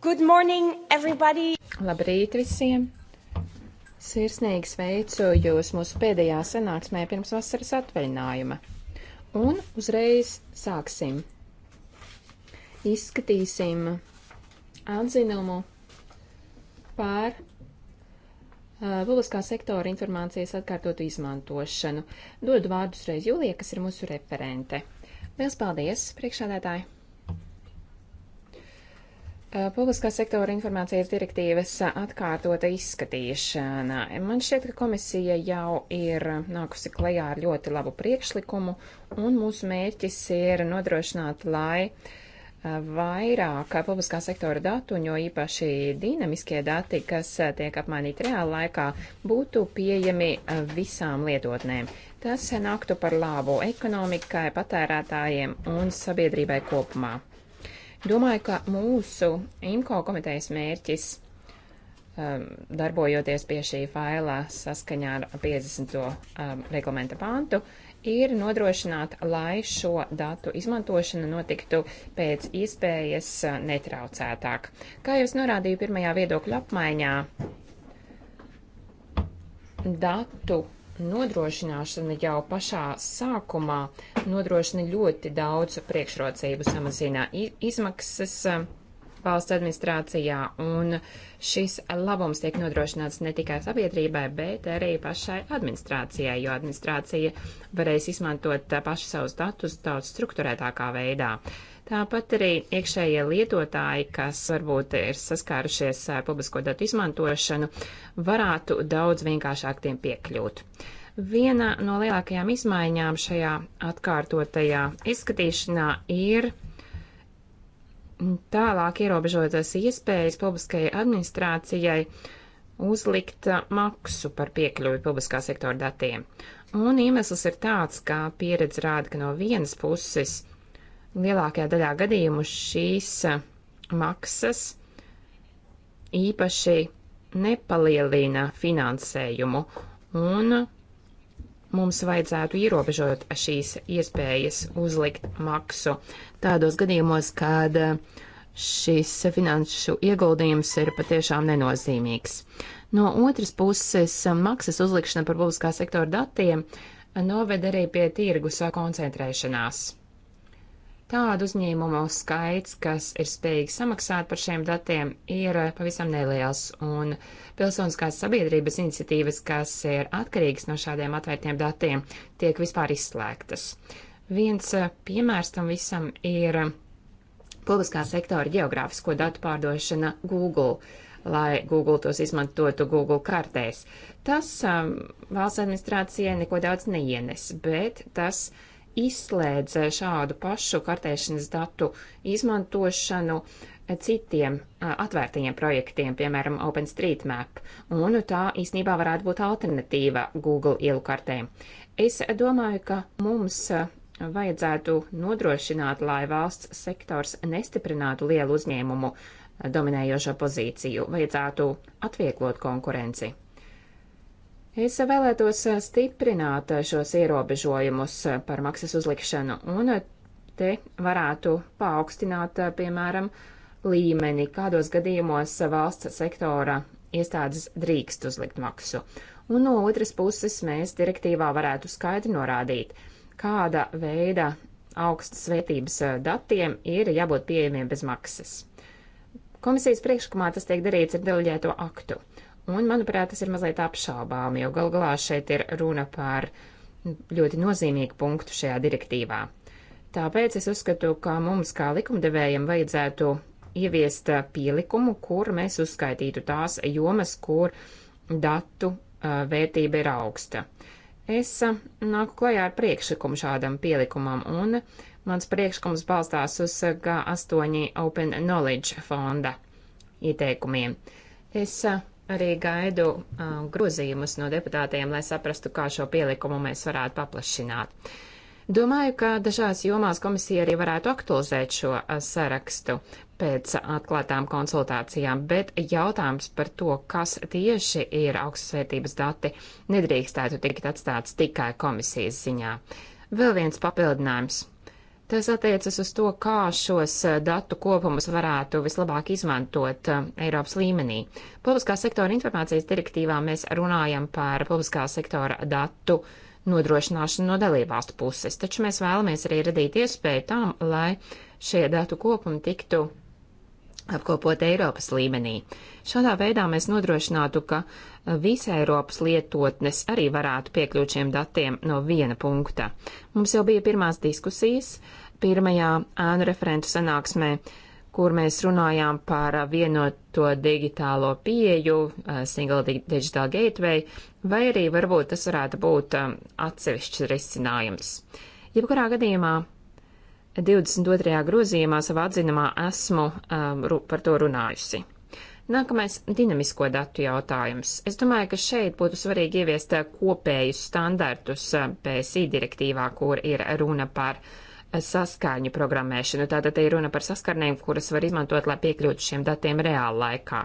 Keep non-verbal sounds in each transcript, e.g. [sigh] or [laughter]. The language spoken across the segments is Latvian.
Good morning, everybody! Labrīt visiem! Sirsnīgi sveicu jūs mūsu pēdējā sanāksmē pirms vasaras atvaļinājuma. Un uzreiz sāksim. Izskatīsim atzinumu pār uh, publiskā sektora informācijas atkārtotu izmantošanu. Dodu vārdu uzreiz Jūlijai, kas ir mūsu referente. Liels paldies, priekšādētāji! Eh, publiskā sektora informācijas direktīvas atkārtota izskatīšana. Man šķiet, ka komisija jau ir nākusi klajā ar ļoti labu priekšlikumu, un mūsu mērķis ir nodrošināt, lai eh, vairāk publiskā sektora datu, un jo īpaši dinamiskie dati, kas eh, tiek apmainīti reāla laikā, būtu pieejami visām lietotnēm. Tas nāktu par labu ekonomikai, patērētājiem un sabiedrībai kopumā. Domāju, ka mūsu IMCO komitejas mērķis, um, darbojoties pie šī failā saskaņā ar 50. Um, reglamenta pāntu, ir nodrošināt, lai šo datu izmantošana notiktu pēc iespējas uh, netraucētāk. Kā jau es norādīju pirmajā viedokļa apmaiņā, datu nodrošināšana jau pašā sākumā nodrošina ļoti daudz priekšrocību, samazina izmaksas e, valsts administrācijā, un šis labums tiek nodrošināts ne tikai sabiedrībai, bet arī pašai administrācijai, jo administrācija varēs izmantot paši savus datus daudz struktūrētākā veidā. Tāpat arī iekšējie lietotāji, kas varbūt ir saskārušies ar publisko datu izmantošanu, varētu daudz vienkāršāk tiem piekļūt. Viena no lielākajām izmaiņām šajā atkārtotajā izskatīšanā ir tālāk ierobežotas iespējas publiskajai administrācijai uzlikt maksu par piekļuvi publiskā sektora datiem. Un iemesls ir tāds, ka pieredze rāda, ka no vienas puses Lielākajā daļā gadījumu šīs eh, maksas īpaši nepalielina finansējumu, un mums vajadzētu ierobežot šīs iespējas uzlikt maksu tādos gadījumos, kad eh, šis finanšu ieguldījums ir patiešām nenozīmīgs. No otras puses, maksas uzlikšana par publiskā sektora datiem noved arī pie tirgus koncentrēšanās. Tādu uzņēmumu skaits, kas ir spējīgi samaksāt par šiem datiem, ir pavisam neliels, un pilsoniskās sabiedrības iniciatīvas, kas ir atkarīgas no šādiem atvērtiem datiem, tiek vispār izslēgtas. Viens eh, piemērs tam visam ir publiskā sektora geogrāfisko datu pārdošana Google, lai Google tos izmantotu Google kartēs. Tas um, valsts administrācijai neko daudz neienes, bet tas izslēdz eh, šādu pašu kartēšanas datu izmantošanu eh, citiem eh, atvērtajiem projektiem, piemēram, OpenStreetMap, un tā īsnībā varētu būt alternatīva Google ielu kartēm. Es domāju, ka mums vajadzētu nodrošināt, lai valsts sektors nestiprinātu lielu uzņēmumu dominējošo pozīciju, vajadzētu atvieglot konkurenci. Es vēlētos stiprināt šos ierobežojumus par maksas uzlikšanu, un te varētu paaugstināt, piemēram, līmeni, kādos gadījumos valsts sektora iestādes drīkst uzlikt maksu. Un no otras puses mēs direktīvā varētu skaidri norādīt, kāda veida augstas vērtības datiem ir jābūt pieejamiem bez maksas. Komisijas priekšlikumā tas tiek darīts ar deleģēto aktu. Un, manuprāt, tas ir mazliet apšaubām, jo gal galā šeit ir runa par ļoti nozīmīgu punktu šajā direktīvā. Tāpēc es uzskatu, ka mums kā likumdevējiem vajadzētu ieviest pielikumu, kur mēs uzskaitītu tās jomas, kur datu vērtība ir augsta. Es nāku klajā ar priekšlikumu šādam pielikumam, un mans priekšlikums balstās uz G8 Open Knowledge fonda ieteikumiem. Es Arī gaidu uh, grozījumus no deputātiem, lai saprastu, kā šo pielikumu mēs varētu paplašināt. Domāju, ka dažās jomās komisija arī varētu aktualizēt šo uh, sarakstu pēc atklātām konsultācijām, bet jautājums par to, kas tieši ir augstsvērtības dati, nedrīkstētu tikt atstāts tikai komisijas ziņā. Vēl viens papildinājums. Tas attiecas uz to, kā šos eh, datu kopumus varētu vislabāk izmantot eh, Eiropas līmenī. Publiskā sektora informācijas direktīvā mēs runājam par publiskā sektora datu nodrošināšanu no dalībvalstu puses, taču mēs vēlamies arī radīt iespēju tam, lai šie datu kopumi tiktu apkopot Eiropas līmenī. Šādā veidā mēs nodrošinātu, ka eh, visi Eiropas lietotnes arī varētu piekļūt šiem datiem no viena punkta. Mums jau bija pirmās diskusijas, uh, pirmajā ēnu referentu sanāksmē, kur mēs runājām par vienoto digitālo pieju, eh, Single Digital Gateway, vai arī varbūt tas varētu būt eh, atsevišķs risinājums. Jebkurā gadījumā 22. grozījumā savā atzinumā esmu um, par to runājusi. Nākamais - dinamisko datu jautājums. Es domāju, ka šeit būtu svarīgi ieviest kopējus standartus PSI direktīvā, kur ir runa par uh, saskaņu programmēšanu. Tātad te ir runa par saskarnēm, kuras var izmantot, lai piekļūtu šiem datiem reāla laikā.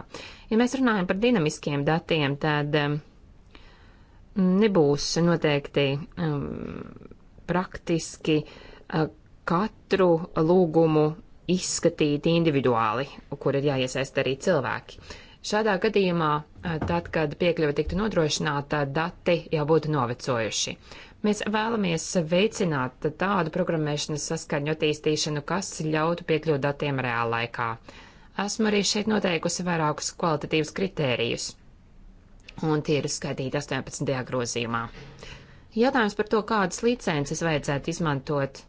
Ja mēs runājam par dinamiskiem datiem, tad um, nebūs noteikti um, praktiski uh, katru lūgumu izskatīt individuāli, kur ir jāiesaist arī cilvēki. Šādā gadījumā, uh, tad, kad piekļuve tiktu nodrošināta, dati jau būtu novecojuši. Mēs vēlamies veicināt tādu programmēšanas saskaņu attīstīšanu, kas ļautu piekļūt datiem reālaikā. Esmu arī šeit noteikusi vairākus kvalitatīvus kritērijus, un tie ir uzskaitīti 18. grozījumā. Jautājums par to, kādas licences vajadzētu izmantot,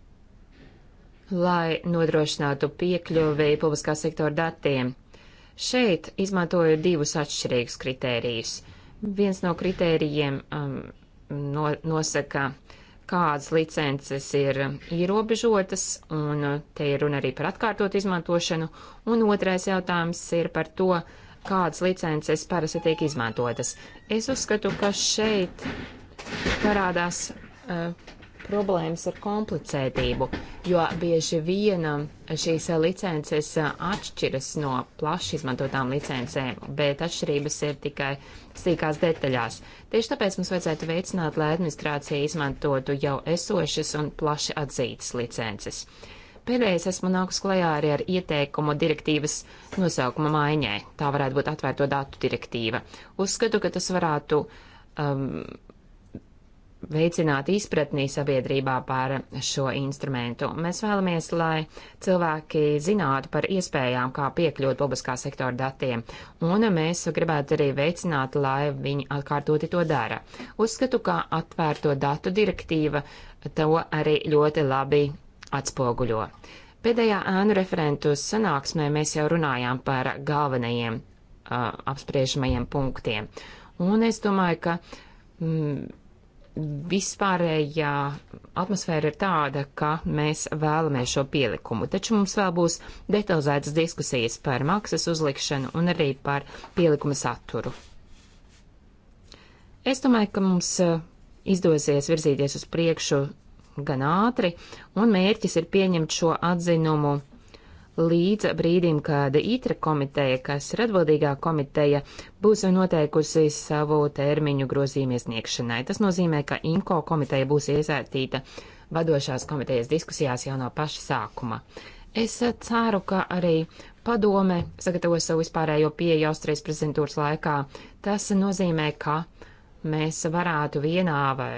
lai nodrošinātu piekļuvi publiskā sektora datiem. Šeit izmantoju divus atšķirīgus kritērijus. Viens no kritērijiem um, no, nosaka, kādas licences ir ierobežotas, un te ir runa arī par atkārtot izmantošanu, un otrais jautājums ir par to, kādas licences parasti tiek izmantotas. Es uzskatu, ka šeit parādās uh, problēmas ar komplicētību, jo bieži viena šīs licences atšķiras no plaši izmantotām licencēm, bet atšķirības ir tikai uh, sīkās detaļās. Tieši tāpēc mums vajadzētu veicināt, lai administrācija izmantotu jau esošas un plaši atzītas licences. Pēdējais esmu nākus klajā arī ar ieteikumu direktīvas nosaukuma maiņai. Tā varētu būt atvērto datu direktīva. Uzskatu, ka tas varētu um, veicināt izpratnī sabiedrībā par šo instrumentu. Mēs vēlamies, lai cilvēki zinātu par iespējām, kā piekļūt publiskā sektora datiem, un mēs gribētu arī veicināt, lai viņi atkārtoti to dara. Uzskatu, ka atvērto datu direktīva to arī ļoti labi atspoguļo. Pēdējā ēnu referentu sanāksmē mēs jau runājām par galvenajiem uh, apspriežamajiem punktiem, un es domāju, ka mm, vispārējā atmosfēra ir tāda, ka mēs vēlamies šo pielikumu, taču mums vēl būs detalizētas diskusijas par maksas uzlikšanu un arī par pielikuma saturu. Es domāju, ka mums eh, izdosies virzīties uz priekšu gan ātri, un mērķis ir pieņemt šo atzinumu līdz brīdim, kad ITRA komiteja, kas ir atbildīgā komiteja, būs noteikusi savu termiņu grozījumu iesniegšanai. Tas nozīmē, ka INKO komiteja būs iesaistīta vadošās komitejas diskusijās jau no paša sākuma. Es ceru, ka arī padome sagatavos savu vispārējo pieeju Austrijas prezidentūras laikā. Tas nozīmē, ka mēs varētu vienā vai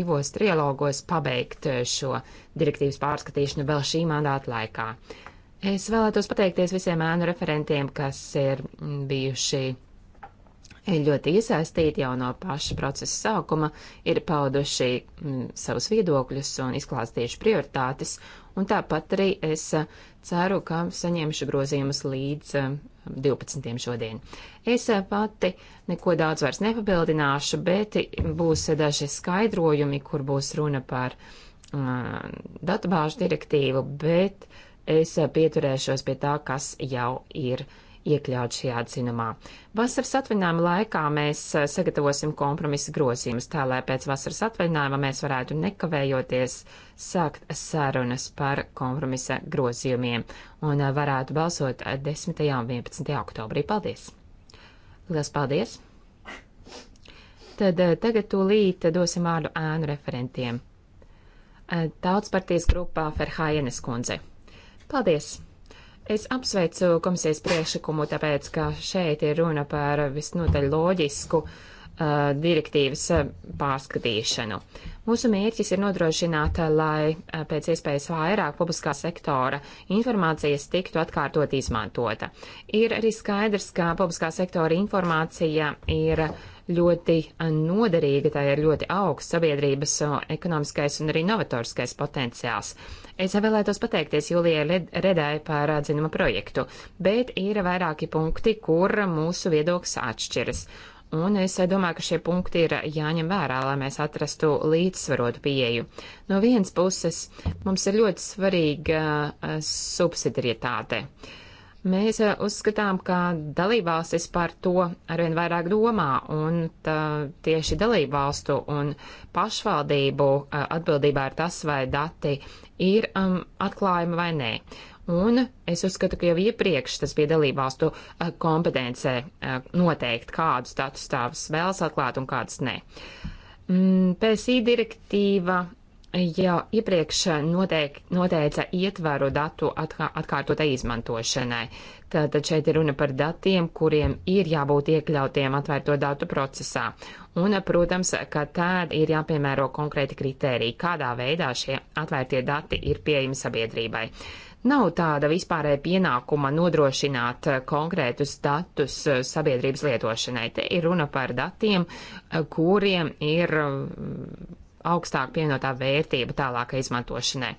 divos trilogos pabeigt šo direktīvas pārskatīšanu vēl šī mandāta laikā. Es vēlētos pateikties visiem ēnu referentiem, kas ir bijuši ļoti iesaistīti jau no paša procesa sākuma, ir pauduši mm, savus viedokļus un izklāstījuši prioritātes, un tāpat arī es ceru, ka saņemšu grozījumus līdz 12. šodien. Es pati neko daudz vairs nepabildināšu, bet būs daži skaidrojumi, kur būs runa par uh, datubāžu direktīvu, bet uh, es pieturēšos pie tā, kas jau ir iekļauts šajā atzinumā. Vasaras atvaļinājuma laikā mēs eh, sagatavosim kompromisa grozījumus, tā lai pēc vasaras atvaļinājuma mēs varētu nekavējoties sākt sarunas par kompromisa grozījumiem un eh, varētu balsot 10. Eh, un 11. oktobrī. Paldies! Lielas paldies! Tad tagad tūlīt dosim vārdu ēnu referentiem. Tautas partijas grupā Ferhājenes kundzei. Paldies! Es apsveicu komisijas priekšlikumu, tāpēc, ka šeit ir runa par visnotaļ loģisku uh, direktīvas uh, pārskatīšanu. Mūsu mērķis ir nodrošināt, uh, lai uh, pēc iespējas vairāk publiskā sektora informācijas tiktu atkārtot izmantota. Ir arī skaidrs, ka publiskā sektora informācija ir ļoti noderīga, tā ir ļoti augsts sabiedrības ekonomiskais un arī novatoriskais potenciāls. Es vēlētos pateikties Julijai Redai par atzinumu projektu, bet ir vairāki punkti, kur mūsu viedoklis atšķiras. Un es domāju, ka šie punkti ir jāņem vērā, lai mēs atrastu līdzsvarotu pieeju. No vienas puses, mums ir ļoti svarīga eh, subsidiarietāte. Uh, Mēs eh, uzskatām, ka dalībvalstis par to arvien vairāk domā, un tā, tieši dalībvalstu un pašvaldību eh, atbildībā ir tas, vai dati ir um, atklājumi vai nē. Un es uzskatu, ka jau iepriekš tas bija dalībvalstu eh, kompetencē noteikt, kādus datus tās vēlas atklāt un kādus nē. Mm, PSI direktīva jau iepriekš noteik, noteica ietvaru datu atkā, atkārtotai izmantošanai. Tātad šeit ir runa par datiem, kuriem ir jābūt iekļautiem atvērto datu procesā. Un, protams, ka tād ir jāpiemēro konkrēti kriteriji, kādā veidā šie atvērtie dati ir pieejami sabiedrībai. Nav tāda vispārēja pienākuma nodrošināt konkrētus datus sabiedrības lietošanai. Te ir runa par datiem, kuriem ir augstāk pievienotā vērtība tālākai izmantošanai.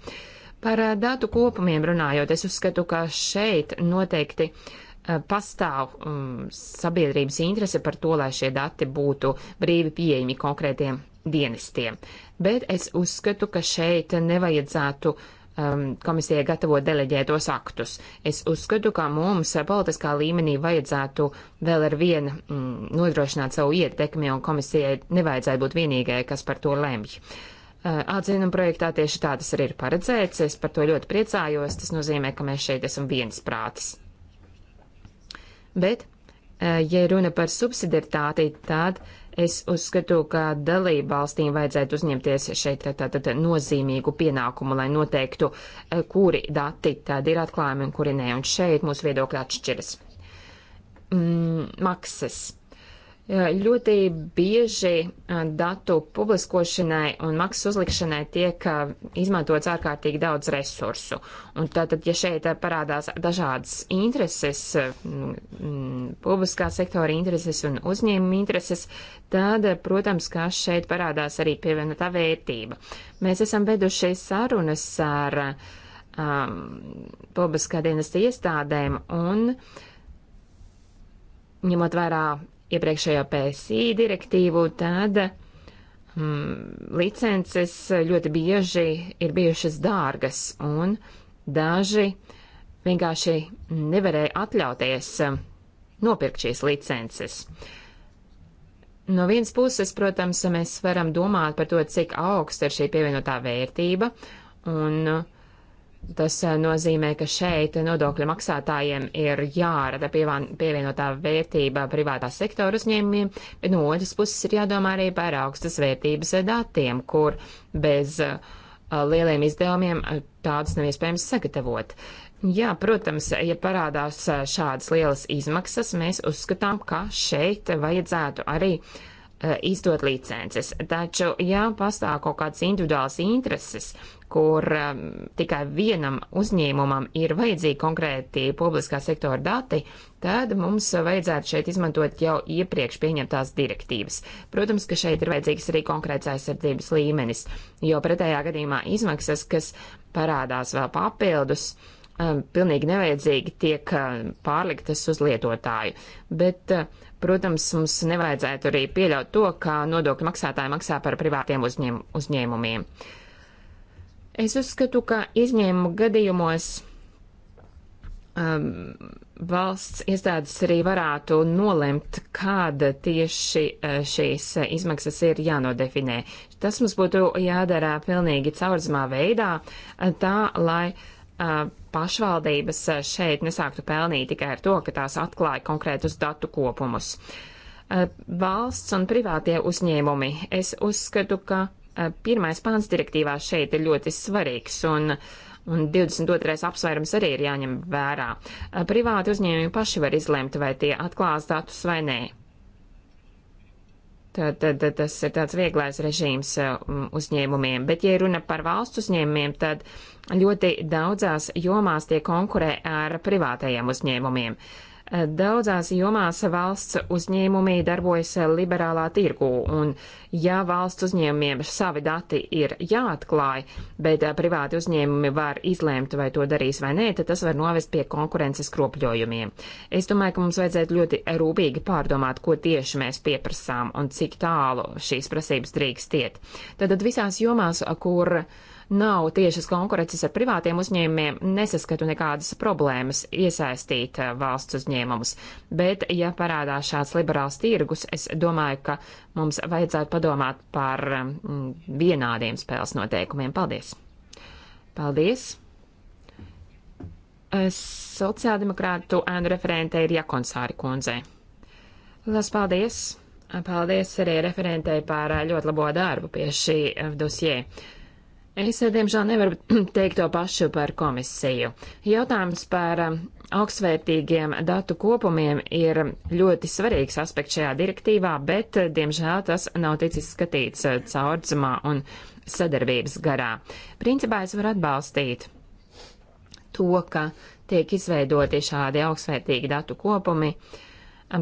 Par eh, datu kopumiem runājot, es uzskatu, ka šeit noteikti eh, pastāv um, sabiedrības interese par to, lai šie dati būtu brīvi pieejami konkrētiem dienestiem. Bet es uzskatu, ka šeit nevajadzētu uh, um, komisijai gatavot deleģētos aktus. Es uzskatu, ka mums politiskā līmenī vajadzētu vēl ar vienu mm, nodrošināt savu ietekmi, un komisijai nevajadzētu būt vienīgai, kas par to lemj. Uh, Atzinuma projektā tieši tā tas arī ir paredzēts. Es par to ļoti priecājos. Tas nozīmē, ka mēs šeit esam viens prātis. Bet Eh, ja runa par subsidiaritāti, tad es uzskatu, ka dalību valstīm vajadzētu uzņemties šeit tātad nozīmīgu pienākumu, lai noteiktu, eh, kuri dati tad ir atklājumi un kuri nē. Un šeit mūsu viedokļi atšķiras. Mm, maksas. Ļoti bieži datu publiskošanai un maksas uzlikšanai tiek izmantots ārkārtīgi daudz resursu. Un tātad, ja šeit parādās dažādas intereses, publiskā sektora intereses un uzņēmuma intereses, tad, protams, kā šeit parādās arī pievienotā vērtība. Mēs esam veduši sarunas ar um, publiskā dienesta iestādēm un ņemot vērā iepriekšējo PSI direktīvu, tad mm, licences ļoti bieži ir bijušas dārgas, un daži vienkārši nevarēja atļauties eh, nopirkt šīs licences. No vienas puses, protams, mēs varam domāt par to, cik augsta ir šī pievienotā vērtība, un uh, Tas eh, nozīmē, ka šeit nodokļu maksātājiem ir jārada pievienotā vērtība privātā sektora uzņēmumiem, bet no otras puses ir jādomā arī par augstas vērtības datiem, kur bez eh, lieliem izdevumiem eh, tādus nav iespējams sagatavot. Jā, protams, ja parādās šādas lielas izmaksas, mēs uzskatām, ka šeit vajadzētu arī izdot licences. Taču, ja pastāv kaut kāds individuāls intereses, kur um, tikai vienam uzņēmumam ir vajadzīgi konkrēti publiskā sektora dati, tad mums vajadzētu šeit izmantot jau iepriekš pieņemtās direktīvas. Protams, ka šeit ir vajadzīgs arī konkrēts aizsardzības līmenis, jo pretējā gadījumā izmaksas, kas parādās vēl papildus, um, pilnīgi nevajadzīgi tiek um, pārliktas uz lietotāju. Bet, uh, protams, mums nevajadzētu arī pieļaut to, ka nodokļu maksātāji maksā par privātiem uzņēm, uzņēmumiem. Uh, Es uzskatu, ka izņēmumu gadījumos um, valsts iestādes arī varētu nolemt, kāda tieši uh, šīs uh, izmaksas ir jānodefinē. Tas mums būtu jādara pilnīgi caurzmā veidā, uh, tā lai uh, pašvaldības šeit nesāktu pelnīt tikai ar to, ka tās atklāja konkrētus datu kopumus. Uh, valsts un privātie uzņēmumi. Es uzskatu, ka Eh, pirmais pāns direktīvā šeit ir ļoti svarīgs, un, un 22. apsvērums arī ir jāņem vērā. Eh, privāti uzņēmumi paši var izlemt, vai tie atklās datus vai nē. Tad, tad, tad tas ir tāds vieglais režīms eh, uzņēmumiem, bet, ja runa par valsts uzņēmumiem, tad ļoti daudzās jomās tie konkurē ar privātajiem uzņēmumiem. Uh, Daudzās jomās valsts uzņēmumi darbojas liberālā tirgū, un ja valsts uzņēmumiem savi dati ir jāatklāj, bet eh, privāti uzņēmumi var izlēmt, vai to darīs vai nē, tad tas var novest pie konkurences kropļojumiem. Es domāju, ka mums vajadzētu ļoti rūpīgi pārdomāt, ko tieši mēs pieprasām un cik tālu šīs prasības drīkst iet. Tad visās jomās, kur uh, nav tiešas konkurences ar privātiem uzņēmumiem, nesaskatu nekādas problēmas iesaistīt eh, valsts uzņēmumus. Bet, ja parādās šāds liberāls tirgus, es domāju, ka mums vajadzētu padomāt par eh, vienādiem spēles noteikumiem. Paldies! Paldies! Eh, sociāldemokrātu ēnu referente ir Jakonsāri kundzei. Lielas paldies! Paldies arī referentei par ļoti labo darbu pie šī dosjē. Uh, Es, eh, diemžēl, nevaru [clears throat] teikt to pašu par komisiju. Jautājums par eh, augstvērtīgiem datu kopumiem ir ļoti svarīgs aspekts šajā direktīvā, bet, eh, diemžēl, tas nav ticis skatīts caurdzumā un sadarbības garā. Principā es varu atbalstīt to, ka tiek izveidoti šādi augstvērtīgi datu kopumi,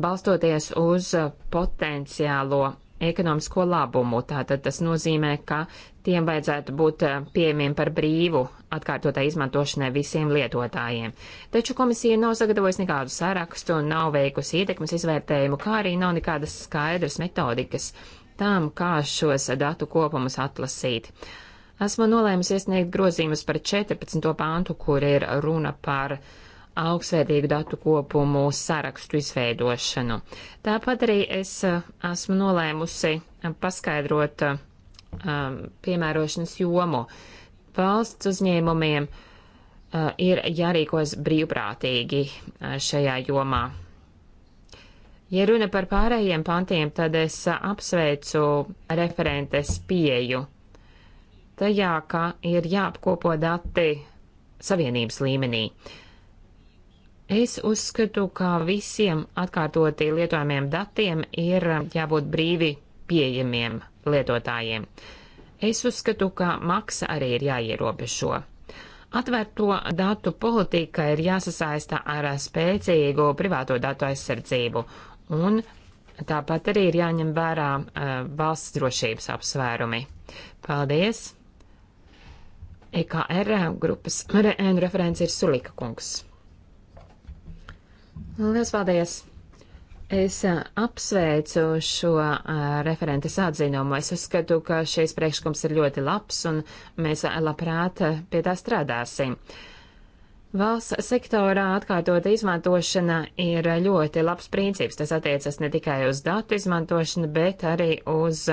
balstoties uz potenciālo ekonomisko labumu. Tātad tas nozīmē, ka tiem vajadzētu būt eh, pieejamiem par brīvu atkārtotai izmantošanai visiem lietotājiem. Taču komisija nav sagatavojusi nekādu sarakstu un nav veikusi ietekmes izvērtējumu, kā arī nav nekādas skaidras metodikas tam, kā šos datu kopumus atlasīt. Esmu nolēmusi iesniegt grozījumus par 14. pāntu, kur ir runa par uh, augstsvērtīgu datu kopumu sarakstu izveidošanu. Tāpat arī es eh, esmu nolēmusi eh, paskaidrot um, piemērošanas jomu. Valsts uzņēmumiem uh, ir jārīkojas brīvprātīgi uh, šajā jomā. Ja runa par pārējiem pantiem, tad es apsveicu referentes pieju tajā, ka ir jāapkopo dati savienības līmenī. Uh, Es uzskatu, ka visiem atkārtotī lietojamiem datiem ir jābūt brīvi pieejamiem lietotājiem. Es uzskatu, ka maksa arī ir jāierobežo. Atvērto datu politika ir jāsasaista ar spēcīgu privāto datu aizsardzību, un tāpat arī ir jāņem vērā uh, valsts drošības apsvērumi. Paldies! EKR grupas re referents ir Sulika kungs. Lielas paldies! Es apsveicu šo referentes atzinumu. Es uzskatu, ka šis priekšlikums ir ļoti labs un mēs labprāt pie tā strādāsim. Valsts sektorā atkārtota izmantošana ir ļoti labs princips. Tas attiecas ne tikai uz datu izmantošanu, bet arī uz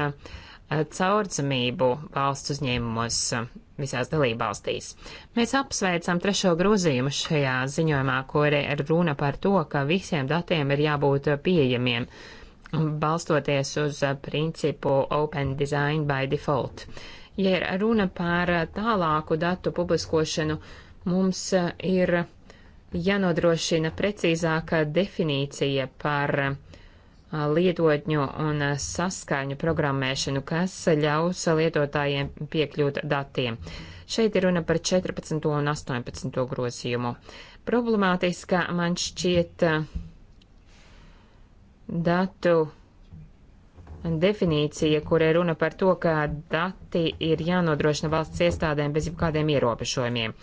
caurdzamību valsts uzņēmumos visās dalībvalstīs. Mēs apsveicam trešo grozījumu šajā ziņojumā, kur ir runa par to, ka visiem datiem ir jābūt pieejamiem, balstoties uz principu Open Design by Default. Ja ir runa par tālāku datu publiskošanu, mums ir jānodrošina precīzāka definīcija par lietotņu un saskaņu programmēšanu, kas ļaus lietotājiem piekļūt datiem. Šeit ir runa par 14. un 18. grozījumu. Problemātiskā man šķiet datu definīcija, kur ir runa par to, ka dati ir jānodrošina valsts iestādēm bez jebkādiem ierobežojumiem.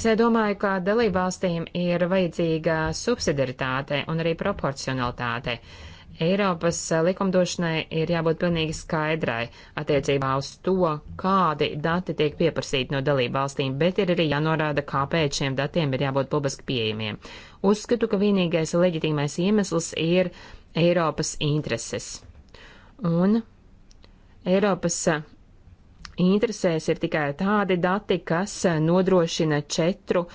Es domāju, ka dalībvalstīm ir vajadzīga subsidiaritāte un arī proporcionalitāte. Uh, Eiropas eh, likumdošanai ir jābūt pilnīgi skaidrai attiecībā uz to, kādi dati tiek pieprasīti no dalību valstīm, bet ir arī jānorāda, kāpēc šiem datiem ir jābūt publiski pieejamiem. Uzskatu, ka vienīgais leģitīmais iemesls ir Eiropas intereses. Un Eiropas eh, interesēs ir tikai tādi dati, kas eh, nodrošina četru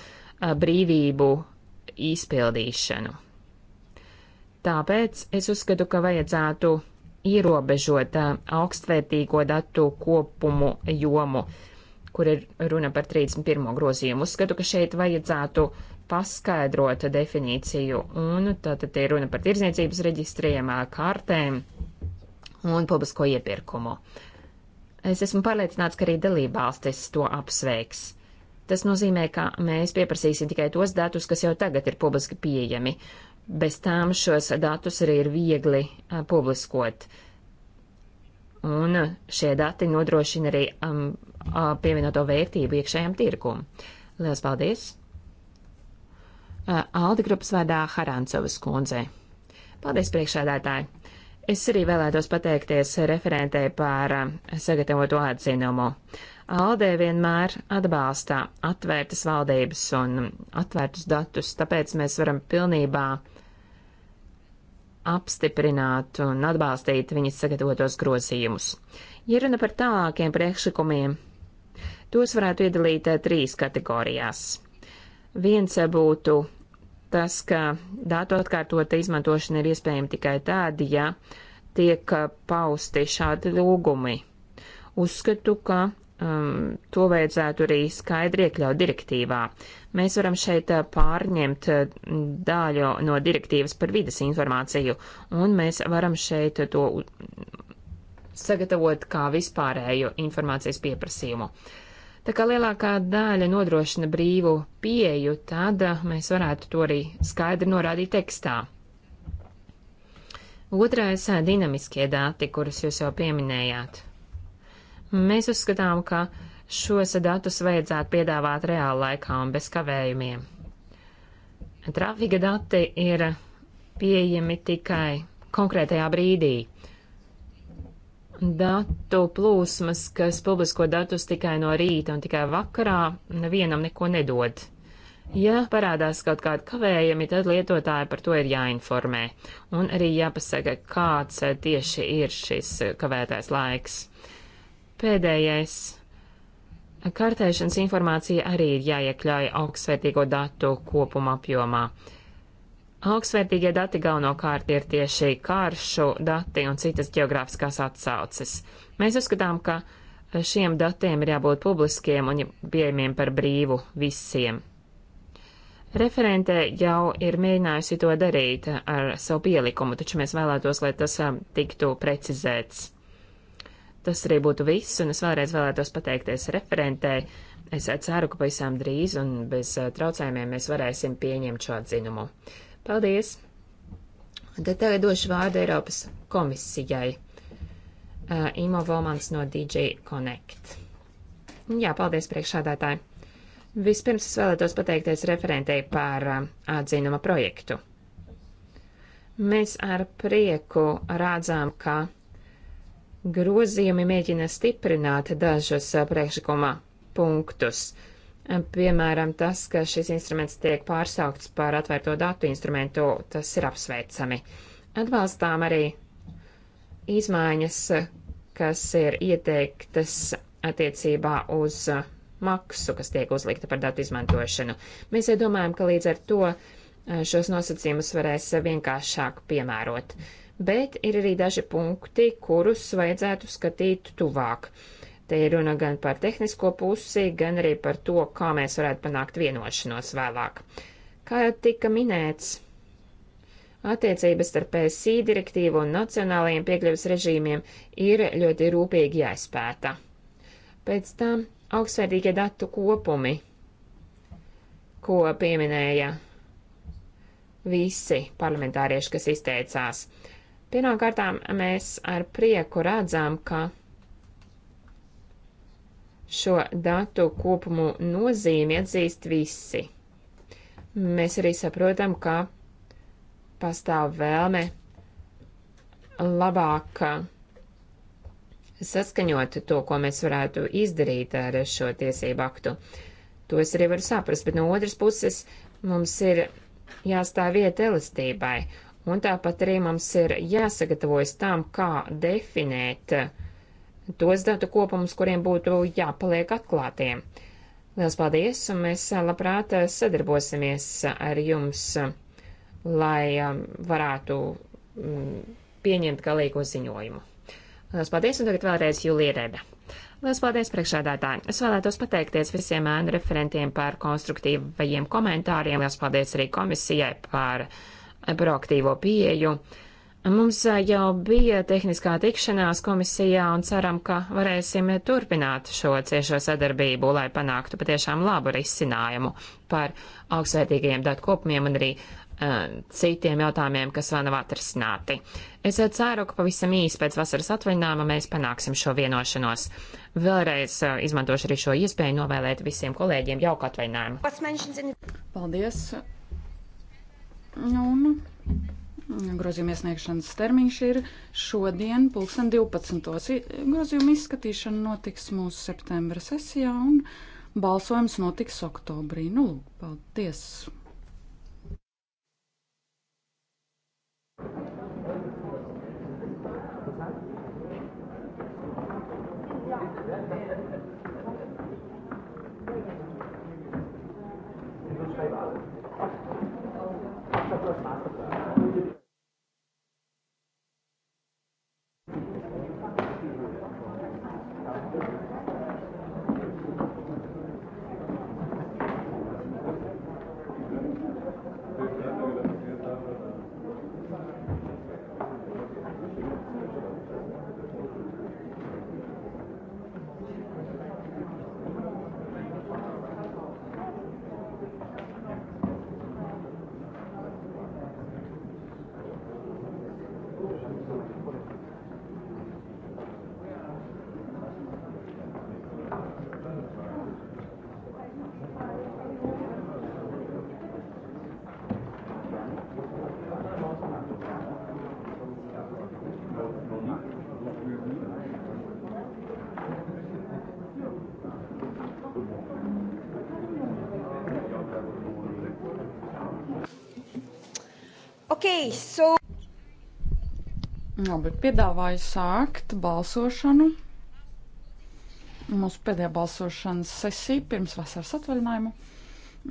brīvību izpildīšanu. Tāpēc es uzskatu, ka vajadzētu ierobežot augstvērtīgo datu kopumu jomu, kur ir runa par 31. grozījumu. Uzskatu, ka šeit vajadzētu paskaidrot definīciju, un tātad ir runa par tirzniecības reģistriem, kārtēm un publisko iepirkumu. Es esmu pārliecināts, ka arī dalībvalstis to apsveiks. Tas nozīmē, ka mēs pieprasīsim tikai tos datus, kas jau tagad ir publiski pieejami, Bez tām šos datus arī ir viegli a, publiskot. Un šie dati nodrošina arī um, pievienoto vērtību iekšējam tirkumu. Lielas paldies! Aldi grupas vārdā Harantsovas kundzei. Paldies, priekšādātāji! Es arī vēlētos pateikties referentē par sagatavoto atzinumu. Aldē vienmēr atbalsta atvērtas valdības un atvērtus datus, tāpēc mēs varam pilnībā uh, apstiprināt un atbalstīt viņas sagatavotos grozījumus. Ja runa par tālākiem priekšlikumiem, tos varētu iedalīt eh, trīs kategorijās. Viens eh, būtu tas, ka datu atkārtota izmantošana ir iespējama tikai tādi, ja tiek eh, pausti šādi lūgumi. Uzskatu, ka um, to vajadzētu arī skaidri iekļaut direktīvā. Mēs varam šeit uh, pārņemt uh, daļu no direktīvas par vidas informāciju, un mēs varam šeit to sagatavot kā vispārēju informācijas pieprasījumu. Tā kā lielākā daļa nodrošina brīvu pieju, tad uh, mēs varētu to arī skaidri norādīt tekstā. Otrais - dinamiskie dati, kurus jūs jau pieminējāt. Mēs uzskatām, ka šos datus vajadzētu piedāvāt reāla laikā un bez kavējumiem. Trafika dati ir pieejami tikai konkrētajā brīdī. Datu plūsmas, kas publisko datus tikai no rīta un tikai vakarā, nevienam neko nedod. Ja parādās kaut kāda kavējumi, tad lietotāji par to ir jāinformē, un arī jāpasaka, kāds eh, tieši ir šis kavētais laiks. Pēdējais. Kartēšanas informācija arī ir jāiekļauj augstsvērtīgo datu kopuma apjomā. Augstsvērtīgie dati galvenokārt ir tieši karšu dati un citas geogrāfiskās atsauces. Mēs uzskatām, ka šiem datiem ir jābūt publiskiem un pieejamiem par brīvu visiem. Referente jau ir mēģinājusi to darīt ar savu pielikumu, taču mēs vēlētos, lai tas um, tiktu precizēts. Tas arī būtu viss, un es vēlreiz vēlētos pateikties referentei. Es eh, ceru, ka pavisam drīz un bez eh, traucējumiem mēs varēsim pieņemt šo atzinumu. Paldies! Tad tagad došu vārdu Eiropas komisijai. Uh, Imo Volmans no DJ Connect. Jā, paldies priekšādātāji. Vispirms es vēlētos pateikties referentei par atzinuma projektu. Mēs ar prieku rādzām, ka grozījumi mēģina stiprināt dažus priekšlikumā punktus. Piemēram, tas, ka šis instruments tiek pārsaukts par atvērto datu instrumentu, tas ir apsveicami. Atbalstām arī izmaiņas, kas ir ieteiktas attiecībā uz maksu, kas tiek uzlikta par datu izmantošanu. Mēs domājam, ka līdz ar to šos nosacījumus varēs vienkāršāk piemērot. Uh, bet ir arī daži punkti, kurus vajadzētu skatīt tuvāk. Te ir runa gan par tehnisko pusi, gan arī par to, kā mēs varētu panākt vienošanos vēlāk. Kā jau tika minēts, attiecības starp PSI direktīvu un nacionālajiem piekļuves režīmiem ir ļoti rūpīgi jāizpēta. Pēc tam augstsvērtīgie datu kopumi, ko pieminēja visi parlamentārieši, kas izteicās. Pirmkārtām mēs ar prieku redzam, ka šo datu kopumu nozīmi atzīst visi. Mēs arī saprotam, ka pastāv vēlme labāk saskaņot to, ko mēs varētu izdarīt ar šo tiesību aktu. To es arī varu saprast, bet no otras puses mums ir jāstāv vieta elastībai, Un tāpat arī mums ir jāsagatavojas tam, kā definēt tos datu kopumus, kuriem būtu jāpaliek atklātiem. Lielas paldies, un mēs labprāt sadarbosimies ar jums, lai um, varētu mm, pieņemt galīgo ziņojumu. Lielas paldies, un tagad vēlreiz Julija Reda. Lielas paldies priekšādātāji! Es vēlētos pateikties visiem ēnu referentiem par konstruktīvajiem komentāriem. Lielas paldies arī komisijai par uh, proaktīvo pieeju. Mums jau bija tehniskā tikšanās komisijā un ceram, ka varēsim turpināt šo ciešo sadarbību, lai panāktu patiešām labu risinājumu par augstsvērtīgajiem datu kopumiem un arī uh, citiem jautājumiem, kas vēl nav atrisināti. Es ceru, ka pavisam īsi pēc vasaras atvaļinājuma mēs panāksim šo vienošanos. Vēlreiz uh, izmantošu arī šo iespēju novēlēt visiem kolēģiem jauku atvaļinājumu. Paldies! Un mm, grozījuma iesniegšanas termiņš ir šodien, pulksten 12. Grozījuma izskatīšana notiks mūsu septembra sesijā un balsojums notiks oktobrī. Nu, lūk, paldies! Okay, so... Labi, piedāvāju sākt balsošanu. Mūsu pēdējā balsošanas sesija pirms vasaras atvaļinājuma.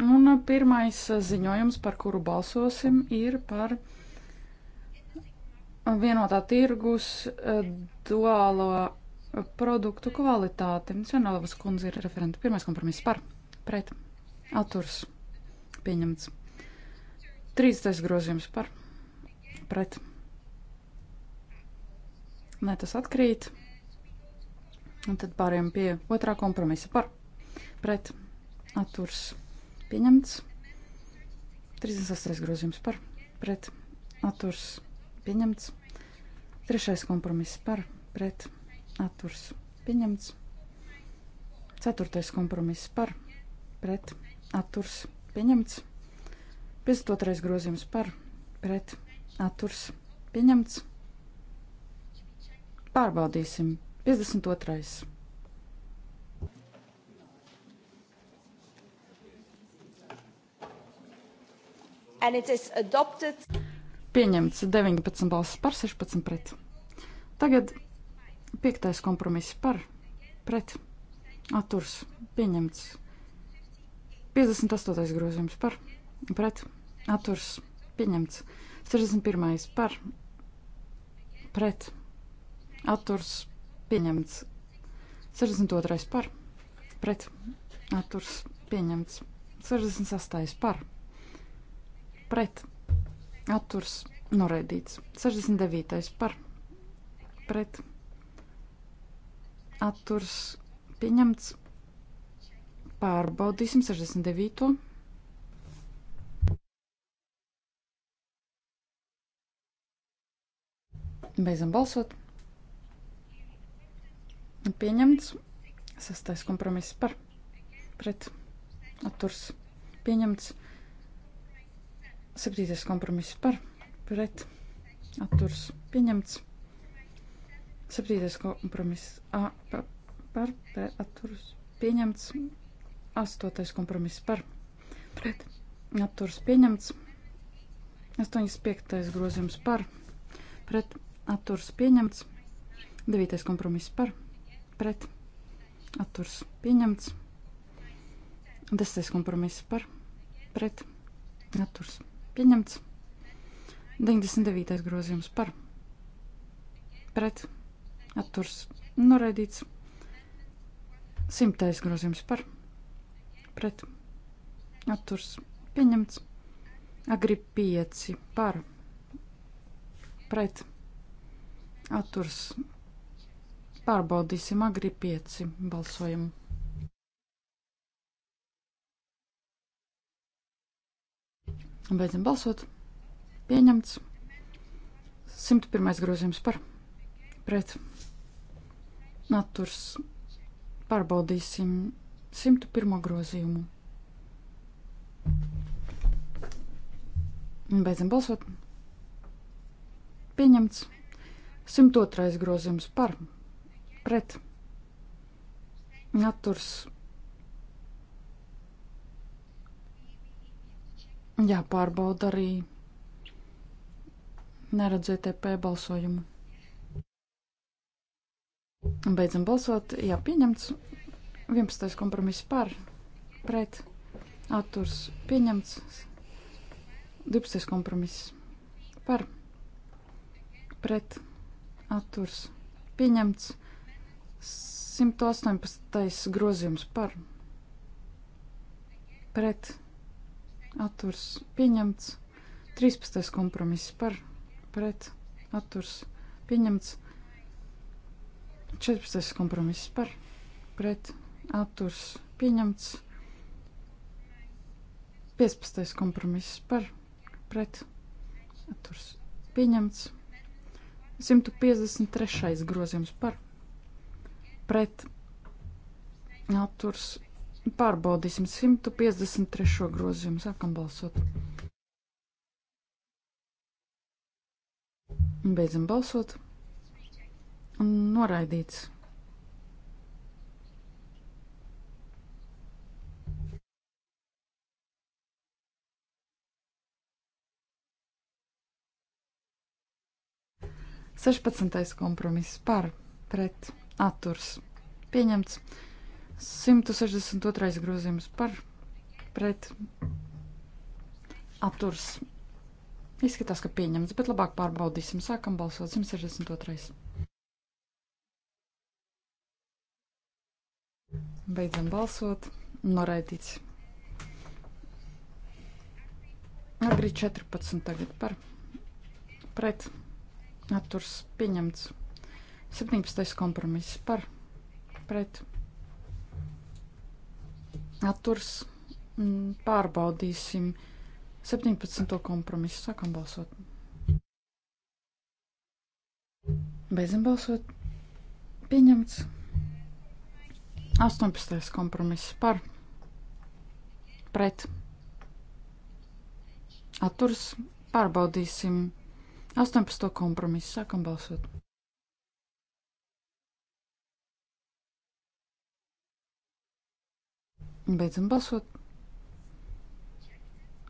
Un pirmais ziņojums, par kuru balsosim, ir par vienotā tirgus eh, duālo produktu kvalitāti. Svenovas kundze ir referenta. Pirmais kompromiss par, pret, atturs, pieņemts. 30. grozījums par pret. Nē, tas atkrīt. Un tad pārējām pie otrā kompromisa par pret atturs pieņemts. 36. grozījums par pret atturs pieņemts. Trešais kompromiss par pret atturs pieņemts. Ceturtais kompromiss par pret atturs pieņemts. 52. grozījums par pret atturs pieņemts atturs pieņemts. Pārbaudīsim. 52. And it is adopted. Pieņemts 19 balsis par 16 pret. Tagad piektais kompromiss par pret. Atturs pieņemts. 58. grozījums par pret. Atturs pieņemts. 61. par pret atturs pieņemts. 62. par pret atturs pieņemts. 68. par pret atturs noraidīts. 69. par pret atturs pieņemts. Pārbaudīsim 69. Beidzam balsot. Pieņemts. Sastais kompromiss par. Pret. Atturs. Pieņemts. Septītais kompromiss par. Pret. Atturs. Pieņemts. Septītais kompromiss A, par. par pret. Atturs. Pieņemts. Astotais kompromiss par. Pret. Atturs. Pieņemts. 85. grozījums par. Pret atturs pieņemts. 9. kompromiss par, pret, atturs pieņemts. 10. kompromiss par, pret, atturs pieņemts. 99. grozījums par, pret, atturs noraidīts. 100. grozījums par, pret, atturs pieņemts. Agri 5 par, pret, atturs pieņemts. Atturs. Pārbaudīsim agri 5. Balsojam. Beidzam balsot. Pieņemts. 101. grozījums par. Pret. Naturs. Pārbaudīsim 101. grozījumu. Beidzam balsot. Pieņemts. 102. grozījums par pret atturs. Jāpārbauda arī neredzētie P balsojumu. Beidzam balsot. Jā, pieņemts. 11. kompromiss par pret atturs pieņemts. 12. kompromiss par pret atturs pieņemts 118. grozījums par pret atturs pieņemts 13. kompromiss par pret atturs pieņemts 14. kompromiss par pret atturs pieņemts 15. kompromiss par pret atturs pieņemts 153. grozījums par pret atturs. Pārbaudīsim 153. grozījumu. Sākam balsot. Beidzam balsot. Noraidīts. 16. kompromiss par pret atturs pieņemts. 162. grozījums par pret atturs. Izskatās, ka pieņemts, bet labāk pārbaudīsim. Sākam balsot 162. Beidzam balsot. Noraidīts. Agri 14 tagad par pret atturs atturs pieņemts. 17. kompromiss par pret atturs mm, pārbaudīsim 17. kompromisu. Sākam balsot. Beidzam balsot. Pieņemts. 18. kompromiss par pret atturs pārbaudīsim 17. 18. kompromiss. Sākam balsot. Beidzam balsot.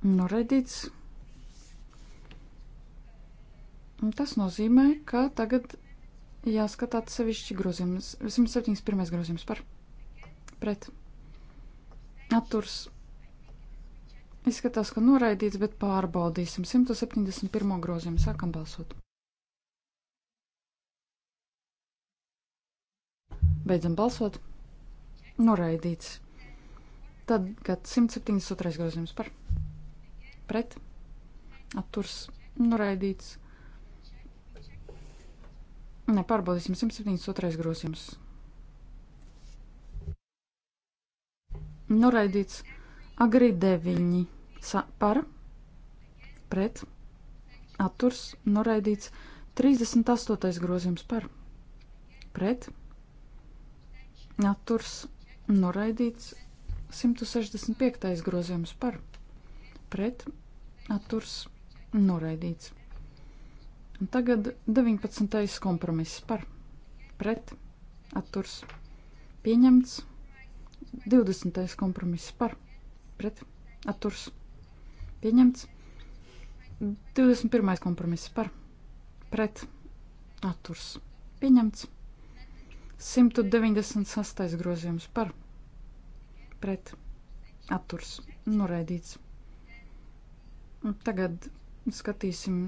Noraidīts. Tas nozīmē, ka tagad jāskatā atsevišķi grozījums. 171. grozījums par pret. Atturs Izskatās, ka noraidīts, bet pārbaudīsim. 171. grozījumu sākam balsot. Beidzam balsot. Noraidīts. Tad, kad 172. grozījums par pret atturs noraidīts. Nē, pārbaudīsim 172. grozījums. Noraidīts. Agri 9 sa par pret atturs noraidīts 38. grozījums par pret atturs noraidīts 165. grozījums par pret atturs noraidīts. Un tagad 19. kompromiss par pret atturs pieņemts. 20. kompromiss par pret atturs pieņemts Pieņemts. 21. kompromiss par pret atturs. Pieņemts. 196. grozījums par pret atturs. Noraidīts. Un tagad skatīsim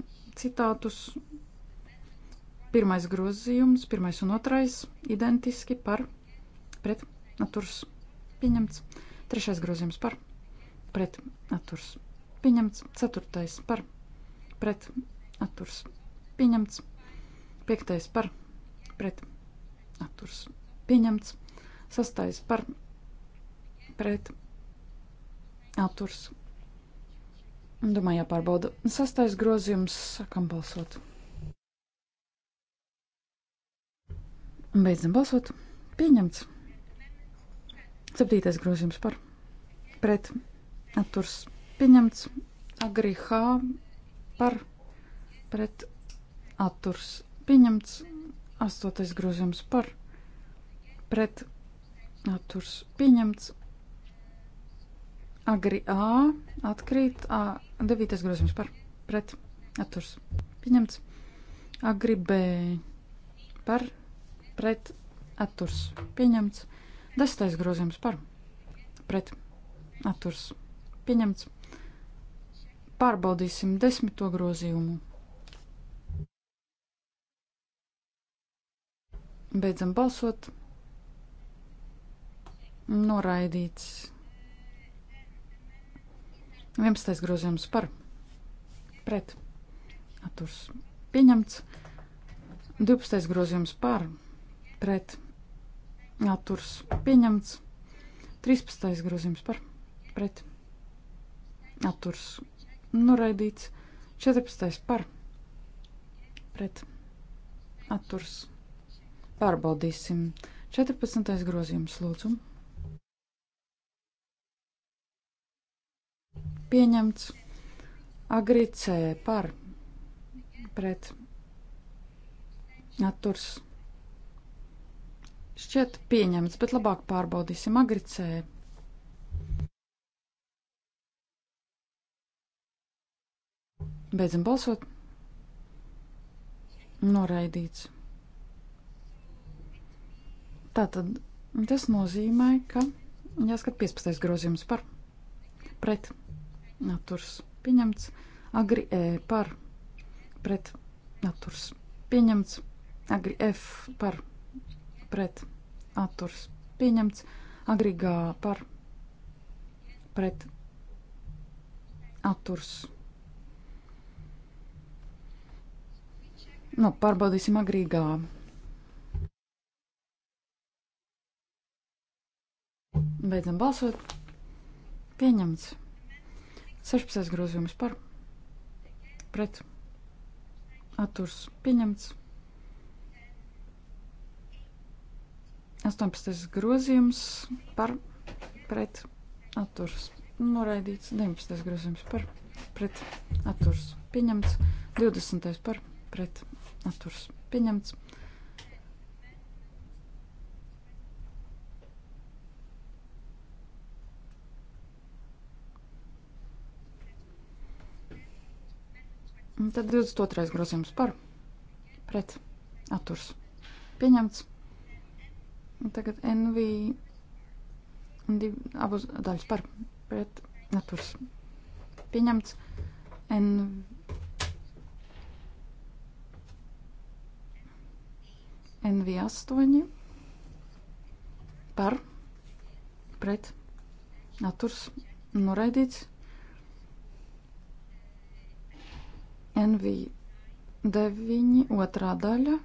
citātus. Pirmais grozījums, pirmais un otrais identiski par pret atturs. Pieņemts. Trešais grozījums par pret atturs Pieņemts. Ceturtais par pret atturs. Pieņemts. Piektais par pret atturs. Pieņemts. Sastais par pret atturs. Domāju, jāpārbauda. Sastais grozījums. Sākam balsot. Beidzam balsot. Pieņemts. Septītais grozījums par pret atturs. Pieņemts agrihā par pret atturs. Pieņemts astotais grozījums par pret atturs. Pieņemts agri A atkrīt. A, devītais grozījums par pret atturs. Pieņemts agri B par pret atturs. Pieņemts desmitais grozījums par pret atturs. Pieņemts Pārbaudīsim desmito grozījumu. Beidzam balsot. Noraidīts. 11. grozījums par pret atturs pieņemts. 12. grozījums par pret atturs pieņemts. 13. grozījums par pret atturs Noraidīts 14. par pret atturs. Pārbaudīsim 14. grozījums lūdzu. Pieņemts agricē par pret atturs. Šķiet pieņemts, bet labāk pārbaudīsim agricē par. Beidzam balsot. Noraidīts. Tātad tas nozīmē, ka jāskat 15. grozījums par pret naturs pieņemts, agri E par pret naturs pieņemts, agri F par pret naturs pieņemts, agri G par pret naturs pieņemts Nu, pārbaudīsim agrīgā. Beidzam balsot. Pieņemts. 16. grozījums par. Pret. Atturs. Pieņemts. 18. grozījums par pret atturs. Noraidīts 19. grozījums par pret atturs. Pieņemts 20. par pret atturs pieņemts. Un tad 22. grozījums par pret atturs pieņemts. Un tagad NV div, abas daļas par pret atturs pieņemts. NV NV8 par pret atturs noraidīts. NV9 otrā daļa.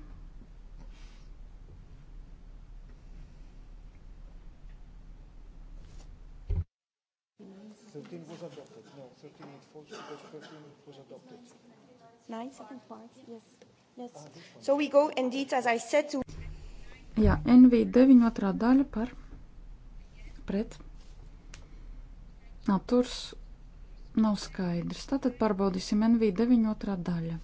Thirteen was adopted. No, thirteen it falls because thirteen was adopted. Nine second part, yes. Yes. So we go indeed, as I said, to... Jā, NV9 otrā daļa par pret naturs nav skaidrs. Tātad pārbaudīsim NV9 otrā daļa.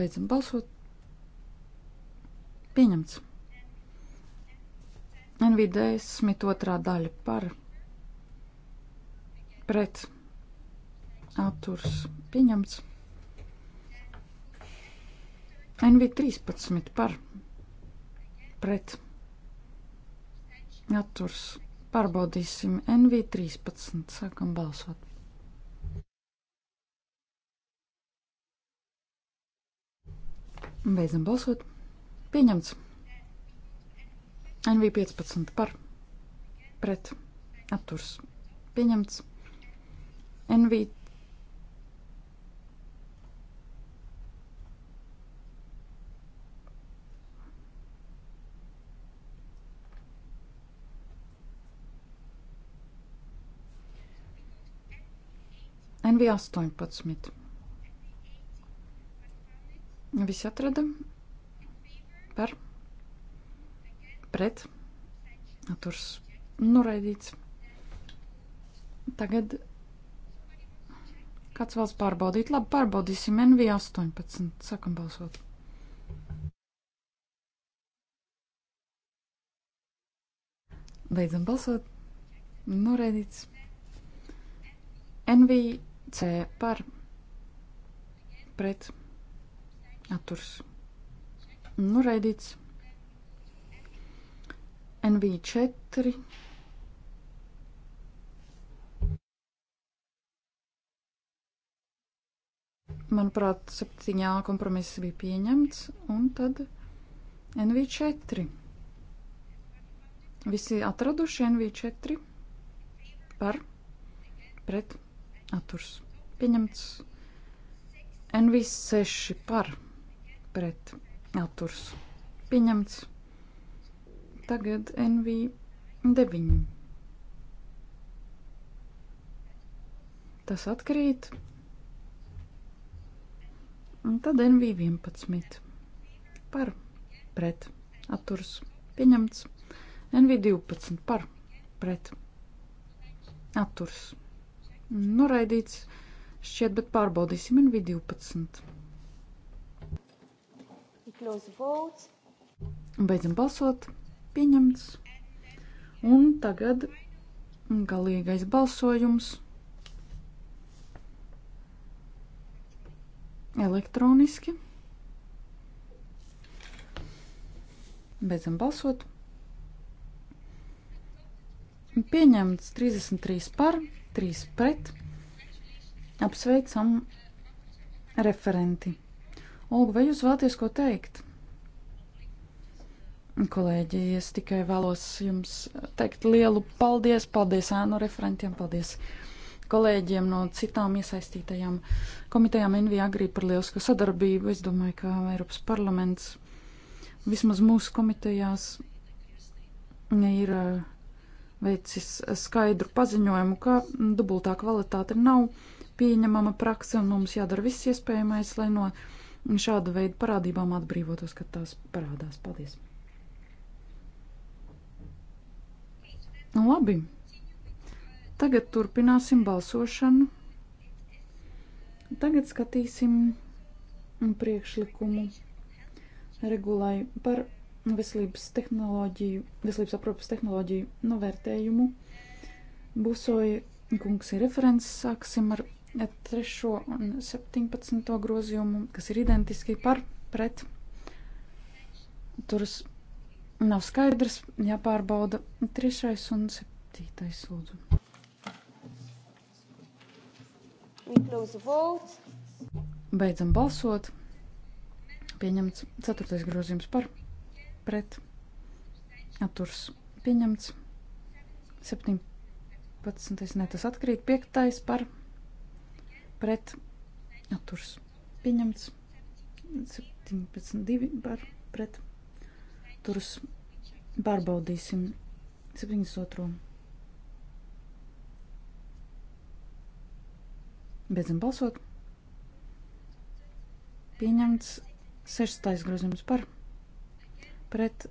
Beidzam balsot. Pieņemts. NV10 otrā daļa par pret naturs atturs pieņemts. NV13 par pret atturs. Pārbaudīsim NV13. Sākam balsot. Beidzam balsot. Pieņemts. NV15 par pret atturs. Pieņemts. NV13. NV 18. Visi atrada par pret atturs noraidīts. Tagad kāds vēlas pārbaudīt? Labi, pārbaudīsim NV 18. Sākam balsot. Beidzam balsot. Noraidīts. NV 18. C par pret atturs noraidīts. Nu, NV4 Manuprāt, septiņā kompromiss bija pieņemts, un tad NV4. Visi atraduši NV4 par pret atturs pieņemts. NV6 par pret atturs pieņemts. Tagad NV9. Tas atkrīt. Un tad NV11 par pret atturs pieņemts. NV12 par pret atturs Noraidīts šķiet, bet pārbaudīsim NV 12. Beidzam balsot. Pieņemts. Un tagad galīgais balsojums. Elektroniski. Beidzam balsot. Pieņemts 33 par, 3 pret. Apsveicam referenti. Olga, vai jūs vēlaties ko teikt? Kolēģi, es tikai vēlos jums teikt lielu paldies, paldies ēnu referentiem, paldies kolēģiem no citām iesaistītajām komitejām NV Agri par lielisku sadarbību. Es domāju, ka Eiropas parlaments vismaz mūsu komitejās ir uh, veicis skaidru paziņojumu, ka dubultā kvalitāte nav pieņemama prakse un mums jādara viss iespējamais, lai no šāda veida parādībām atbrīvotos, kad tās parādās. Paldies! Nu, labi, tagad turpināsim balsošanu. Tagad skatīsim priekšlikumu regulai par veselības tehnoloģiju, veselības aprūpas tehnoloģiju novērtējumu. Būsoja kungs ir referents, sāksim ar 3. un 17. grozījumu, kas ir identiski par pret. Turas nav skaidrs, jāpārbauda 3. un 7. lūdzu. Beidzam balsot. Pieņemts 4. grozījums par pret pret atturs pieņemts. 17. ne tas atkrīt. 5. par pret atturs pieņemts. 17. 2 par pret atturs pārbaudīsim 72. Beidzam balsot. Pieņemts 6. grozījums par pret pret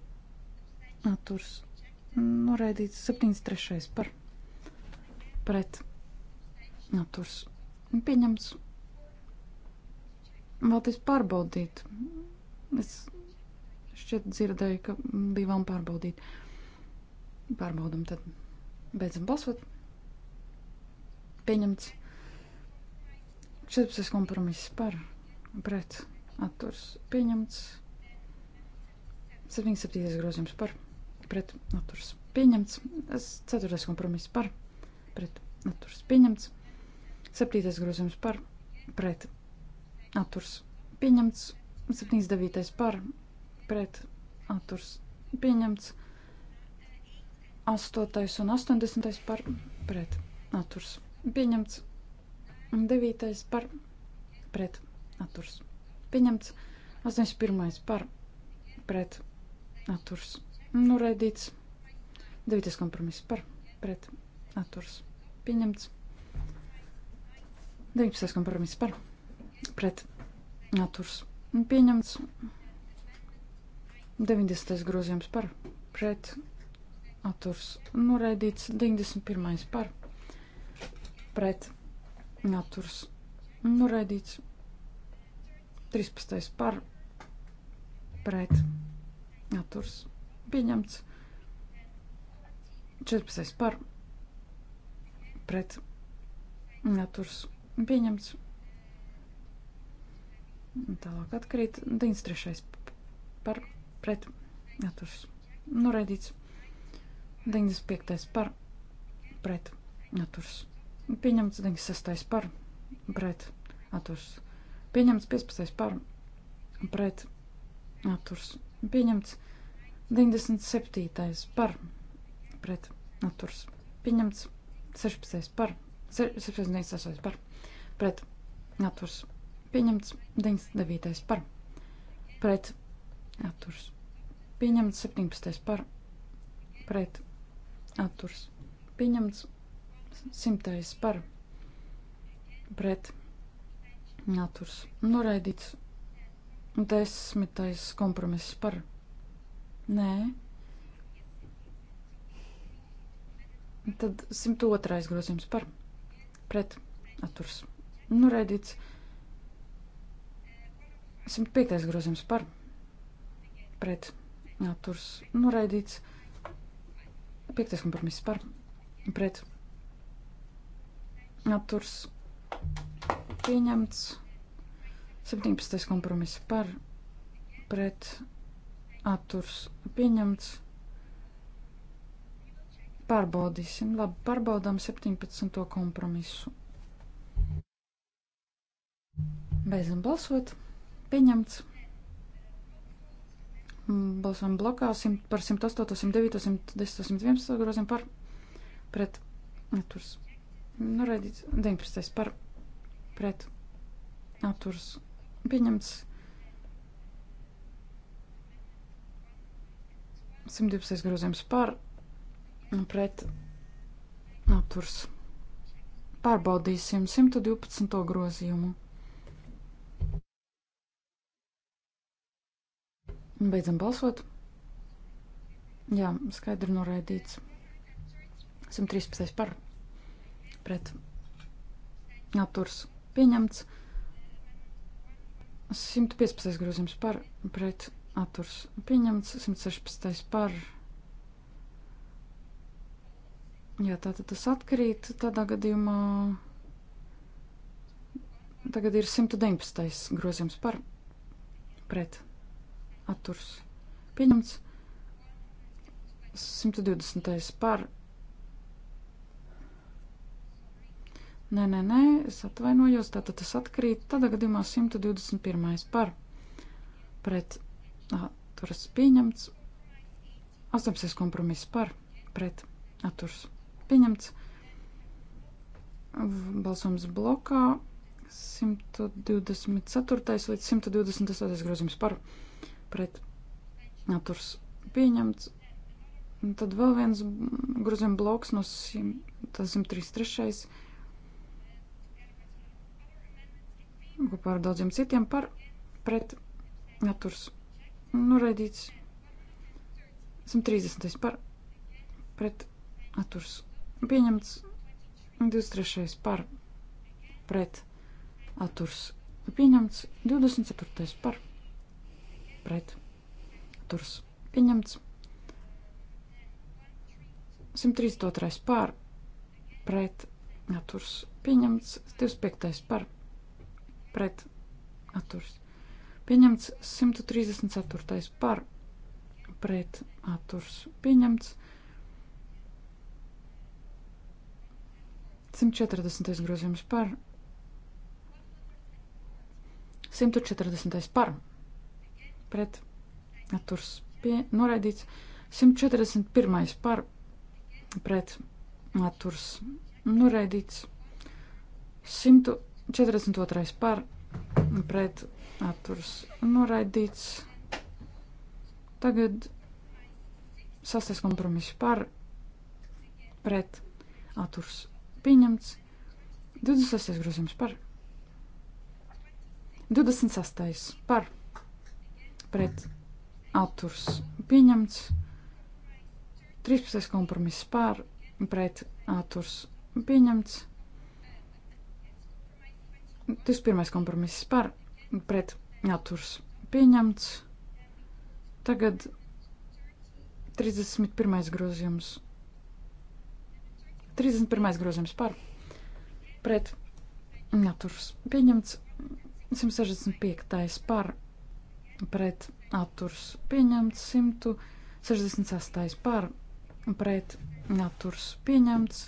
atturs noraidīts 73. par pret atturs pieņemts. Vēlties pārbaudīt. Es šķiet dzirdēju, ka bija vēl pārbaudīt. Pārbaudam tad. Beidzam balsot. Pieņemts. 14. kompromiss par pret atturs pieņemts. 77. grozījums par pret naturs pieņemts. 4. kompromiss par pret naturs pieņemts. 7. grozījums par pret naturs pieņemts. 79. par pret naturs pieņemts. 8. un 80. par pret naturs pieņemts. 9. par pret naturs pieņemts. 81. par pret naturs pieņemts pret atturs noraidīts. Nu, 9. kompromiss par pret atturs pieņemts. 19. kompromiss par pret atturs pieņemts. 90. grozījums par pret atturs noraidīts. Nu, 91. par pret atturs noraidīts. Nu, 13. par pret atturs. Atturs. Pieņemts. 14. par. Pret. Atturs. Pieņemts. Tālāk atkrīt. 93. par. Pret. Atturs. Noraidīts. 95. par. Pret. Atturs. Pieņemts. 96. par. Pret. Atturs. Pieņemts. 15. par. Pret. Atturs. Pieņemts 97. par pret atturs. Pieņemts 16. par 16. par pret atturs. Pieņemts 99. par pret atturs. Pieņemts 17. par pret atturs. Pieņemts 100. par pret atturs. Noraidīts Desmitais kompromiss par. Nē. Tad 102. grozījums par pret atturs. Nu, redīts 105. grozījums par pret atturs. Nu, redīts 5. kompromiss par pret atturs. Pieņemts 17. kompromiss par pret atturs pieņemts. Pārbaudīsim, labi, pārbaudām 17. kompromisu. Beidzam balsot. Pieņemts. Mm, balsojam blokā simt, par 108, 109, 110, 111 groziem par pret atturs. Nu, redzīts, 19. par pret atturs Pieņemts 112. grozījums par un pret apturs. Pārbaudīsim 112. grozījumu. Beidzam balsot. Jā, skaidri noraidīts. 113. par pret apturs pieņemts. 115. grozījums par pret atturs pieņemts, 116. par. Jā, tātad tas atkarīt tādā gadījumā. Tagad ir 119. grozījums par pret atturs pieņemts, 120. par pret Nē, nē, nē, es atvainojos, tātad tas atkrīt. Tādā gadījumā 121. par pret atturas pieņemts. 8. kompromiss par pret atturas pieņemts. Balsojums blokā 124. līdz 128. grozījums par pret atturas pieņemts. Un tad vēl viens grozījuma bloks no 133 kopā nu, ar daudziem citiem par pret naturs noraidīts 130. par pret naturs pieņemts 23. par pret naturs pieņemts 24. par pret naturs pieņemts 132. par pret naturs pieņemts 25. par pret pret atturs. Pieņemts 134. par pret atturs. Pieņemts 140. grozījums par 140. par pret atturs. Pie, noraidīts 141. par pret atturs. Noraidīts 140. 42. par pret atturs noraidīts. Tagad sastais kompromiss par pret atturs pieņemts. 26. grozījums par 26. par pret atturs pieņemts. 13. kompromiss par pret atturs pieņemts. 21. kompromiss par pret atturs pieņemts. Tagad 31. grozījums. 31. grozījums par pret atturs pieņemts. 165. par pret atturs pieņemts. 168. par pret atturs pieņemts.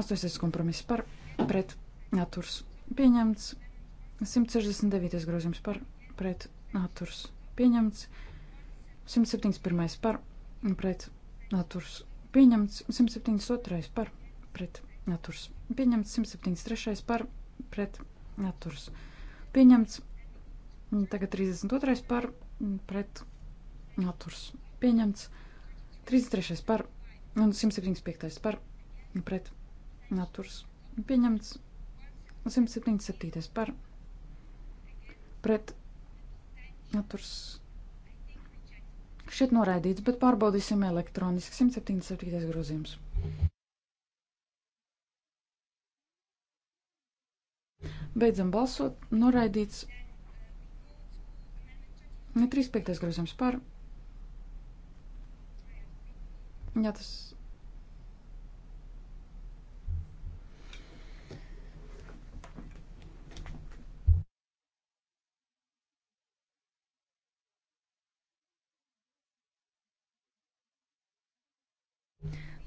8. kompromiss par pret Atturs. Pieņemts. 169. grozījums par pret atturs. Pieņemts. 171. par pret atturs. Pieņemts. 172. par pret atturs. Pieņemts. 173. par pret atturs. Pieņemts. Tagad 32. par pret atturs. Pieņemts. 33. par un 175. par pret atturs. Pieņemts. 177. par pret atturs šķiet noraidīts, bet pārbaudīsim elektroniski 177. grozījums. Beidzam balsot, noraidīts 35. grozījums par. Jā, tas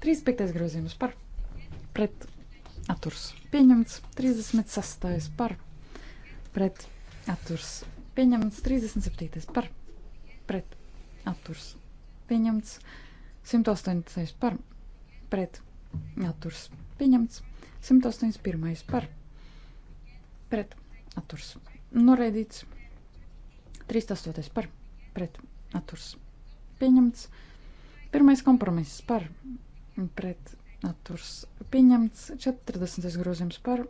35. grozījums par pret atturs pieņemts, 36. par pret atturs pieņemts, 37. par pret atturs pieņemts, 108. par pret atturs pieņemts, 181. par pret atturs noraidīts, 38. par pret atturs pieņemts, 1. kompromiss par pret pret atturs pieņemts, 40. grozījums par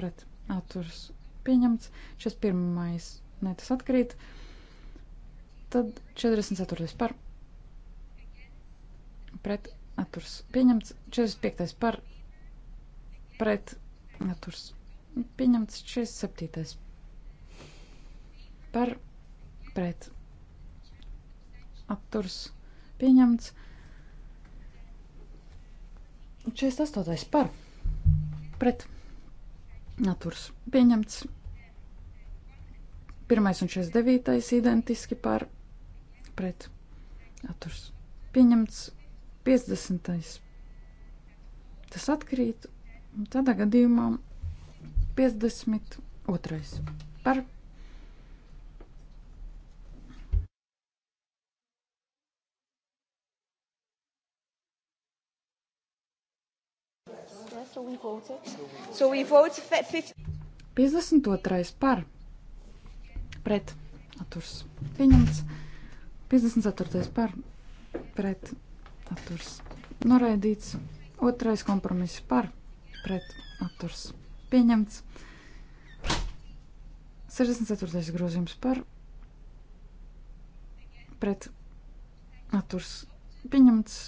pret atturs pieņemts, 41. ne tas atkrīt, tad 44. par pret atturs pieņemts, 45. par pret atturs pieņemts, 47. par pret atturs pieņemts, 48. par pret naturs pieņemts. 1. un 49. identiski par pret naturs pieņemts. 50. Tas atkrīt. Tādā gadījumā 52. par pret so we voted. So we voted 50. 52. par. Pret. Atturs. Pieņemts. 54. par. Pret. Atturs. Noraidīts. Otrais kompromiss par. Pret. Atturs. Pieņemts. 64. grozījums par. Pret. Atturs. Pieņemts.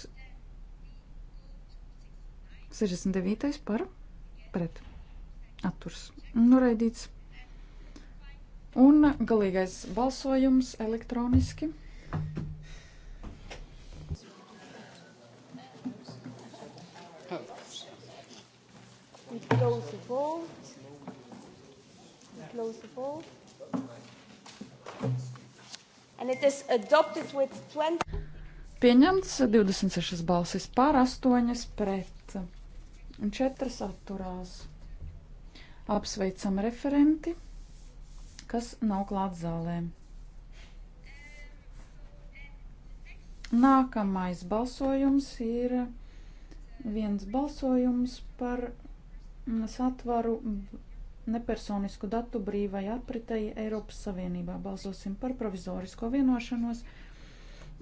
69. par pret atturs noraidīts. Un galīgais balsojums elektroniski. We close the vote. We close the vote. And it is adopted with 20. Pieņemts 26 balsis pār 8 pret un četras atturās. Apsveicam referenti, kas nav klāt zālē. Nākamais balsojums ir viens balsojums par satvaru nepersonisku datu brīvai apritei Eiropas Savienībā. Balsosim par provizorisko vienošanos,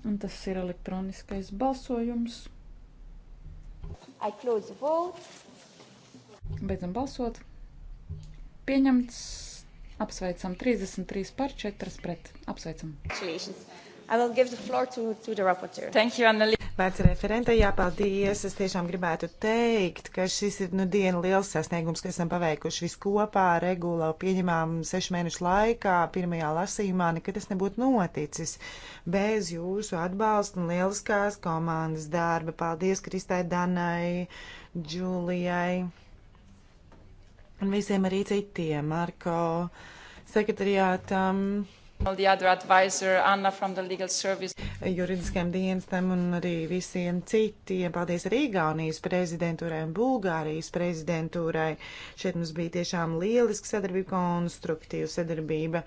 un tas ir elektroniskais balsojums. Beidzam balsot. Pieņemts. Apsveicam 33 par 4 pret. Apsveicam. To, to Thank you, Anneli. Pēc referentei jāpaldies. Es tiešām gribētu teikt, ka šis ir nu diena liels sasniegums, kas esam paveikuši viskopā, regulā pieņemām sešu mēnešu laikā, pirmajā lasījumā, nekad tas nebūtu noticis. Bez jūsu atbalsta un lieliskās komandas darba. Paldies Kristai Danai, Džulijai un visiem arī citiem, Marko, sekretariātam. Um, Juridiskajam dienestam un arī visiem citiem. Paldies arī Igaunijas prezidentūrai un Bulgārijas prezidentūrai. Šeit mums bija tiešām lieliska sadarbība, konstruktīva sadarbība.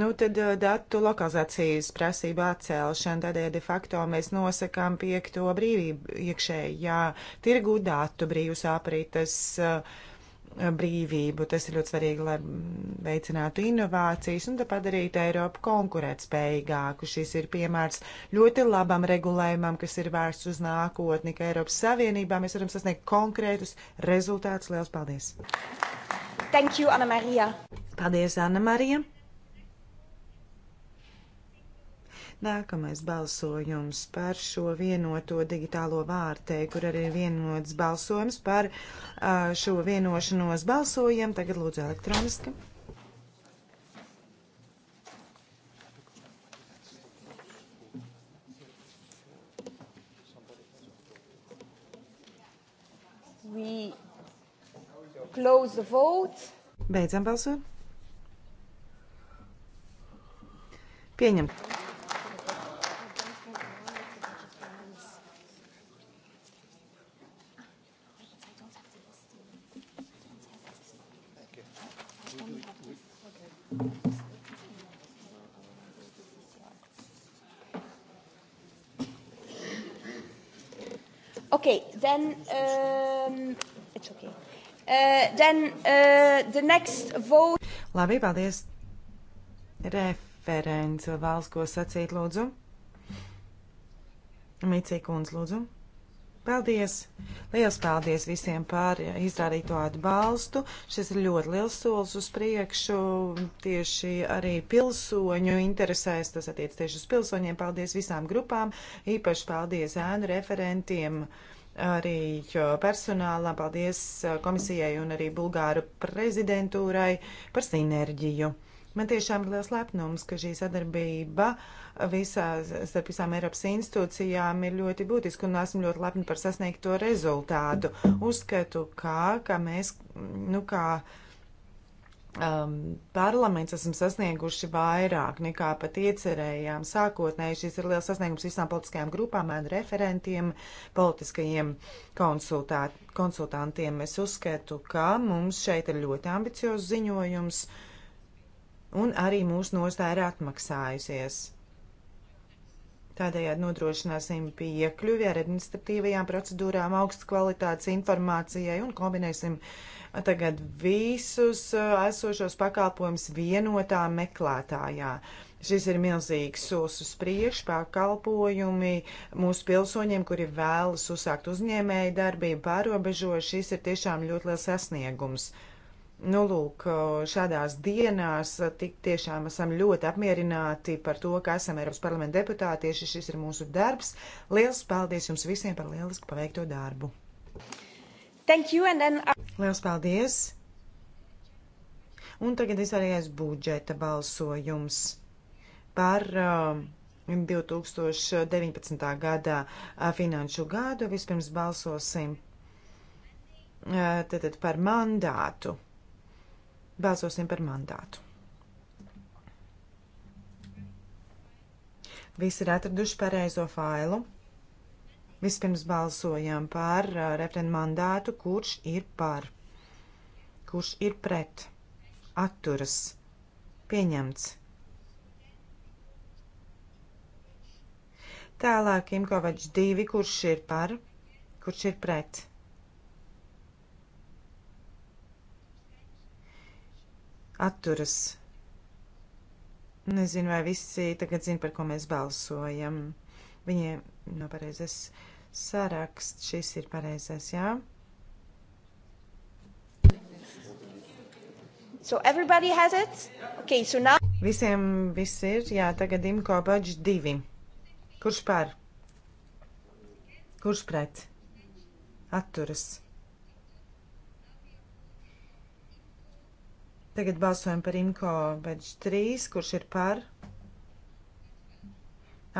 Nu, tad uh, datu lokalizācijas prasība atcelšana, tādēļ de facto mēs nosakām piekto brīvību iekšējā tirgu datu brīvus aprites. Uh, brīvību. Tas ir ļoti svarīgi, lai veicinātu inovācijas un padarītu Eiropu konkurētspējīgāku. Šis ir piemērs ļoti labam regulējumam, kas ir vērsts uz nākotni, ka Eiropas Savienībā mēs varam sasniegt konkrētus rezultātus. Lielas paldies! Thank you, Anna Marija! Paldies, Anna Marija! Nākamais balsojums par šo vienoto digitālo vārtei, kur arī ir vienots balsojums par šo vienošanos balsojam. Tagad lūdzu elektroniski. We close the vote. Beidzam balsot. Pieņemt. Okay, then um, it's okay. Uh, then uh, the next vote. Labi, paldies. Referents vēlas ko sacīt, lūdzu. Mīcī kundz, lūdzu. Paldies! Lielas paldies visiem par izrādīto atbalstu. Šis ir ļoti liels solis uz priekšu. Tieši arī pilsoņu interesēs, tas attiec tieši uz pilsoņiem. Paldies visām grupām, īpaši paldies ēnu referentiem. Uh, arī personālam, paldies uh, komisijai un arī Bulgāru prezidentūrai par sinerģiju. Man tiešām ir liels lepnums, ka šī sadarbība visās, starp visām Eiropas institūcijām ir ļoti būtiska un esmu ļoti lepni par sasniegto rezultātu. Uzskatu, kā, ka mēs, nu kā, uh, um, parlaments esam sasnieguši vairāk nekā pat iecerējām. Sākotnēji šis ir liels sasniegums visām politiskajām grupām, ēnu referentiem, politiskajiem konsultantiem. Es uzskatu, ka mums šeit ir ļoti ambiciozs ziņojums, un arī mūsu nostāja ir atmaksājusies. Tādējādi nodrošināsim piekļuvi ar administratīvajām procedūrām, augstas kvalitātes informācijai un kombinēsim tagad visus esošos pakalpojumus vienotā meklētājā. Šis ir milzīgs solis uz priekšu, pakalpojumi mūsu pilsoņiem, kuri vēlas uzsākt uzņēmēju darbību pārobežo. Šis ir tiešām ļoti liels sasniegums. Uh, Nu, lūk, šādās dienās tik tiešām esam ļoti apmierināti par to, ka esam Eiropas parlamenta deputātieši. Šis ir mūsu darbs. Lielas paldies jums visiem par lielisku paveikto darbu. Thank you, and then... Uh, Lielas paldies! Un tagad izvērējais budžeta balsojums par uh, 2019. gadā finanšu gadu. Vispirms balsosim uh, tad par mandātu. Balsosim par mandātu. Visi ir atraduši pareizo failu. Vispirms balsojam par uh, referendu mandātu, kurš ir par, kurš ir pret, atturas, pieņemts. Tālāk Imkovačs divi, kurš ir par, kurš ir pret, atturas. Nezinu, vai visi tagad zina, par ko mēs balsojam. Viņiem nav no pareizes saraksts. Šis ir pareizais, jā? So everybody has it? Okay, so now... Visiem viss ir, jā, tagad imko budž divi. Kurš par? Kurš pret? Atturas. Tagad balsojam par Imko Beģis 3, kurš ir par.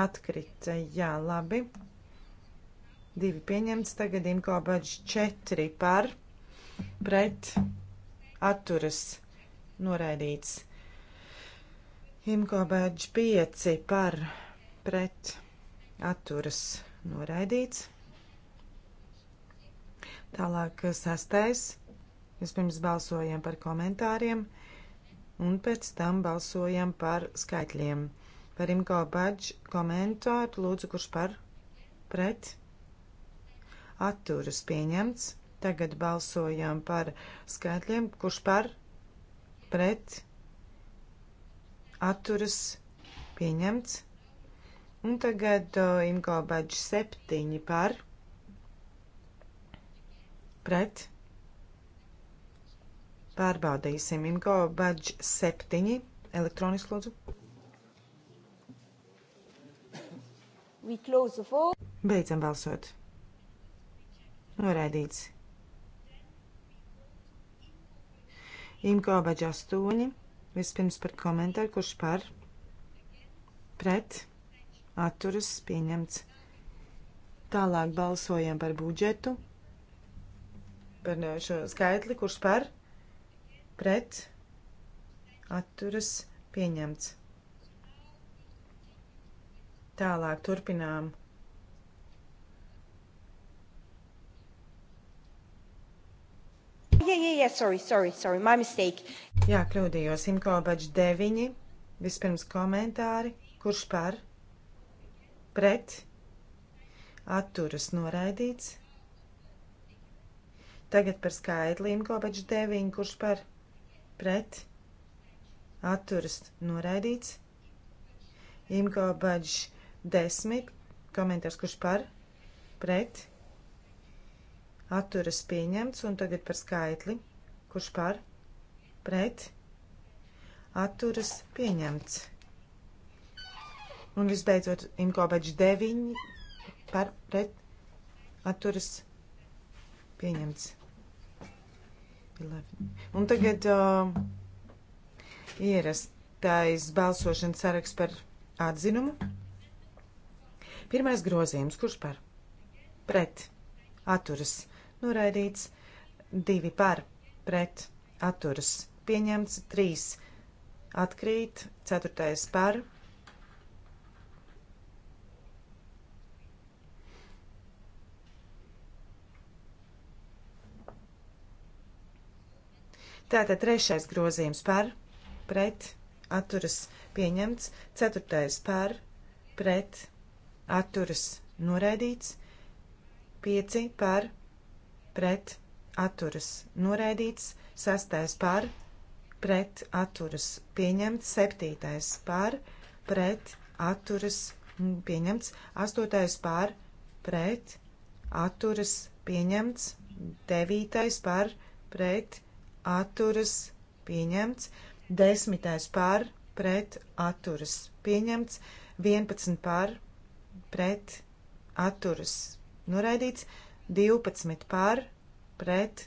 Atkrita, jā, labi. Divi pieņemts, tagad Imko Beģis 4 par. Pret atturas noraidīts. Imko Beģis 5 par. Pret atturas noraidīts. Tālāk sastais Vispirms balsojam par komentāriem, un pēc tam balsojam par skaitļiem. Par Imko Badž komentāru lūdzu, kurš par pret atturas pieņemts. Tagad balsojam par skaitļiem, kurš par pret atturas pieņemts. Un tagad uh, Imko Badž septiņi par pret atturas pieņemts Pārbaudīsim Ingo Badž 7. Elektroniski lūdzu. Beidzam balsot. Noraidīts. Imko Badž 8. Vispirms par komentāru, kurš par pret atturas pieņemts. Tālāk balsojam par budžetu, par šo skaitli, kurš par pret pret atturas pieņemts. Tālāk turpinām. Yeah, yeah, yeah, sorry, sorry, sorry, my mistake. Jā, kļūdījos. Imkobač 9. Vispirms komentāri. Kurš par? Pret? Atturas noraidīts. Tagad par skaitli Imkobač 9. Kurš par? Pret? pret atturas noraidīts. Imko Baģis 10 komentārs, kurš par pret atturas pieņemts. Un tagad par skaitli, kurš par pret atturas pieņemts. Un visbeidzot, Imko Baģis 9 par pret atturas pieņemts. Un tagad uh, ierastais balsošanas saraksts par atzinumu. Pirmais grozījums, kurš par? Pret, atturas, noraidīts, divi par, pret, atturas, pieņemts, trīs, atkrīt, ceturtais par, Tātad trešais grozījums par, pret, atturas pieņemts, ceturtais par, pret, atturas noraidīts, pieci par, pret, atturas noraidīts, sastais par, pret, atturas pieņemts, septītais par, pret, atturas pieņemts, astotais par, pret, atturas pieņemts, devītais par, pret, atturas pieņemts atturas pieņemts, desmitais par pret atturas pieņemts, vienpadsmit par pret atturas noraidīts, divpadsmit par pret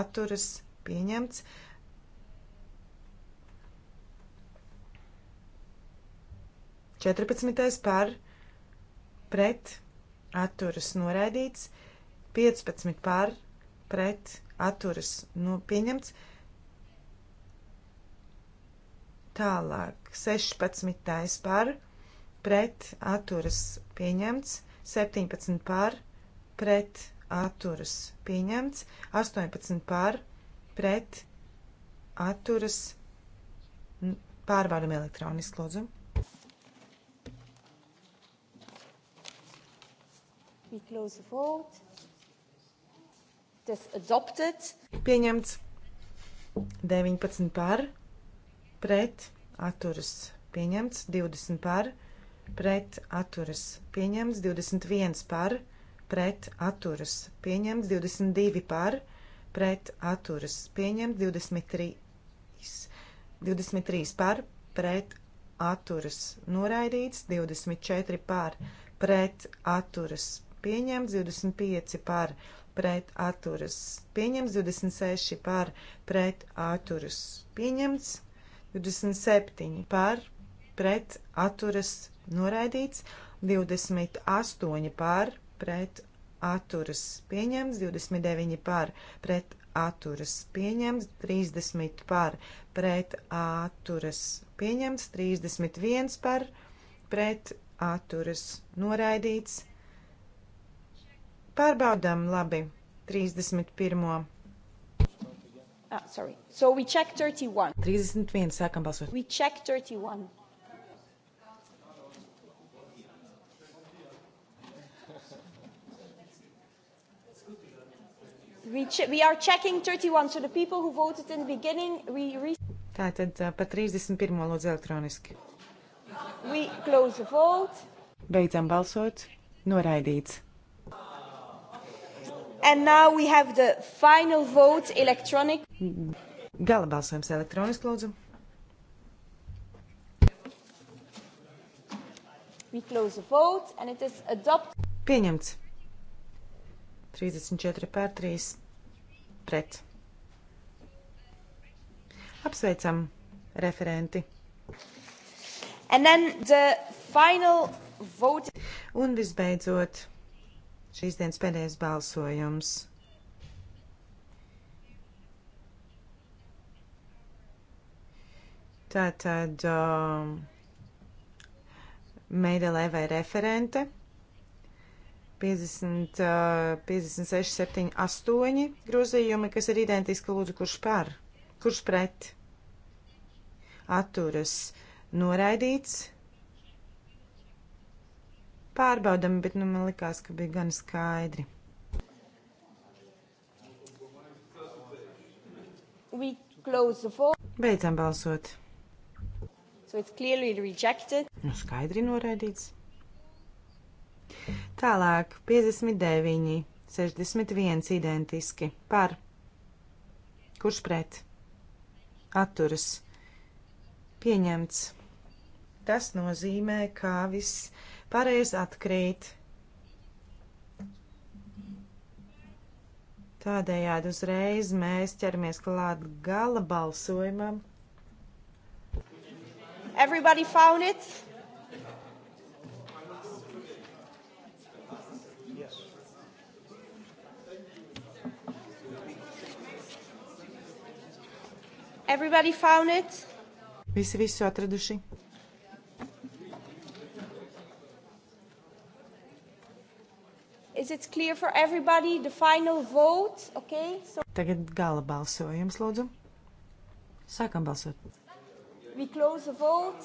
atturas pieņemts. Četrpadsmitais par pret atturas noraidīts, piecpadsmit par pret atturas nu, pieņemts. Tālāk 16. par pret atturas pieņemts, 17 par pret atturas pieņemts, 18 par pret atturas pārbaudam elektroniski lūdzu. We close the vote. Tas adopted. Pieņemts. 19 par. Pret. Atturas. Pieņemts. 20 par. Pret. Atturas. Pieņemts. 21 par. Pret. Atturas. Pieņemts. 22 par. Pret. Atturas. Pieņemts. 23. 23 par. Pret. Atturas. Noraidīts. 24 par. Pret. Atturas. Pieņemts. 25 par. Pret, pret atturas pieņemts, 26 par pret atturas pieņemts, 27 par pret atturas noraidīts, 28 par pret atturas pieņemts, 29 par pret atturas pieņemts, 30 par pret atturas pieņemts, 31 par pret atturas noraidīts, Pārbaudām, labi. 31. Ah, sorry. So we check 31. 31. Sākam balsot. We check 31. We, we are checking 31, so the people who voted in the beginning, we... Re Tātad pa 31. lūdzu elektroniski. We close the vote. Beidzam balsot. Noraidīts. And now we have the final vote electronic. Gala balsojums elektroniski lūdzu. We close the vote and it is adopted. Pieņemts. 34 pār 3 pret. Apsveicam referenti. And then the final vote. Un visbeidzot Šīs dienas pēdējais balsojums. Tātad um, Meidelē vai referente 50, uh, 56, 7, 8 grozījumi, kas ir identiski lūdzu, kurš par, kurš pret, atturas, noraidīts pārbaudam, bet nu, man likās, ka bija gan skaidri. Beidzam balsot. So nu, skaidri noraidīts. Tālāk 59, 61 identiski par. Kurš pret? Atturas. Pieņemts. Tas nozīmē, ka viss pareizi atkrīt. Tādējādi uzreiz mēs ķeramies klāt gala balsojumam. Everybody found it? Everybody found it? Visi visu atraduši. Is it clear for everybody the final vote? Okay, so... Tagad gala balsojums, lūdzu. Sākam balsot. We close the vote.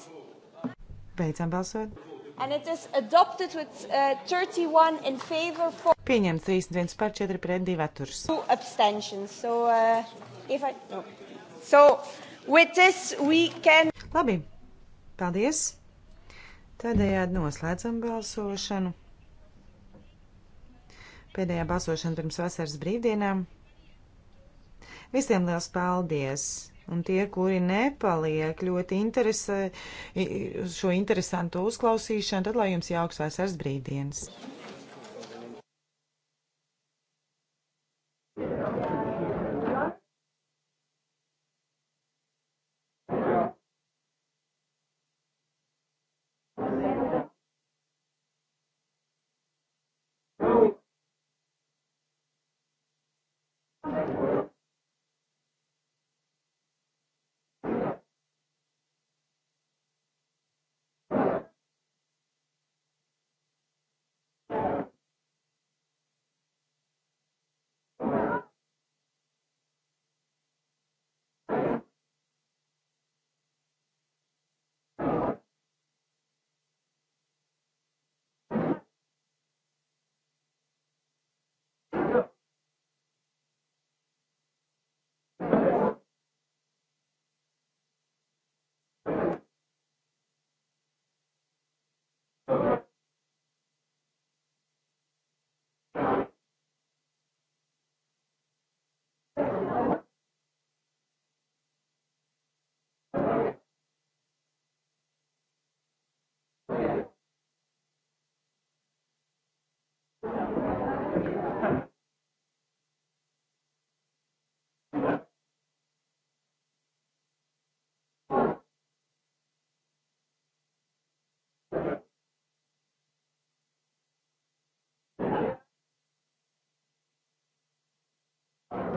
Beidzam balsot. And it is adopted with uh, 31 in favor for... Pieņemts 31 par 4 pret 2 atturs. Two abstentions. So, uh, if I... No. So, with this we can... Labi. Paldies. Tādējādi noslēdzam balsošanu. Pēdējā balsošana pirms vasaras brīvdienām. Visiem liels paldies! Un tie, kuri nepaliek ļoti interesē šo interesantu uzklausīšanu, tad lai jums jauks vasaras brīvdienas!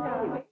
Yeah.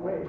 way.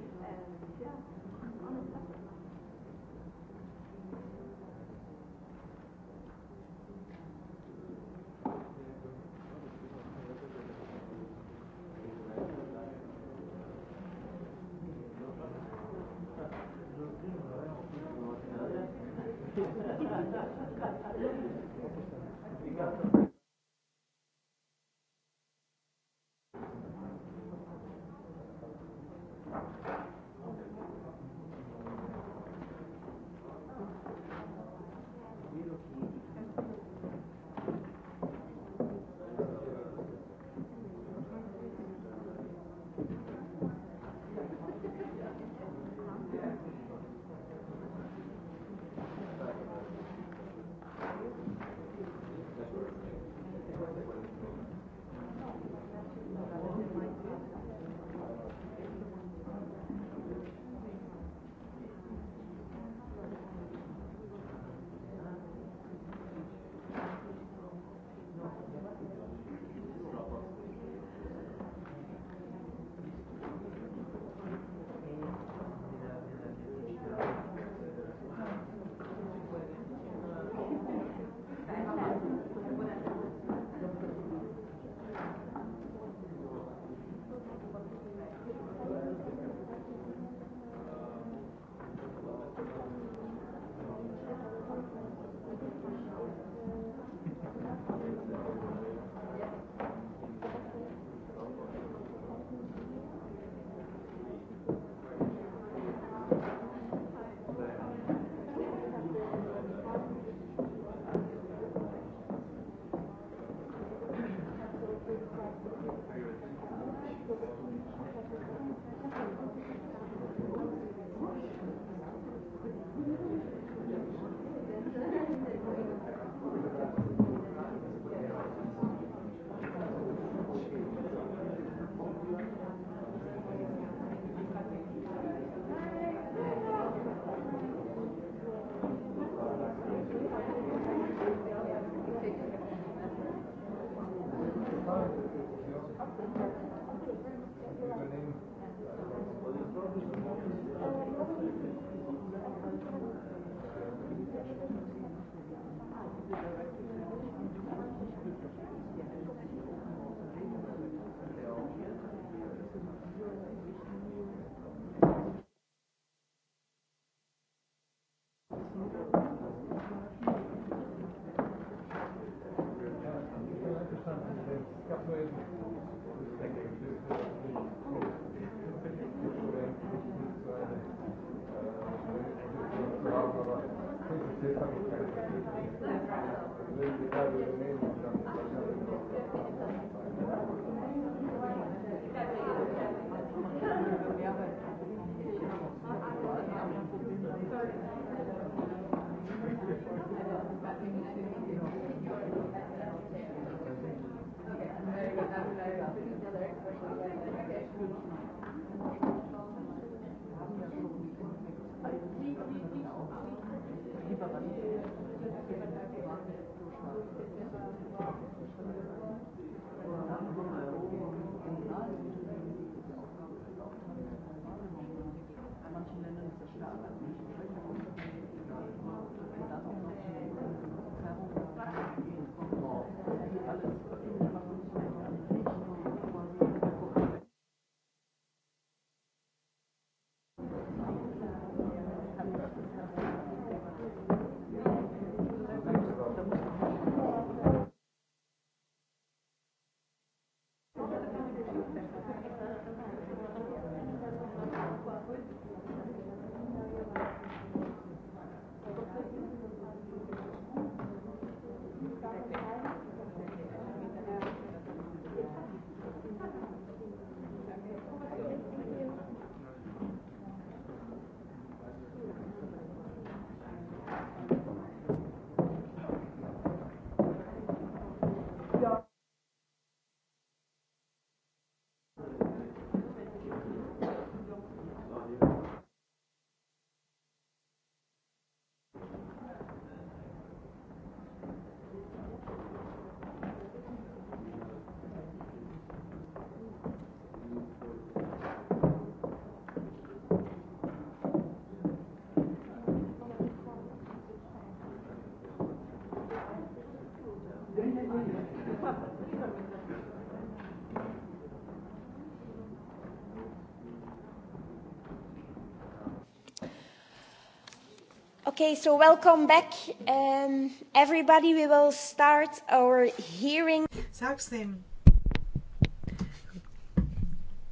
Okay, so welcome back, um, everybody. We will start our hearing. Sāksim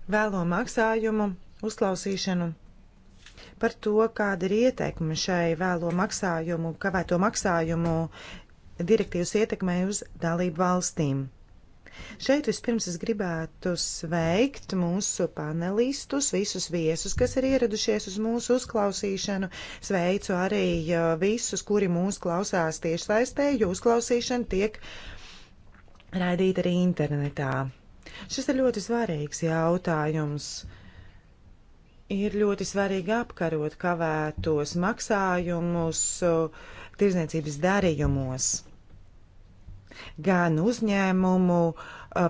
vēlo maksājumu uzklausīšanu par to, kāda ir ieteikuma šai vēlo maksājumu, kavēto maksājumu direktīvas ietekmē uz dalību valstīm. Šeit vispirms es gribētu sveikt mūsu panelistus, visus viesus, kas ir ieradušies uz mūsu uzklausīšanu. Sveicu arī uh, visus, kuri mūs klausās tiešsaistē, jo uzklausīšana tiek raidīta arī internetā. Šis ir ļoti svarīgs jautājums. Ir ļoti svarīgi apkarot kavētos maksājumus uh, tirzniecības darījumos gan uzņēmumu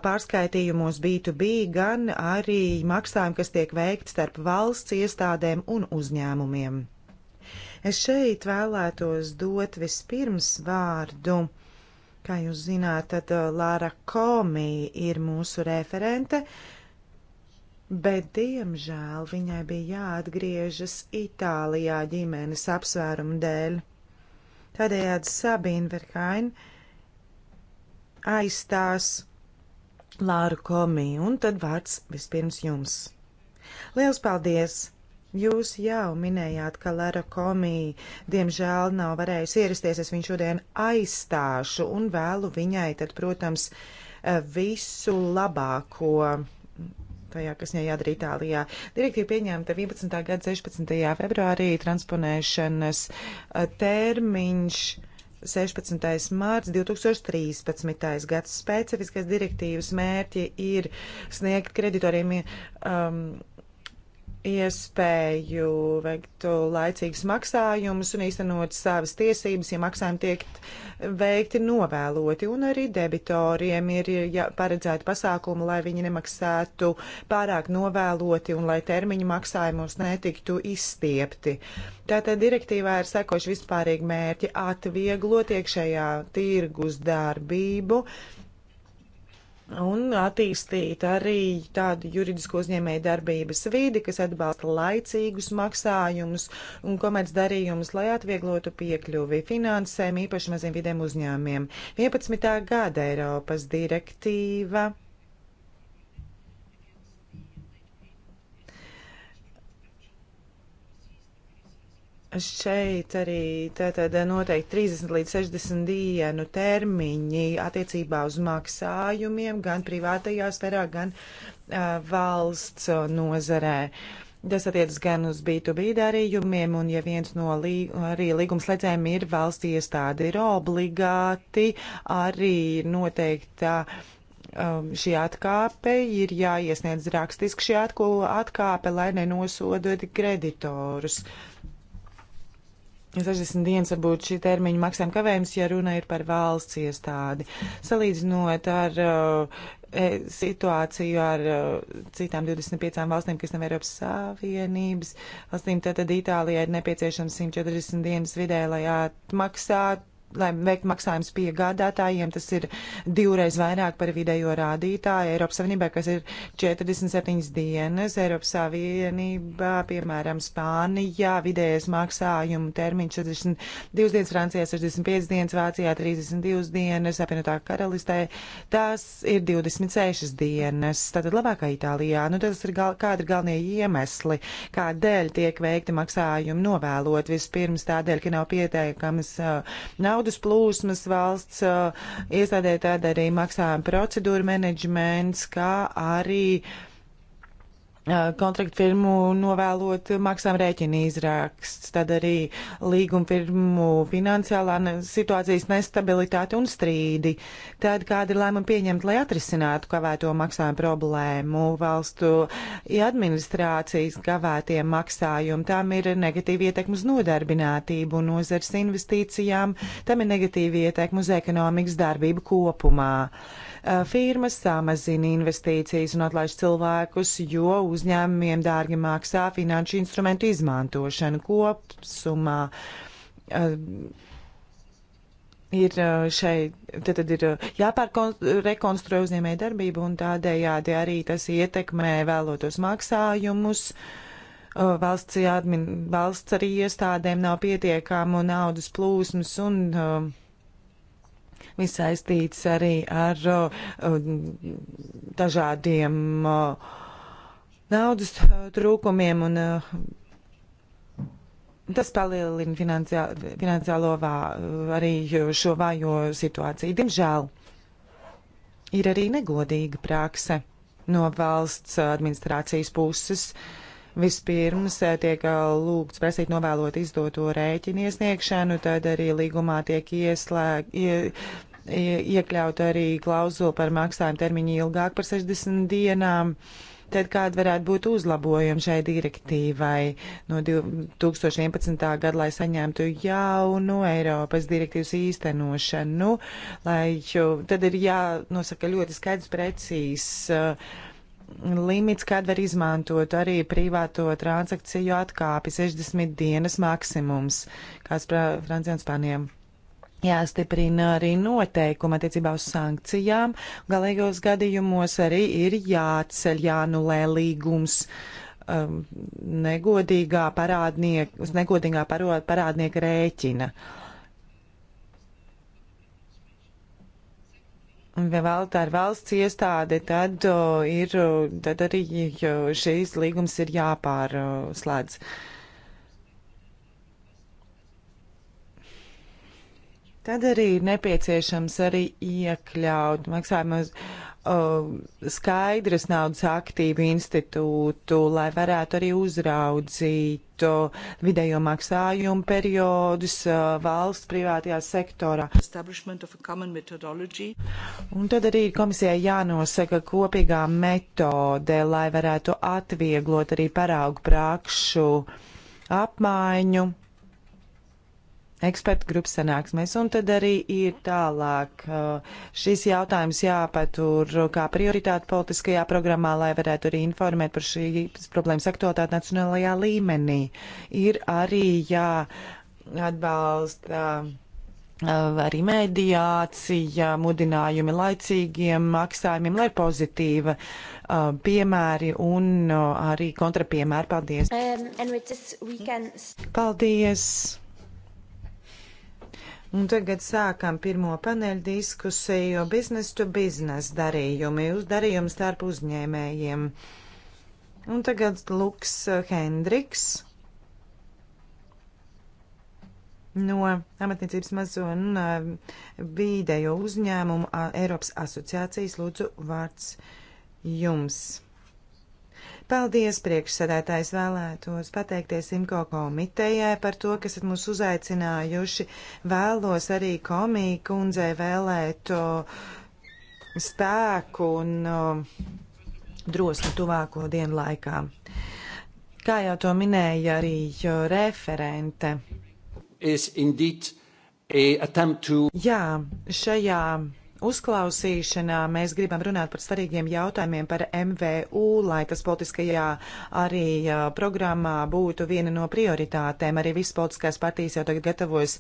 pārskaitījumos B2B, gan arī maksājumi, kas tiek veikti starp valsts iestādēm un uzņēmumiem. Es šeit vēlētos dot vispirms vārdu. Kā jūs zināt, tad Lāra Komī ir mūsu referente, bet, diemžēl, viņai bija jāatgriežas Itālijā ģimenes apsvērumu dēļ. Tādējādi Sabīna Verhaina aizstās Lāru Komī. Un tad vārds vispirms jums. Liels paldies! Jūs jau minējāt, ka Lara Komī diemžēl nav varējusi ierasties, es viņu šodien aizstāšu un vēlu viņai, tad, protams, eh, visu labāko tajā, kas viņai jādara Itālijā. Direktīva pieņēmta 11. gada 16. februārī transponēšanas eh, termiņš. 16. mārts 2013. gads specifiskās direktīvas mērķi ir sniegt kreditoriem um, iespēju veikt laicīgus maksājumus un īstenot savas tiesības, ja maksājumi tiek veikti novēloti. Un arī debitoriem ir ja, paredzēti pasākumi, lai viņi nemaksātu pārāk novēloti un lai termiņu maksājumus netiktu izstiepti. Tātad direktīvā ir sekoši vispārīgi mērķi atvieglot iekšējā tirgus darbību, un attīstīt arī tādu juridisku uzņēmēju darbības vidi, kas atbalsta laicīgus maksājumus un komerc darījumus, lai atvieglotu piekļuvi finansēm īpaši maziem vidiem uzņēmiem. 11. gada Eiropas direktīva Šeit arī tātad noteikti 30 līdz 60 dienu termiņi attiecībā uz maksājumiem gan privātajā sferā, gan uh, valsts nozarē. Tas attiecas gan uz B2B darījumiem, un ja viens no lī, arī līgumslēdzējiem ir valsts iestāde, ir obligāti arī noteikta. Uh, um, šī atkāpe ir jāiesniedz rakstiski šī atkāpe, lai nenosodot kreditorus. 60 dienas varbūt šī termiņa maksājuma kavējums, ja runa ir par valsts iestādi. Salīdzinot ar uh, situāciju ar uh, citām 25 valstīm, kas nav Eiropas Savienības valstīm, tad, tad Itālijai ir nepieciešams 140 dienas vidē, lai atmaksātu lai veikt maksājums piegādātājiem, tas ir divreiz vairāk par vidējo rādītāju Eiropas Savienībā, kas ir 47 dienas. Eiropas Savienībā, piemēram, Spānijā vidējais maksājumu termiņš 42 dienas, Francijā 65 dienas, Vācijā 32 dienas, apvienotā karalistē tas ir 26 dienas. Tātad labākā Itālijā, nu tas ir gal, kādi ir galvenie iemesli, kādēļ tiek veikti maksājumi novēlot. Vispirms tādēļ, ka nav pieteikamas, uh, nav naudas plūsmas valsts uh, iestādē, tad arī maksājuma procedūra menedžments, kā arī uh, kontraktu firmu novēlot maksām rēķina izraksts, tad arī līguma firmu finansiālā situācijas nestabilitāte un strīdi. Tad kāda ir lēmuma pieņemt, lai atrisinātu kavēto maksājumu problēmu valstu administrācijas kavētie maksājumi? Tām ir negatīva ietekme uz nodarbinātību un nozars investīcijām, tam ir negatīva ietekme uz ekonomikas darbību kopumā. Eh, firmas samazina investīcijas un atlaiž cilvēkus, jo uzņēmumiem dārgi maksā finanšu instrumentu izmantošanu kopsumā. Eh, ir eh, šeit, tad, tad ir jāpārrekonstruē uzņēmē darbību un tādējādi arī tas ietekmē vēlotos maksājumus. Valsts, admin, valsts arī iestādēm nav pietiekamu naudas plūsmas un uh, Viņš saistīts arī ar dažādiem naudas trūkumiem un Tas palielina finansiālo, finansiālo vā, arī šo vājo situāciju. Diemžēl ir arī negodīga prakse no valsts administrācijas puses. Vispirms eh, tiek eh, lūgts prasīt novēlot izdoto rēķinu iesniegšanu, tad arī līgumā tiek ieslēg, ie, iekļaut arī klauzulu par maksājumu termiņu ilgāk par 60 dienām. Tad kāda varētu būt uzlabojuma šai direktīvai no 2011. gada, lai saņemtu jaunu Eiropas direktīvas īstenošanu, lai tad ir jānosaka ļoti skaidrs, precīzs uh, limits, kad var izmantot arī privāto transakciju atkāpi 60 dienas maksimums, kāds Francijā un Spānijam Jāstiprina arī noteikuma attiecībā uz sankcijām. Galīgos gadījumos arī ir jāceļ, jānulē līgums um, negodīgā parādnieka, uz negodīgā parādnieka rēķina. Vēl tā ir valsts iestāde, tad, ir, tad arī šīs līgums ir jāpārslēdz. Uh, Tad arī ir nepieciešams arī iekļaut maksājumus uh, skaidras naudas aktīvu institūtu, lai varētu arī uzraudzīt uh, vidējo maksājumu periodus uh, valsts privātajā sektorā. Un tad arī komisijai jānosaka kopīgā metode, lai varētu atvieglot arī paraugu prākšu apmaiņu ekspertu grupas sanāksmēs, un tad arī ir tālāk uh, šis jautājums jāpatur kā prioritāte politiskajā programmā, lai varētu arī informēt par šīs problēmas aktualitāti nacionālajā līmenī. Ir arī jāatbalsta uh, arī mediācija, mudinājumi laicīgiem maksājumiem, lai ir pozitīva uh, piemēri un arī kontrapiemēri. Paldies! Um, can... Paldies! Un tagad sākam pirmo paneļu diskusiju biznes to biznes darījumi, darījumi starp uzņēmējiem. Un tagad Luks Hendriks no amatniecības mazo un eh, vīdējo uzņēmumu Eiropas asociācijas lūdzu vārds jums. Paldies, priekšsēdētājs vēlētos pateikties Imko komitejai par to, kas esat mūs uzaicinājuši. Vēlos arī komiju kundzei vēlēt spēku un drosmi tuvāko dienu laikā. Kā jau to minēja arī referente. To... Jā, šajā uzklausīšanā mēs gribam runāt par svarīgiem jautājumiem par MVU, lai tas politiskajā arī programmā būtu viena no prioritātēm. Arī visas politiskās partijas jau tagad gatavojas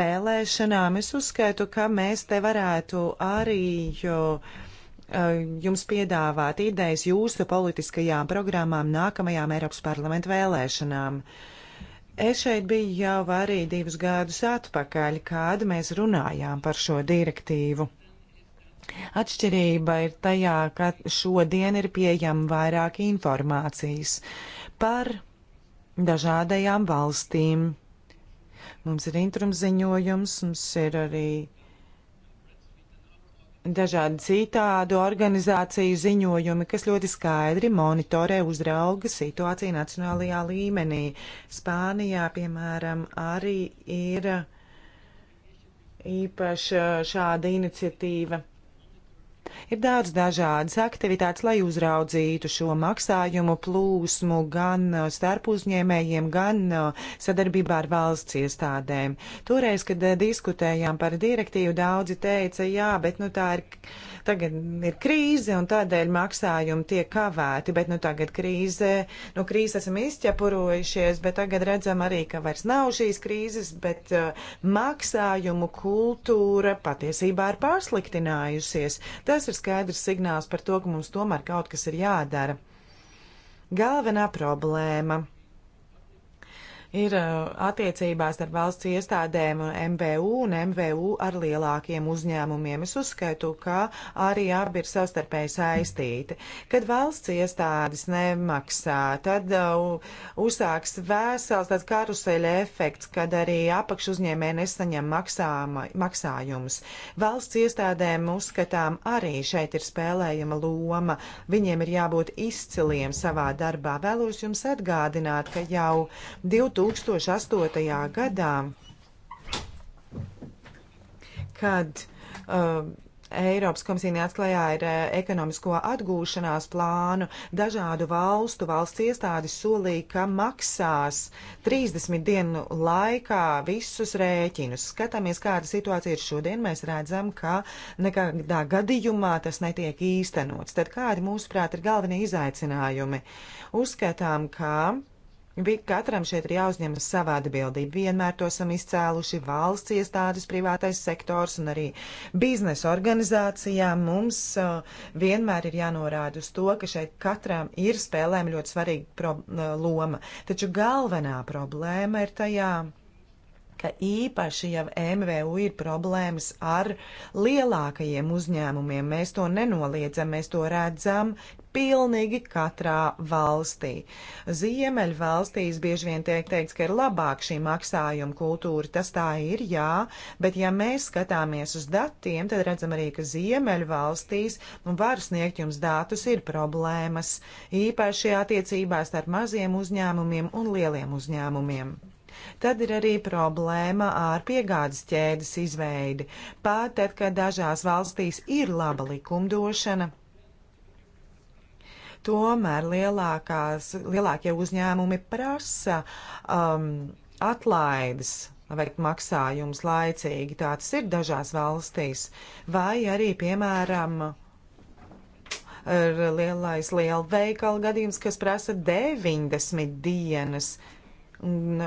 vēlēšanām. Es uzskaitu, ka mēs te varētu arī jums piedāvāt idejas jūsu politiskajām programmām nākamajām Eiropas parlamentu vēlēšanām. Es šeit biju jau arī divus gadus atpakaļ, kad mēs runājām par šo direktīvu. Atšķirība ir tajā, ka šodien ir pieejama vairāk informācijas par dažādajām valstīm. Mums ir intrumziņojums, mums ir arī dažādi citādu organizāciju ziņojumi, kas ļoti skaidri monitorē uzrauga situāciju nacionālajā līmenī. Spānijā, piemēram, arī ir īpaša šāda iniciatīva Ir daudz dažādas aktivitātes, lai uzraudzītu šo maksājumu plūsmu gan uh, starp uzņēmējiem, gan uh, sadarbībā ar valsts iestādēm. Toreiz, kad uh, diskutējām par direktīvu, daudzi teica, jā, bet nu tā ir Tagad ir krīze un tādēļ maksājumi tiek kavēti, bet nu tagad krīze, nu krīze esam izķepurojušies, bet tagad redzam arī, ka vairs nav šīs krīzes, bet uh, maksājumu kultūra patiesībā ir pārsliktinājusies. Tas ir skaidrs signāls par to, ka mums tomēr kaut kas ir jādara. Galvenā problēma ir uh, attiecībās ar valsts iestādēm uh, MVU un MVU ar lielākiem uzņēmumiem. Es uzskaitu, ka arī abi ir savstarpēji saistīti. Kad valsts iestādes nemaksā, tad uh, uzsāks vesels tāds karuseļa efekts, kad arī apakšu uzņēmē nesaņem maksāma, maksājumus. Valsts iestādēm uzskatām arī šeit ir spēlējama loma. Viņiem ir jābūt izciliem savā darbā. Vēlos jums atgādināt, ka jau 2000. 2008. gadā, kad uh, Eiropas komisija neatklājā ar uh, ekonomisko atgūšanās plānu. Dažādu valstu valsts iestādes solīja, ka maksās 30 dienu laikā visus rēķinus. Skatāmies, kāda situācija ir šodien. Mēs redzam, ka nekādā gadījumā tas netiek īstenots. Tad kādi, mūsuprāt, ir galvenie izaicinājumi? Uzskatām, ka Vi katram šeit ir jāuzņemas savā atbildība. Vienmēr to esam izcēluši valsts iestādes, privātais sektors un arī biznesa organizācijām. Mums uh, vienmēr ir jānorāda uz to, ka šeit katram ir spēlēm ļoti svarīga pro, uh, loma. Taču galvenā problēma ir tajā ka īpaši jau MVU ir problēmas ar lielākajiem uzņēmumiem. Mēs to nenoliedzam, mēs to redzam pilnīgi katrā valstī. Ziemeļu valstīs bieži vien tiek teikts, ka ir labāk šī maksājuma kultūra. Tas tā ir, jā, bet ja mēs skatāmies uz datiem, tad redzam arī, ka Ziemeļu valstīs, un var sniegt jums datus, ir problēmas, īpaši attiecībās starp maziem uzņēmumiem un lieliem uzņēmumiem. Tad ir arī problēma ar piegādes ķēdes izveidi. Pat tad, kad dažās valstīs ir laba likumdošana, Tomēr lielākās, lielākie uzņēmumi prasa um, atlaides veikt maksājumus laicīgi. Tāds ir dažās valstīs. Vai arī, piemēram, ir lielais lielveikala gadījums, kas prasa 90 dienas. Un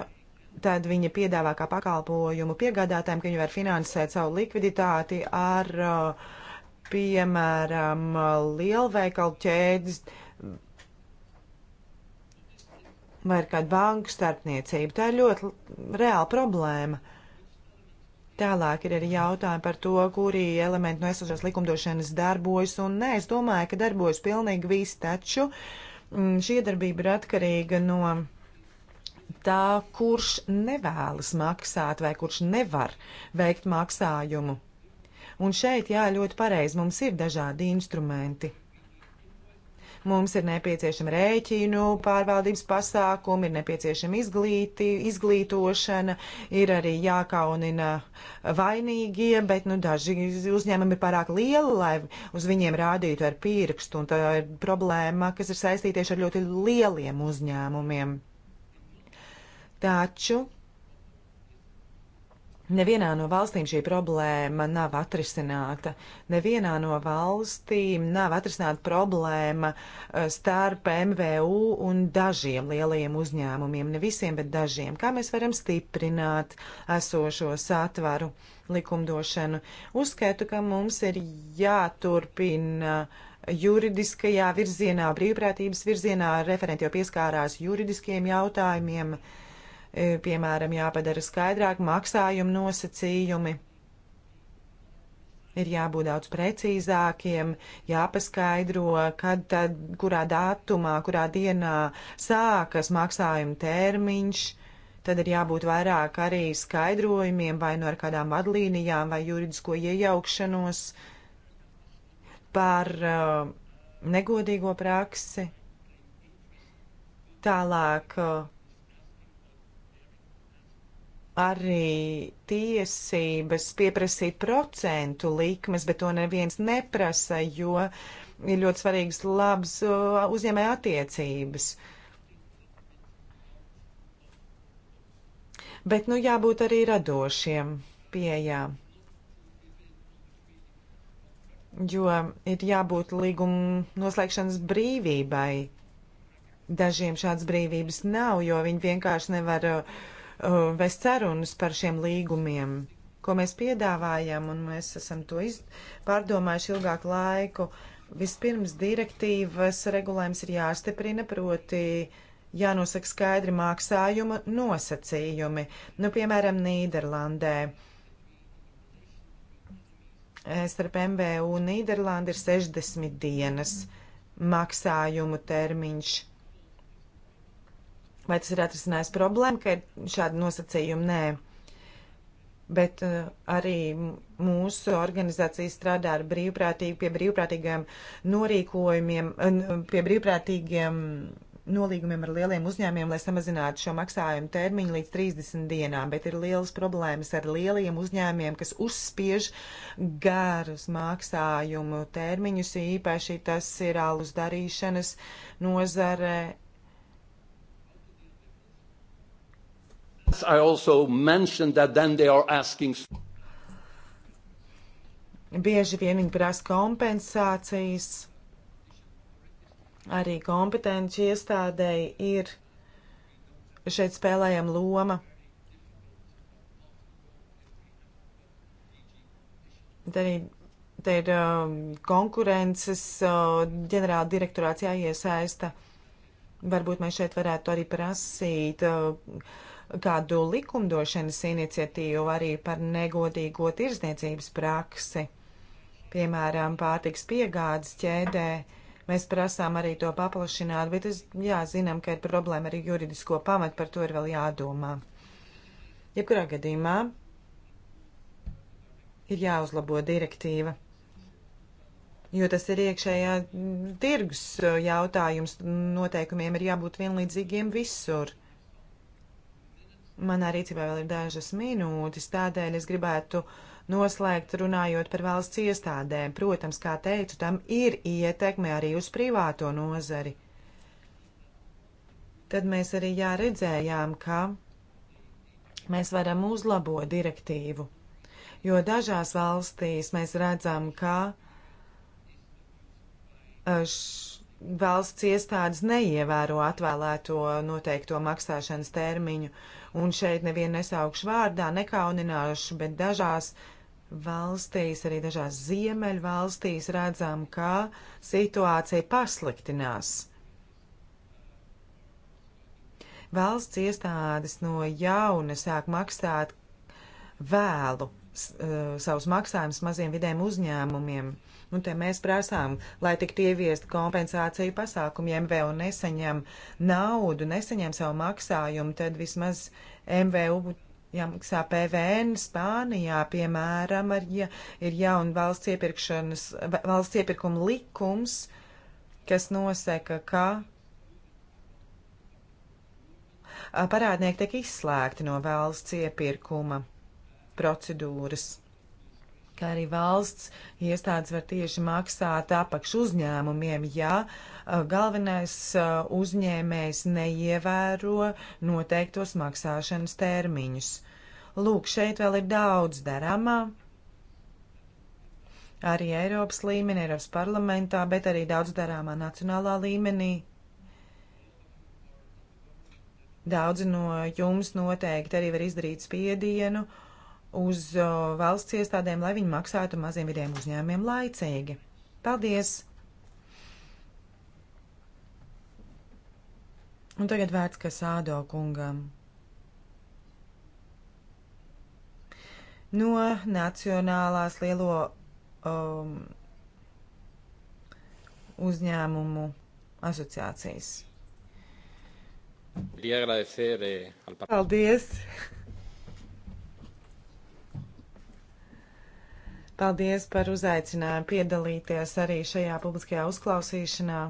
tad viņa piedāvā kā pakalpojumu piegādātājiem, ka viņi var finansēt savu likviditāti ar, uh, piemēram, lielveikalu ķēdes vai ir kāda banku starpniecība. Tā ir ļoti reāla problēma. Tālāk ir arī jautājumi par to, kuri elementi no esošās likumdošanas darbojas un nē. Es domāju, ka darbojas pilnīgi viss, taču mm, šī darbība ir atkarīga no tā, kurš nevēlas maksāt vai kurš nevar veikt maksājumu. Un šeit, jā, ļoti pareizi mums ir dažādi instrumenti. Mums ir nepieciešama rēķinu pārvaldības pasākumi, ir nepieciešama izglīti, izglītošana, ir arī jākaunina vainīgie, bet nu, daži uzņēmumi ir pārāk lieli, lai uz viņiem rādītu ar pirkstu, un tā ir problēma, kas ir saistīta tieši ar ļoti lieliem uzņēmumiem. Taču Nevienā no valstīm šī problēma nav atrisināta. Nevienā no valstīm nav atrisināta problēma eh, starp MVU un dažiem lielajiem uzņēmumiem. Ne visiem, bet dažiem. Kā mēs varam stiprināt esošo satvaru likumdošanu? Uzskaitu, ka mums ir jāturpina juridiskajā virzienā, brīvprātības virzienā. Referenti jau pieskārās juridiskiem jautājumiem. Uh, E, piemēram, jāpadara skaidrāk maksājumu nosacījumi. Ir jābūt daudz precīzākiem, jāpaskaidro, kad tad, kurā datumā, kurā dienā sākas maksājuma termiņš. Tad ir jābūt vairāk arī skaidrojumiem, vai no nu ar kādām vadlīnijām, vai juridisko iejaukšanos par uh, negodīgo praksi. Tālāk uh, arī tiesības pieprasīt procentu likmes, bet to neviens neprasa, jo ir ļoti svarīgas labas uh, uzņēmēja attiecības. Bet, nu, jābūt arī radošiem pieejām. Jo ir jābūt līguma noslēgšanas brīvībai. Dažiem šādas brīvības nav, jo viņi vienkārši nevar uh, uh, vest sarunas par šiem līgumiem, ko mēs piedāvājam, un mēs esam to iz... pārdomājuši ilgāku laiku. Vispirms direktīvas regulējums ir jāstiprina, proti jānosaka skaidri maksājuma nosacījumi. Nu, piemēram, Nīderlandē. Starp MBU un Nīderlandi ir 60 dienas maksājumu termiņš Vai tas ir atrisinājis problēmu, ka ir šādi nosacījumi? Nē. Bet uh, arī mūsu organizācija strādā ar brīvprātīgi, pie brīvprātīgiem norīkojumiem, pie brīvprātīgiem nolīgumiem ar lieliem uzņēmiem, lai samazinātu šo maksājumu termiņu līdz 30 dienām, bet ir lielas problēmas ar lieliem uzņēmiem, kas uzspiež garus maksājumu termiņus, īpaši tas ir alus darīšanas nozare Asking... Bieži vien viņi prasa kompensācijas. Arī kompetenci iestādēji ir šeit spēlējama loma. Te arī te ir um, konkurences uh, ģenerāla direktorāts jāiesaista. Varbūt mēs šeit varētu arī prasīt uh, kādu likumdošanas iniciatīvu arī par negodīgo tirzniecības praksi. Piemēram, pārtiks piegādes ķēdē mēs prasām arī to paplašināt, bet es, jā, zinām, ka ir problēma arī juridisko pamatu, par to ir vēl jādomā. Jebkurā gadījumā ir jāuzlabo direktīva, jo tas ir iekšējā mm, tirgus jautājums, noteikumiem ir jābūt vienlīdzīgiem visur. Manā rīcībā vēl ir dažas minūtes, tādēļ es gribētu noslēgt runājot par valsts iestādēm. Protams, kā teicu, tam ir ietekme arī uz privāto nozari. Tad mēs arī jāredzējām, ka mēs varam uzlabot direktīvu, jo dažās valstīs mēs redzam, ka e, š, valsts iestādes neievēro atvēlēto noteikto maksāšanas termiņu, uh, Un šeit nevienu nesaukšu vārdā, nekaunināšu, bet dažās valstīs, arī dažās ziemeļu valstīs redzam, ka situācija pasliktinās. Valsts iestādes no jauna sāk maksāt vēlu eh, savus maksājumus maziem vidiem uzņēmumiem. Uh, Un te mēs prasām, lai tiktu ieviesta kompensācija pasākumiem, vēl nesaņem naudu, nesaņem savu maksājumu, tad vismaz MVU jāmaksā PVN Spānijā, piemēram, ar, ja ir jauna valsts iepirkšanas, valsts iepirkuma likums, kas nosaka, ka parādnieki tiek izslēgti no valsts iepirkuma procedūras ka arī valsts iestādes var tieši maksāt apakšu uzņēmumiem, ja uh, galvenais uh, uzņēmējs neievēro noteiktos maksāšanas termiņus. Lūk, šeit vēl ir daudz darāmā. Arī Eiropas līmenī, Eiropas parlamentā, bet arī daudz darāmā nacionālā līmenī. Daudzi no jums noteikti arī var izdarīt spiedienu uh, uz valsts iestādēm, lai viņi maksātu maziem vidiem uzņēmumiem laicīgi. Paldies! Un tagad vērts Kasādo kungam. No Nacionālās lielo um, uzņēmumu asociācijas. Eh, Paldies! Paldies par uzaicinājumu piedalīties arī šajā publiskajā uzklausīšanā.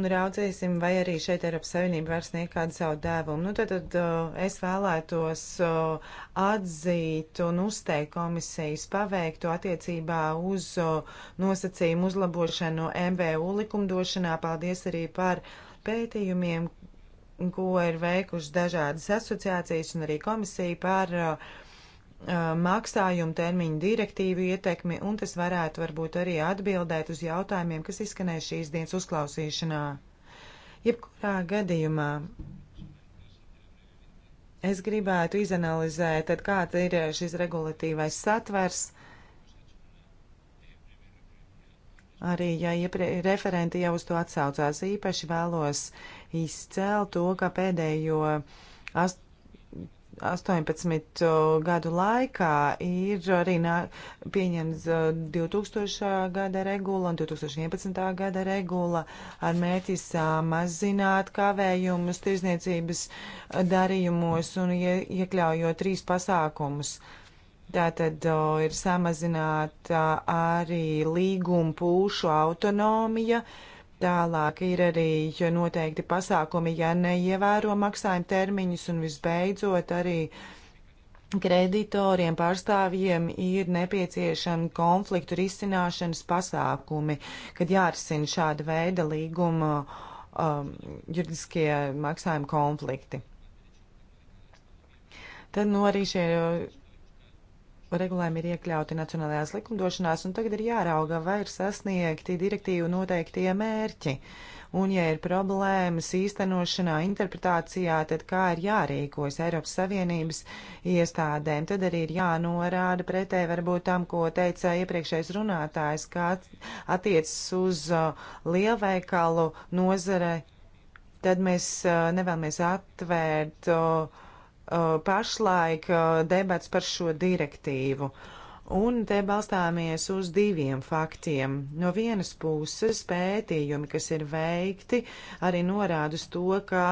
Un raudzēsim, vai arī šeit Eiropas Savienība var sniegt kādu savu dēvumu. Nu, tad, tad uh, es vēlētos uh, atzīt un uzteikt komisijas paveikto attiecībā uz uh, nosacījumu uzlabošanu MBU likumdošanā. Paldies arī par pētījumiem, ko ir veikuši dažādas asociācijas un arī komisija par uh, uh, maksājumu termiņu direktīvu ietekmi, un tas varētu varbūt arī atbildēt uz jautājumiem, kas izskanēja šīs dienas uzklausīšanā. Jebkurā gadījumā es gribētu izanalizēt, tad kāds ir šis regulatīvais satvers, arī, ja referenti jau uz to atsaucās, īpaši vēlos uh, izcēl to, ka pēdējo 18 gadu laikā ir arī pieņemts 2000. gada regula un 2011. gada regula ar mērķi samazināt kavējumus tirzniecības darījumos un ie, iekļaujot trīs pasākumus. Tātad o, ir samazināta arī līguma pūšu autonomija, uh, Tālāk ir arī noteikti pasākumi, ja neievēro maksājuma termiņus, un visbeidzot arī kreditoriem pārstāvjiem ir nepieciešami konfliktu risināšanas pasākumi, kad jārisina šāda veida līguma um, juridiskie maksājuma konflikti. Tad nu, arī šie regulējumi ir iekļauti nacionālajās likumdošanās, un tagad ir jārauga, vai ir sasniegti direktīvu noteiktie mērķi. Un, ja ir problēmas īstenošanā, interpretācijā, tad kā ir jārīkojas Eiropas Savienības iestādēm, tad arī ir jānorāda pretēji varbūt tam, ko teica iepriekšējais runātājs, kā attiecas uz uh, lielveikalu nozare, tad mēs uh, nevēlamies atvērt uh, Uh, pašlaik uh, debats par šo direktīvu. Un te balstāmies uz diviem faktiem. No vienas puses pētījumi, kas ir veikti, arī norāda uz to, ka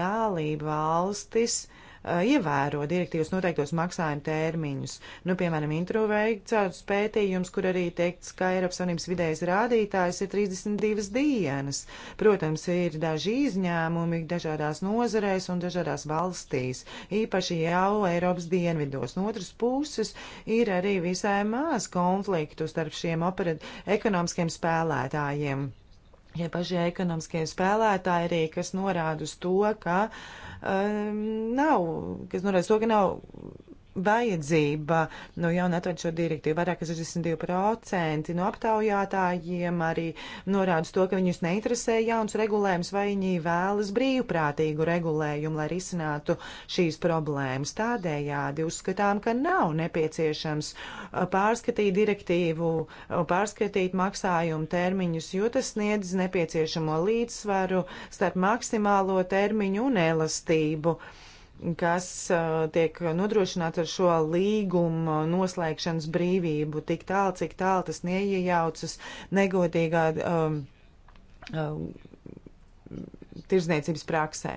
dalība valstis uh, Eh, ievēro direktīvas noteiktos maksājuma termiņus. Nu, piemēram, intro veikts pētījums, kur arī teikts, ka Eiropas Savienības vidējais rādītājs ir 32 dienas. Protams, ir daži izņēmumi dažādās nozarēs un dažādās valstīs, īpaši jau Eiropas dienvidos. No otras puses ir arī visai maz konfliktu starp šiem ekonomiskiem spēlētājiem. Ja pašie ekonomiskie spēlētāji arī, kas norāda uz to, ka um, nav, kas norāda uz to, ka nav vajadzība no jauna atvert šo direktīvu. Vairāk kā 62% no aptaujātājiem arī norāda to, ka viņus neinteresē jauns regulējums vai viņi vēlas brīvprātīgu regulējumu, lai risinātu šīs problēmas. Tādējādi uzskatām, ka nav nepieciešams uh, pārskatīt direktīvu, uh, pārskatīt maksājumu termiņus, jo tas sniedz nepieciešamo līdzsvaru starp maksimālo termiņu un elastību. Uh, kas tiek nodrošināts ar šo līgumu noslēgšanas brīvību, tik tālu, cik tālu tas neiejaucas negodīgā um, um, tirzniecības praksē.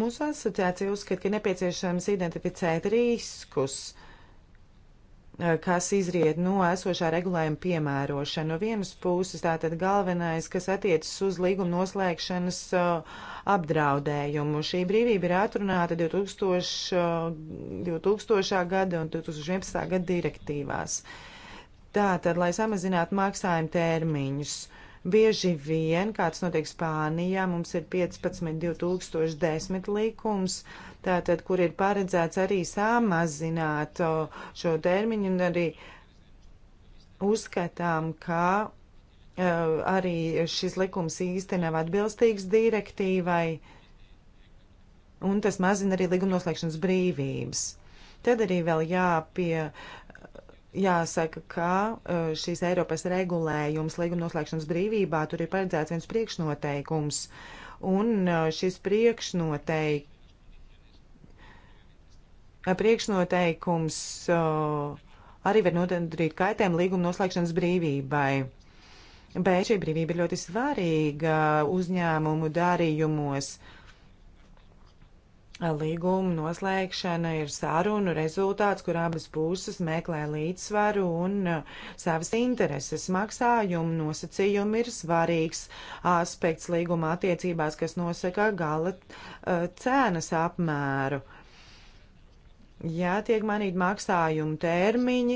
Mūsu asociācija uzskata, ka nepieciešams identificēt riskus uh, Eh, kas izriet no esošā regulējuma piemērošana. No vienas puses tātad galvenais, kas attiecas uz līguma noslēgšanas eh, apdraudējumu. Šī brīvība ir atrunāta 2000, 2000. Eh, gada un 2011. gada direktīvās. Tātad, lai samazinātu maksājumu termiņus. Bieži vien, kāds notiek Spānijā, mums ir 15.2010 likums, uh, tātad, kur ir paredzēts arī samazināt šo termiņu un arī uzskatām, ka e, arī šis likums īsti nav atbilstīgs direktīvai, un tas mazina arī līguma noslēgšanas brīvības. Tad arī vēl jāpie, jāsaka, ka e, šīs Eiropas regulējums līguma noslēgšanas brīvībā tur ir paredzēts viens priekšnoteikums, un e, šis priekšnoteikums priekšnoteikums uh, arī var nodarīt kaitējumu līguma noslēgšanas brīvībai. Bet šī brīvība ir ļoti svarīga uzņēmumu darījumos. Līguma noslēgšana ir sarunu rezultāts, kur abas puses meklē līdzsvaru un uh, savas intereses. Maksājuma nosacījumi ir svarīgs aspekts līguma attiecībās, kas nosaka gala uh, cenas apmēru. Uh, Ja tiek manīt maksājumu termiņi,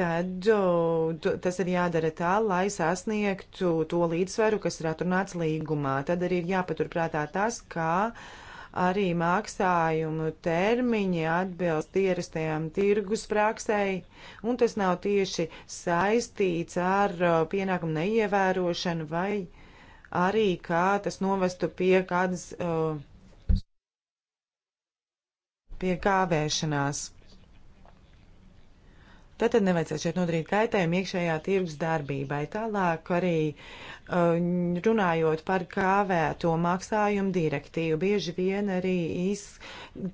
tad to, tas ir jādara tā, lai sasniegtu to līdzsvaru, kas ir atrunāts līgumā. Tad arī ir jāpaturprātā tas, kā arī maksājumu termiņi atbilst ierastajām tirgus praksei, un tas nav tieši saistīts ar pienākumu neievērošanu vai arī kā tas novestu pie kādas. Uh, pie kāvēšanās. Tad, tad nevajadzētu šeit nodarīt kaitējumu iekšējā tirgus darbībai. Tālāk arī uh, runājot par kāvēto maksājumu direktīvu, bieži vien arī iz,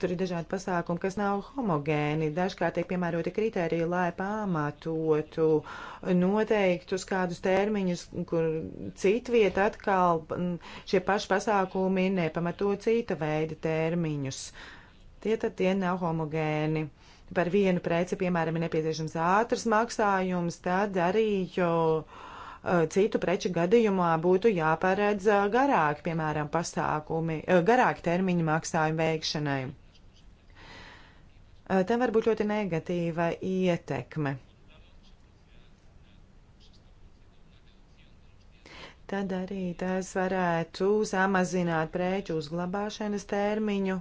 tur ir dažādi pasākumi, kas nav homogēni. Dažkārt tiek piemēroti kriteriji, lai pamatotu noteiktus kādus termiņus, kur citviet atkal mm, šie paši pasākumi nepamato cita veida termiņus. Uh, tie tad tie nav homogēni. Par vienu preci, piemēram, ir nepieciešams ātrs maksājums, tad arī jo, eh, citu preču gadījumā būtu jāparedz eh, garāki, piemēram, pasākumi, eh, garāki termiņi maksājumu veikšanai. Tam var būt ļoti negatīva ietekme. Tad arī tas varētu samazināt preču uzglabāšanas termiņu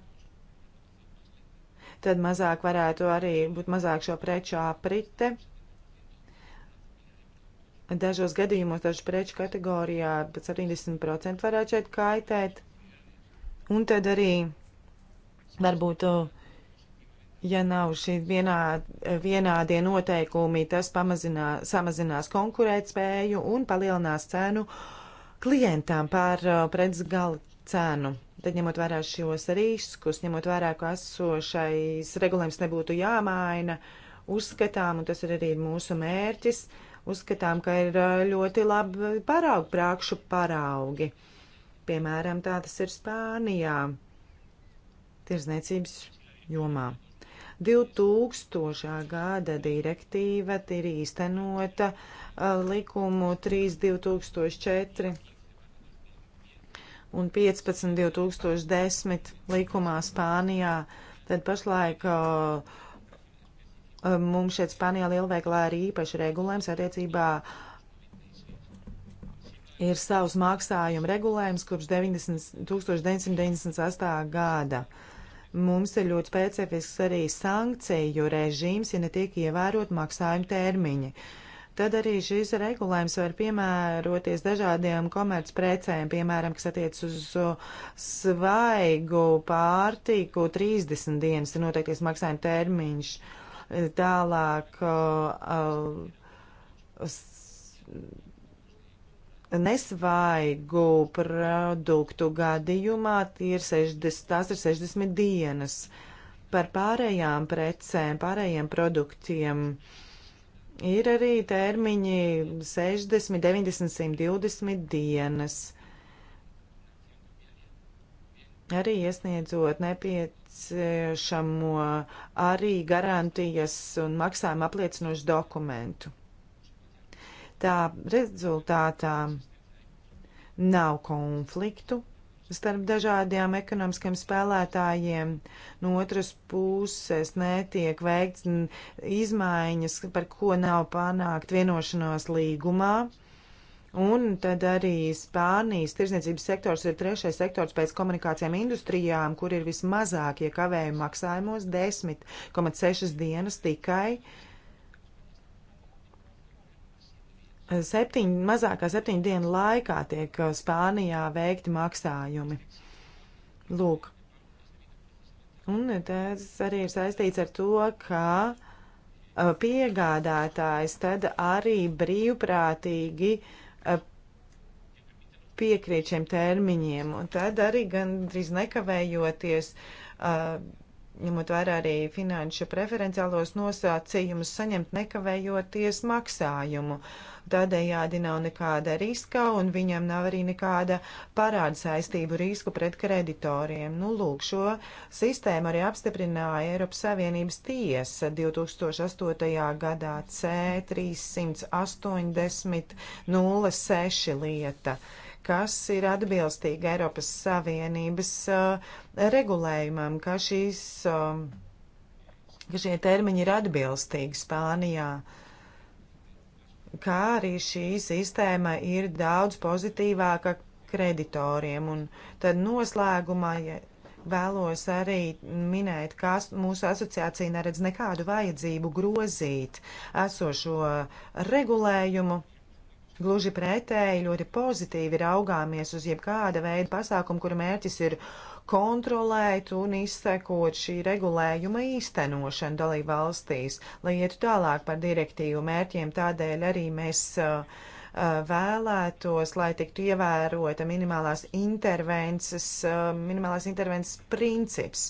tad mazāk varētu arī būt mazāk šo preču aprite. Dažos gadījumos, dažu preču kategorijā pat 70% varētu šeit kaitēt. Un tad arī varbūt, ja nav šī vienā, vienādie noteikumi, tas pamazinā, samazinās konkurētspēju un palielinās cenu klientām pār uh, preces gala cenu. Tad ņemot vērā šos riskus, ņemot vērā, ka esošais regulējums nebūtu jāmaina, uzskatām, un tas ir arī mūsu mērķis, uzskatām, ka ir ļoti labi paraugi, prākšu paraugi. Piemēram, tā tas ir Spānijā, tirzniecības jomā. 2000. gada direktīva ir īstenota likumu 3.2004 un 15 2010 likumā Spānijā. Tad pašlaik uh, um, mums šeit Spānijā lielveiklā ir īpaši regulējums attiecībā ir savs maksājuma regulējums kopš 90, 1998. gada. Mums ir ļoti specifisks arī sankciju režīms, ja netiek ievērot maksājuma termiņi. Uh, tad arī šis regulējums var piemēroties dažādiem komercprecēm, piemēram, kas attiec uz svaigu pārtiku 30 dienas, ir noteikties maksājuma termiņš. Tālāk. Uh, uh, nesvaigu produktu gadījumā ir 60, tās ir 60 dienas. Par pārējām precēm, pārējiem produktiem Ir arī termiņi 60, 90, 120 dienas. Arī iesniedzot nepieciešamo arī garantijas un maksājuma apliecinošu dokumentu. Tā rezultātā nav konfliktu starp dažādiem ekonomiskiem spēlētājiem. No otras puses netiek veikts izmaiņas, par ko nav panākt vienošanās līgumā. Un tad arī Spānijas tirsniecības sektors ir trešais sektors pēc komunikācijām industrijām, kur ir vismazākie kavēju maksājumos - 10,6 dienas tikai. Uh, septiņ, mazākā septiņu dienu laikā tiek uh, Spānijā veikti maksājumi. Lūk. Un tas arī ir saistīts ar to, ka uh, piegādātājs tad arī brīvprātīgi uh, piekrīt šiem termiņiem, un tad arī gandrīz nekavējoties uh, ņemot vērā arī finanšu preferenciālos nosacījumus, saņemt nekavējoties maksājumu. Tādējādi nav nekāda riska un viņam nav arī nekāda parāda saistību risku pret kreditoriem. Nu, lūk, šo sistēmu arī apstiprināja Eiropas Savienības tiesa 2008. gadā C380 06 lieta kas ir atbilstīga Eiropas Savienības uh, regulējumam, ka, šīs, uh, ka šie termiņi ir atbilstīgi Spānijā, kā arī šī sistēma ir daudz pozitīvāka kreditoriem. Un tad noslēgumā ja vēlos arī minēt, ka mūsu asociācija neredz nekādu vajadzību grozīt esošo regulējumu Gluži pretēji, ļoti pozitīvi raugāmies uz jebkāda veida pasākumu, kuru mērķis ir kontrolēt un izsekot šī regulējuma īstenošanu dalību valstīs, lai ietu tālāk par direktīvu mērķiem. Tādēļ arī mēs uh, uh vēlētos, lai tiktu ievērota minimālās intervences, uh, minimālās intervences princips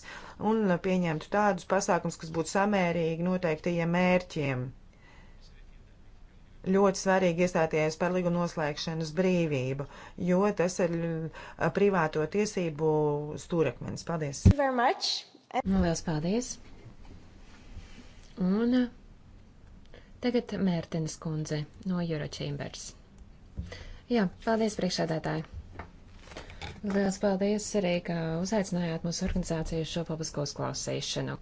un pieņemtu tādus pasākums, kas būtu samērīgi noteiktajiem mērķiem ļoti svarīgi iestāties par līguma noslēgšanas brīvību, jo tas ir privāto tiesību stūrakmenis. Paldies! Nu, Lielas paldies! Un tagad Mērtenes kundze no Eurochambers. Jā, paldies priekšādātāji! Lielas paldies arī, ka uzaicinājāt mūsu organizāciju šo publisko klausīšanu.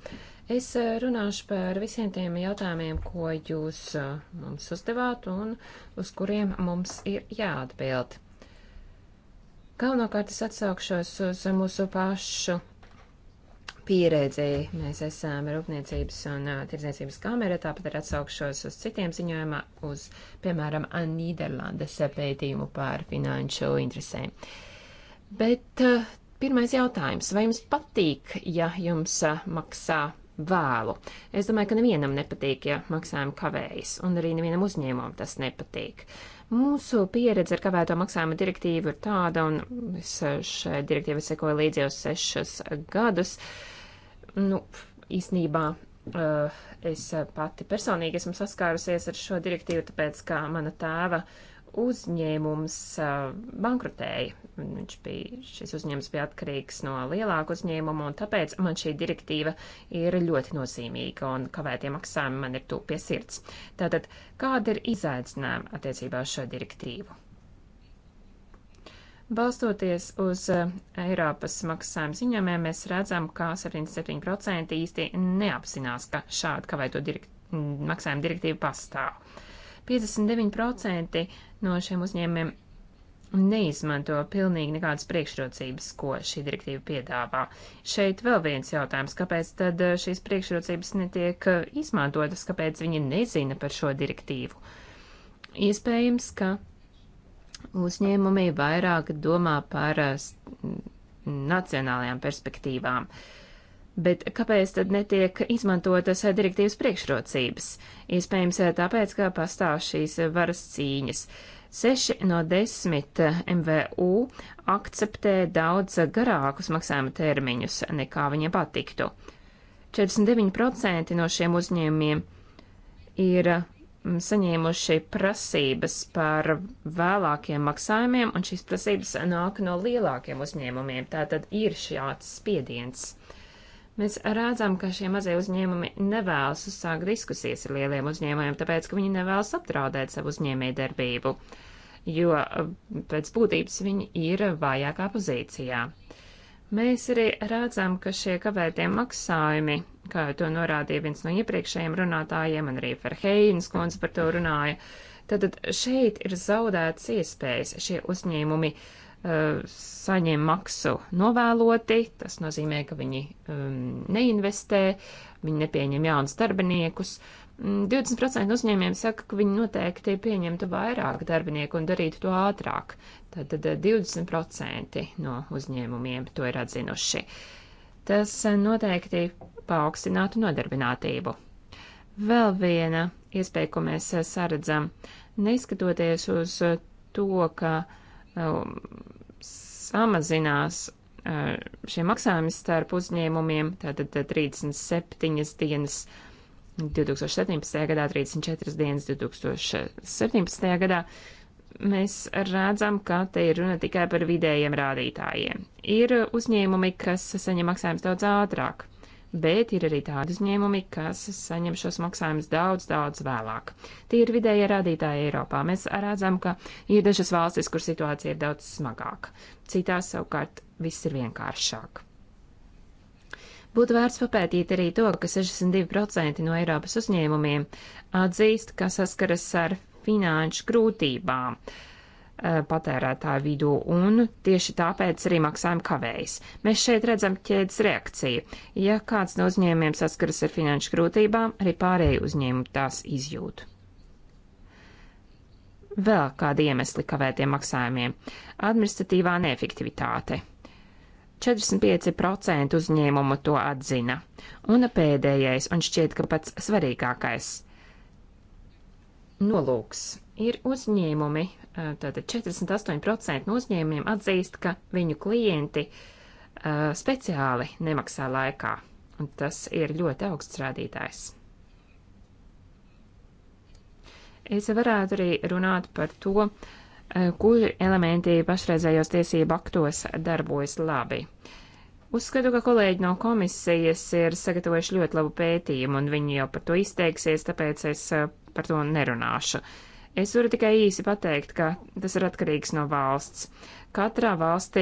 Es eh, runāšu par visiem tiem jautājumiem, ko jūs eh, mums uzdevāt un uz kuriem mums ir jāatbild. Galvenokārt es atsaukšos uz mūsu pašu pieredzi. Mēs esam Rūpniecības un eh, Tirdzniecības kamera, tāpat arī atsaukšos uz citiem ziņojumā, uz, piemēram, Nīderlandes pētījumu par finanšu interesēm. Bet pirmais jautājums. Vai jums patīk, ja jums maksā vēlu. Es domāju, ka nevienam nepatīk, ja maksājumi kavējas, un arī nevienam uzņēmumam tas nepatīk. Mūsu pieredze ar kavēto maksājumu direktīvu ir tāda, un es eh, šai direktīvai sekoju līdz jau sešus gadus. Nu, īsnībā eh, es pati personīgi esmu saskārusies ar šo direktīvu, tāpēc, ka mana tēva uh, uzņēmums bankrutēja. Viņš bija, šis uzņēmums bija atkarīgs no lielāka uzņēmuma, un tāpēc man šī direktīva ir ļoti nozīmīga, un kavētie maksājumi man ir tūp pie sirds. Tātad, kāda ir izaicinājuma attiecībā uz šo direktīvu? Balstoties uz Eiropas maksājumu ziņojumiem, mēs redzam, ka 77% īsti neapzinās, ka šāda kavēto direkt, maksājuma direktīva pastāv. 59% no šiem uzņēmumiem neizmanto pilnīgi nekādas priekšrocības, ko šī direktīva piedāvā. Šeit vēl viens jautājums, kāpēc tad eh, šīs priekšrocības netiek eh, izmantotas, kāpēc viņi nezina par šo direktīvu. Iespējams, ka uzņēmumi vairāk domā par eh, nacionālajām perspektīvām. Uh, Bet kāpēc tad netiek izmantotas direktīvas priekšrocības? Iespējams, tāpēc, ka pastāv šīs varas cīņas. Seši no desmit MVU akceptē daudz garākus maksājuma termiņus, nekā viņiem patiktu. 49% no šiem uzņēmiem ir mm, saņēmuši prasības par vēlākiem maksājumiem, un šīs prasības nāk no lielākiem uzņēmumiem. Tātad ir šāds spiediens. Uh, Mēs redzam, ka šie mazie uzņēmumi nevēlas uzsākt diskusijas ar lieliem uzņēmumiem, tāpēc, ka viņi nevēlas apdraudēt savu uzņēmēju darbību, jo uh, pēc būtības viņi ir vājākā pozīcijā. Mēs arī redzam, ka šie kavētie maksājumi, kā to norādīja viens no iepriekšējiem runātājiem, un arī Ferheinas kundze par to runāja, tad šeit ir zaudētas iespējas. Šie uzņēmumi uh, Eh, saņem maksu novēloti, tas nozīmē, ka viņi um, neinvestē, viņi nepieņem jaunus darbiniekus. 20% mm, uzņēmiem saka, ka viņi noteikti pieņemtu vairāk darbinieku un darītu to ātrāk. Tad, tad 20% eh, no uzņēmumiem to ir atzinuši. Tas eh, noteikti paaugstinātu nodarbinātību. Vēl viena iespēja, ko mēs saredzam, neskatoties uz to, ka uh, samazinās šie maksājumi starp uzņēmumiem, tātad 37 dienas 2017. gadā, 34 dienas 2017. gadā, mēs redzam, ka te ir runa tikai par vidējiem rādītājiem. Ir uzņēmumi, kas saņem maksājumus daudz ātrāk bet ir arī tādi uzņēmumi, kas saņem šos maksājumus daudz, daudz vēlāk. Tie ir vidējie rādītāji Eiropā. Mēs redzam, ka ir dažas valstis, kur situācija ir daudz smagāka. Citās savukārt viss ir vienkāršāk. Būtu vērts papētīt arī to, ka 62% no Eiropas uzņēmumiem atzīst, ka saskaras ar finanšu grūtībām. Uh, Eh, patērētāju vidū, un tieši tāpēc arī maksājumi kavējas. Mēs šeit redzam ķēdes reakciju. Ja kāds no uzņēmiem saskaras ar finanšu grūtībām, arī pārējie uzņēmumi tās izjūt. Vēl kādi iemesli kavētiem maksājumiem - administratīvā neefektivitāte. 45% uzņēmumu to atzina. Un pēdējais, un šķiet, ka pats svarīgākais - nolūks. Ir uzņēmumi Eh, tātad 48% no uzņēmumiem atzīst, ka viņu klienti uh, speciāli nemaksā laikā. Un tas ir ļoti augsts rādītājs. Es varētu arī runāt par to, uh, kuri elementi pašreizējos tiesību aktos darbojas labi. Uzskatu, ka kolēģi no komisijas ir sagatavojuši ļoti labu pētījumu, un viņi jau par to izteiksies, tāpēc es uh, par to nerunāšu. Uh, Es varu tikai īsi pateikt, ka tas ir atkarīgs no valsts. Katrā valstī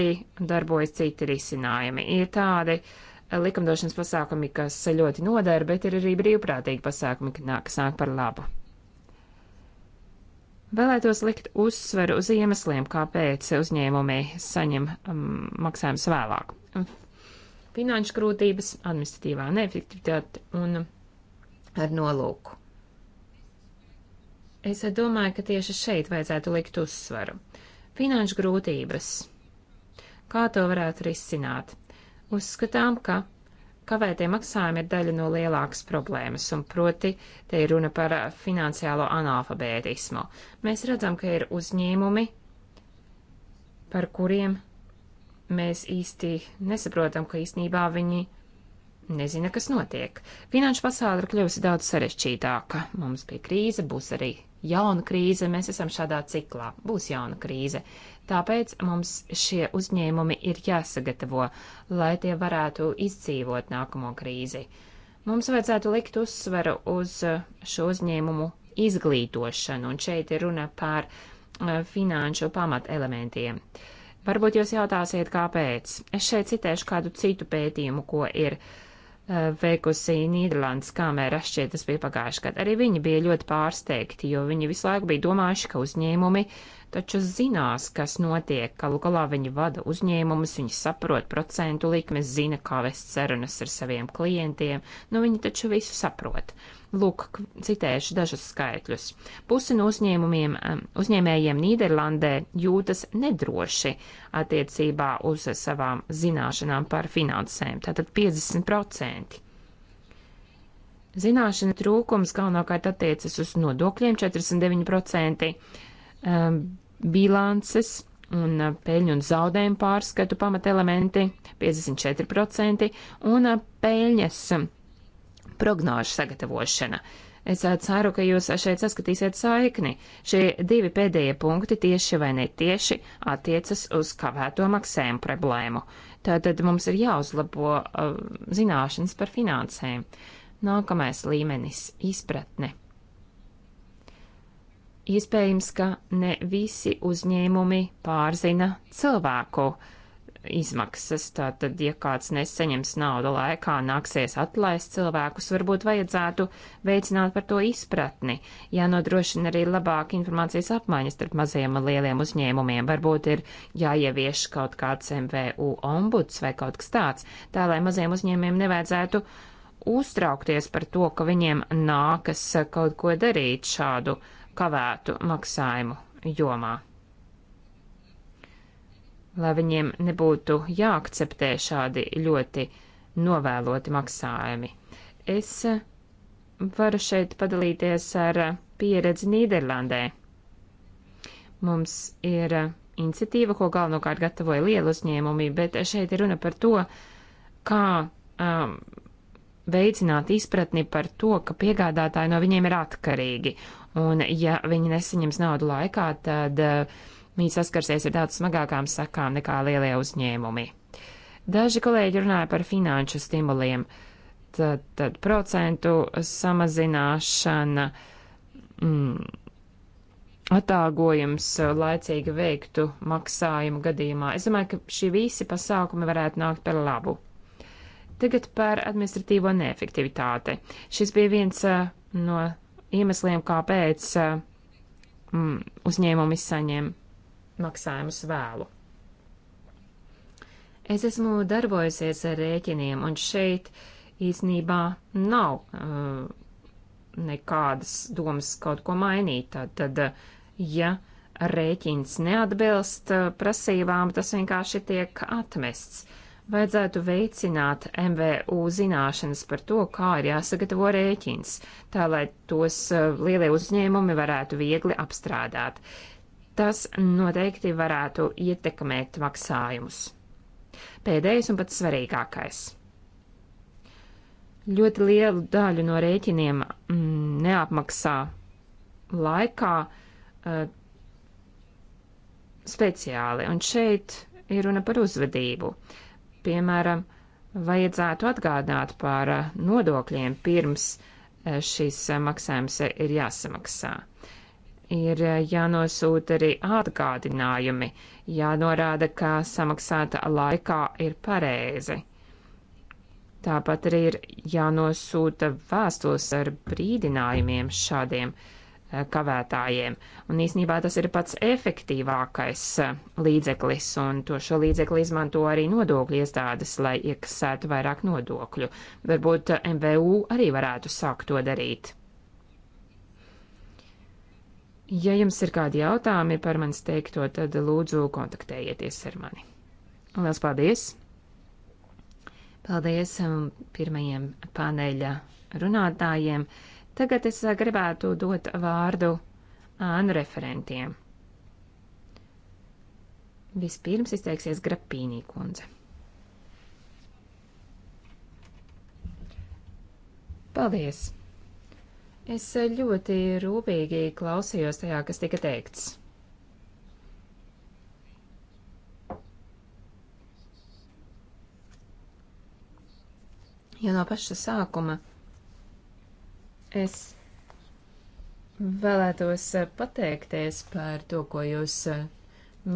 darbojas citi risinājumi. Ir tādi eh, likumdošanas pasākumi, kas ļoti nodara, bet ir arī brīvprātīgi pasākumi, kas nāk par labu. Vēlētos likt uzsveru uz iemesliem, kāpēc uzņēmumi saņem um, maksājumus vēlāk. Finanšu grūtības, administratīvā neefektivitāte un ar nolūku. Es domāju, ka tieši šeit vajadzētu likt uzsvaru. Finanšu grūtības. Kā to varētu risināt? Uzskatām, ka kavētie maksājumi ir daļa no lielākas problēmas, un proti te ir runa par eh, finansiālo analfabētismu. Mēs redzam, ka ir uzņēmumi, par kuriem mēs īsti nesaprotam, ka īstenībā viņi nezina, kas notiek. Finanšu pasaule ir kļuvusi daudz sarežģītāka. Mums bija krīze, būs arī jauna krīze, mēs esam šādā ciklā, būs jauna krīze. Tāpēc mums šie uzņēmumi ir jāsagatavo, lai tie varētu izdzīvot nākamo krīzi. Mums vajadzētu likt uzsveru uz šo uzņēmumu izglītošanu, un šeit ir runa par eh, finanšu pamatelementiem. Varbūt jūs jautāsiet, kāpēc. Es šeit citēšu kādu citu pētījumu, ko ir uh, veikusi Nīderlandes kamera, šķiet tas bija pagājuši gadu. Arī viņi bija ļoti pārsteigti, jo viņi visu laiku bija domājuši, ka uzņēmumi uh, taču zinās, kas notiek, ka lukalā viņi vada uzņēmumus, viņi saprot procentu likmes, zina, kā vest sarunas ar saviem klientiem, nu viņi taču visu saprot. Lūk, citēšu dažus skaitļus. Pusi no uzņēmumiem, uzņēmējiem Nīderlandē jūtas nedroši attiecībā uz savām zināšanām par finansēm, tātad 50%. Zināšana trūkums galvenokārt attiecas uz nodokļiem 49%, Um, bilances un uh, peļņu un zaudējumu pārskatu pamatelementi 54% un uh, peļņas prognožu sagatavošana. Es uh, ceru, ka jūs šeit saskatīsiet saikni. Šie divi pēdējie punkti tieši vai netieši attiecas uz kavēto maksējumu problēmu. Tātad mums ir jāuzlabo uh, zināšanas par finansēm. Nākamais līmenis - izpratne. Iespējams, ka ne visi uzņēmumi pārzina cilvēku izmaksas. Tātad, ja kāds nesaņems naudu laikā, nāksies atlaist cilvēkus, varbūt vajadzētu veicināt par to izpratni. Jānodrošina arī labāka informācijas apmaiņas starp maziem un lieliem uzņēmumiem. Varbūt ir jāievieš kaut kāds MVU ombuds vai kaut kas tāds, tā lai maziem uzņēmumiem nevajadzētu uztraukties par to, ka viņiem nākas kaut ko darīt šādu kavētu maksājumu jomā. Lai viņiem nebūtu jāakceptē šādi ļoti novēloti maksājumi. Es eh, varu šeit padalīties ar eh, pieredzi Nīderlandē. Mums ir eh, iniciatīva, ko galvenokārt gatavoja lielu uzņēmumi, bet šeit ir runa par to, kā um, veicināt izpratni par to, ka piegādātāji no viņiem ir atkarīgi, un ja viņi nesaņems naudu laikā, tad eh, viņi saskarsies ar daudz smagākām sakām nekā lielie uzņēmumi. Daži kolēģi runāja par finanšu stimuliem, tad, tad procentu samazināšana, mm, atāgojums eh, laicīgi veiktu maksājumu gadījumā. Es domāju, ka šie visi pasākumi varētu nākt par labu. Tagad par administratīvo neefektivitāti. Šis bija viens eh, no iemesliem, kāpēc eh, mm, uzņēmumi saņem maksājumus vēlu. Es esmu darbojusies ar rēķiniem, un šeit īsnībā nav uh, nekādas domas kaut ko mainīt. Tad, tad ja rēķins neatbilst prasībām, tas vienkārši tiek atmests. Vajadzētu veicināt MVU zināšanas par to, kā ir jāsagatavo rēķins, tā lai tos eh, lielie uzņēmumi varētu viegli apstrādāt. Tas noteikti varētu ietekmēt maksājumus. Pēdējais un pats svarīgākais ļoti lielu daļu no rēķiniem mm, neapmaksā laikā uh, speciāli. Un šeit ir runa par uzvedību piemēram, vajadzētu atgādināt par eh, nodokļiem pirms eh, šis eh, maksājums ir jāsamaksā. Ir jānosūta arī atgādinājumi, jānorāda, ka samaksāta laikā ir pareizi. Tāpat arī ir jānosūta vēstules ar brīdinājumiem šādiem uh, kavētājiem. Un īsnībā tas ir pats efektīvākais eh, līdzeklis, un to šo līdzekli izmanto arī nodokļu iestādes, lai iekasētu vairāk nodokļu. Varbūt MVU arī varētu sākt to darīt. Ja jums ir kādi jautājumi par manis teikto, tad lūdzu kontaktējieties ar mani. Lielas paldies! Paldies um, pirmajiem paneļa runātājiem! Tagad es eh, gribētu dot vārdu ānu referentiem. Vispirms izteiksies Grapīnī kundze. Paldies! Es eh, ļoti rūpīgi klausījos tajā, kas tika teikts. Jau no paša sākuma Es vēlētos eh, pateikties par to, ko jūs eh,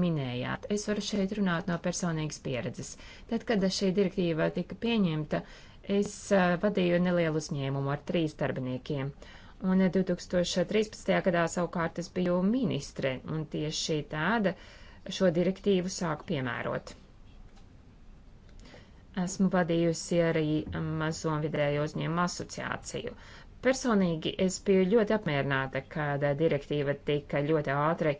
minējāt. Es varu šeit runāt no personīgas pieredzes. Tad, kad šī direktīva tika pieņemta, es eh, vadīju nelielu uzņēmumu ar trīs darbiniekiem. Un 2013. gadā savukārt es biju ministre, un tieši tāda šo direktīvu sāku piemērot. Esmu vadījusi arī mazo un vidējo uzņēmumu asociāciju. Uh, Personīgi es biju ļoti apmierināta, kad direktīva tika ļoti ātri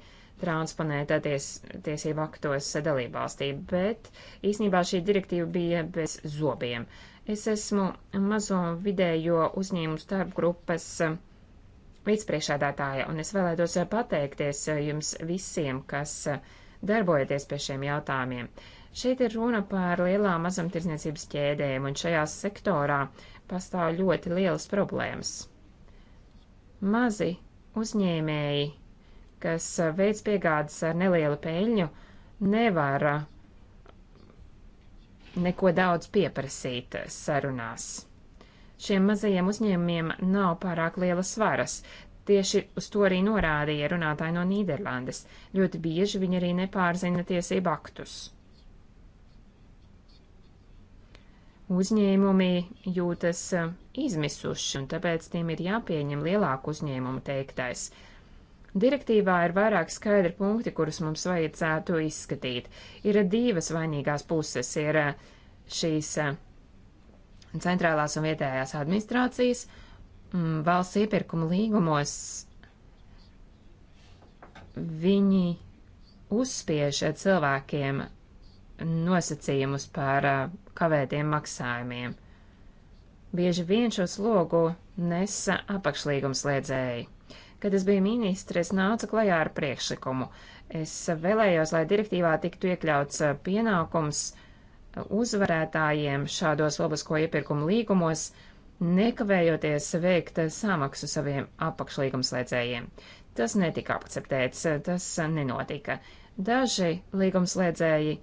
transponēta ties, tiesību aktos dalībvalstī, bet īsnībā šī direktīva bija bez zobiem. Es esmu mazo vidējo uzņēmumu starp grupas vicepriekšādātāja, un es vēlētos pateikties jums visiem, kas darbojaties pie šiem jautājumiem. Šeit ir runa par lielām mazumtirdzniecības ķēdēm, un šajā sektorā uh, pastāv ļoti lielas problēmas. Mazi uzņēmēji, kas veids piegādes ar nelielu peļņu, nevar neko daudz pieprasīt sarunās. Šiem mazajiem uzņēmumiem nav pārāk lielas varas. Tieši uz to arī norādīja runātāji no Nīderlandes. Ļoti bieži viņi arī nepārzina tiesību aktus. Uzņēmumi jūtas eh, izmisuši, un tāpēc tiem ir jāpieņem lielāku uzņēmumu teiktais. Direktīvā ir vairāk skaidri punkti, kurus mums vajadzētu izskatīt. Ir divas vainīgās puses - ir eh, šīs eh, centrālās un vietējās administrācijas mm, valsts iepirkuma līgumos. Viņi uzspiež cilvēkiem nosacījumus par uh, kavētiem maksājumiem. Bieži vien šo slogu nesa apakšlīgumslēdzēji. Kad es biju ministre, es nācu klajā ar priekšlikumu. Es vēlējos, lai direktīvā tiktu iekļauts uh, pienākums uh, uzvarētājiem šādos lobisko iepirkumu līgumos nekavējoties veikt samaksu saviem apakšlīgumslēdzējiem. Tas netika akceptēts, tas nenotika. Daži līgumslēdzēji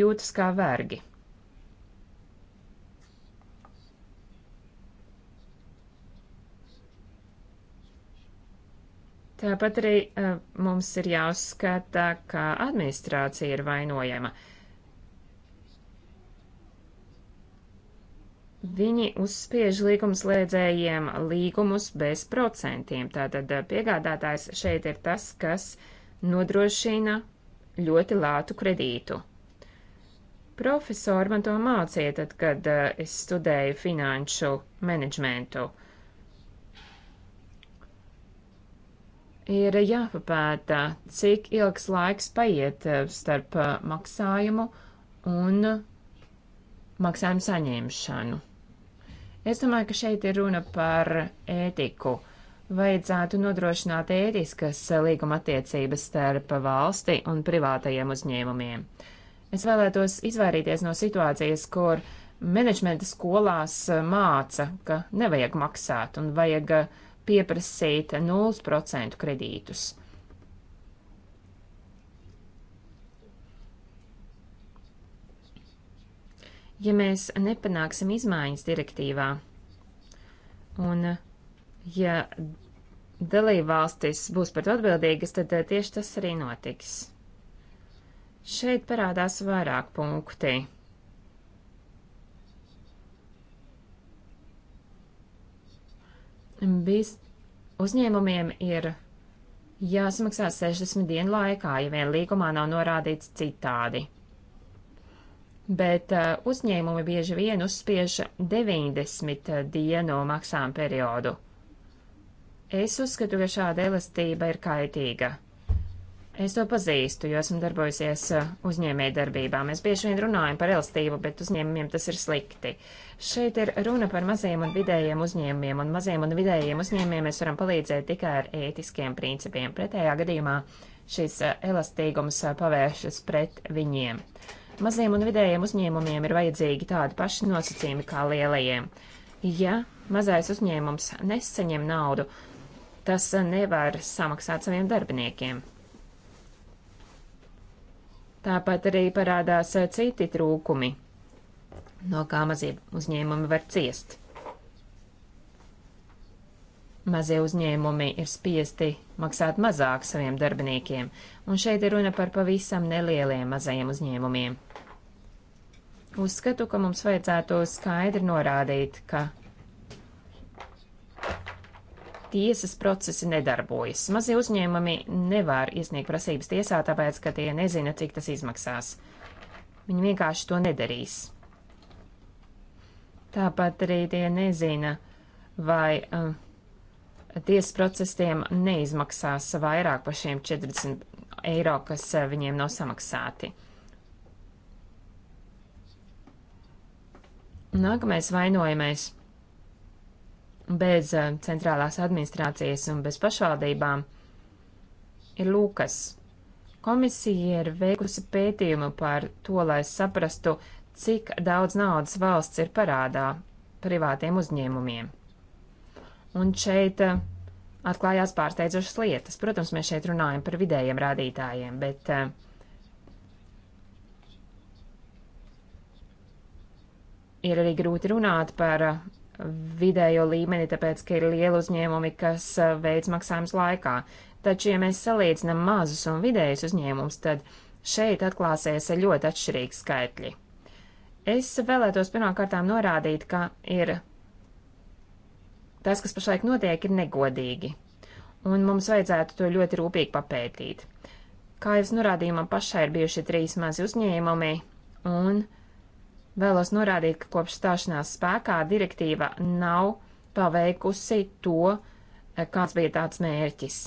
jūtas kā vergi. Tāpat arī uh, mums ir jāuzskata, ka administrācija ir vainojama. Viņi uzspiež līgumslēdzējiem līgumus bez procentiem. Tātad eh, piegādātājs šeit ir tas, kas nodrošina ļoti lātu kredītu. Profesori man to mācīja tad, kad uh, es studēju finanšu menedžmentu. Ir jāpapēta, cik ilgs laiks paiet eh, starp eh, maksājumu un maksājumu saņemšanu. Es domāju, ka šeit ir runa par ētiku. Vajadzētu nodrošināt ētiskas līguma attiecības starp valsti un privātajiem uzņēmumiem. Uh, Es vēlētos izvairīties no situācijas, kur menedžmenta skolās eh, māca, ka nevajag maksāt un vajag eh, pieprasīt 0% kredītus. Ja mēs nepanāksim izmaiņas direktīvā un eh, ja dalībvalstis būs par to atbildīgas, tad tieši tas arī notiks. Šeit parādās vairāk punkti. Biz uzņēmumiem ir jāsamaksā 60 dienu laikā, ja vien līgumā nav norādīts citādi. Bet uh, uzņēmumi bieži vien uzspiež 90 dienu maksām periodu. Es uzskatu, ka šāda elastība ir kaitīga. Es to pazīstu, jo esmu darbojusies eh, uzņēmēja darbībā. Mēs bieži vien runājam par elastību, bet uzņēmumiem tas ir slikti. Šeit ir runa par maziem un vidējiem uzņēmumiem, un maziem un vidējiem uzņēmumiem mēs varam palīdzēt tikai ar ētiskiem principiem. Pretējā gadījumā šis eh, elastīgums eh, pavēršas pret viņiem. Maziem un vidējiem uzņēmumiem ir vajadzīgi tādi paši nosacījumi kā lielajiem. Ja mazais uzņēmums nesaņem naudu, tas nevar samaksāt saviem darbiniekiem. Tāpat arī parādās eh, citi trūkumi, no kā mazie uzņēmumi var ciest. Mazie uzņēmumi ir spiesti maksāt mazāk saviem darbiniekiem, un šeit ir runa par pavisam nelieliem mazajiem uzņēmumiem. Uzskatu, ka mums vajadzētu skaidri norādīt, ka tiesas procesi nedarbojas. Mazie uzņēmumi nevar iesniegt prasības tiesā, tāpēc, ka tie nezina, cik tas izmaksās. Viņi vienkārši to nedarīs. Tāpat arī tie nezina, vai uh, tiesas process tiem neizmaksās vairāk par šiem 40 eiro, kas uh, viņiem nav samaksāti. Nākamais vainojamais bez eh, centrālās administrācijas un bez pašvaldībām ir Lūkas. Komisija ir veikusi pētījumu par to, lai saprastu, cik daudz naudas valsts ir parādā privātiem uzņēmumiem. Un šeit eh, atklājās pārsteidzošas lietas. Protams, mēs šeit runājam par vidējiem rādītājiem, bet eh, ir arī grūti runāt par vidējo līmeni, tāpēc, ka ir lieli uzņēmumi, kas uh, veids maksājums laikā. Taču, ja mēs salīdzinām mazus un vidējus uzņēmumus, tad šeit atklāsies ļoti atšķirīgi skaitļi. Es vēlētos pirmkārtām norādīt, ka ir tas, kas pašlaik notiek, ir negodīgi, un mums vajadzētu to ļoti rūpīgi papētīt. Kā jau es norādīju, man pašai ir bijuši trīs mazi uzņēmumi, un uh, Vēlos norādīt, ka kopš stāšanās spēkā direktīva nav paveikusi to, eh, kāds bija tāds mērķis.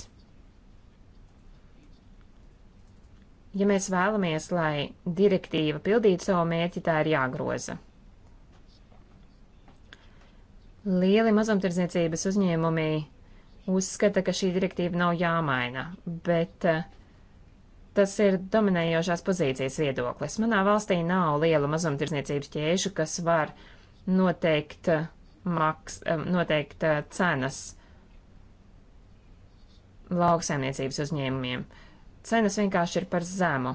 Ja mēs vēlamies, lai direktīva pildītu savu mērķi, tā ir jāgroza. Lieli mazumtirdzniecības uzņēmumi uzskata, ka šī direktīva nav jāmaina, bet uh, Tas ir dominējošās pozīcijas viedoklis. Manā valstī nav liela mazumtirdzniecības ķēžu, kas var noteikt, eh, maks, eh, noteikt eh, cenas lauksaimniecības uzņēmumiem. Cenas vienkārši ir par zemu.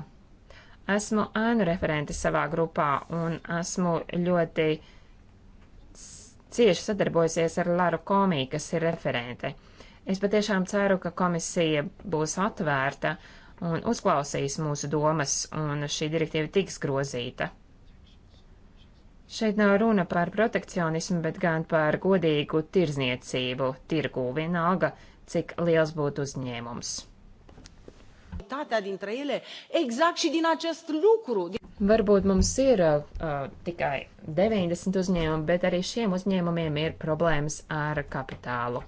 Esmu ēnu referenti savā grupā un esmu ļoti cieši sadarbojusies ar Laru Komī, kas ir referente. Es patiešām ceru, ka komisija būs atvērta uh, un uzklausīs mūsu domas, un šī direktīva tiks grozīta. Šeit nav runa par protekcionismu, bet gan par godīgu tirzniecību tirgū vienalga, cik liels būtu uzņēmums. Varbūt mums ir uh, tikai 90 uzņēmumi, bet arī šiem uzņēmumiem ir problēmas ar kapitālu.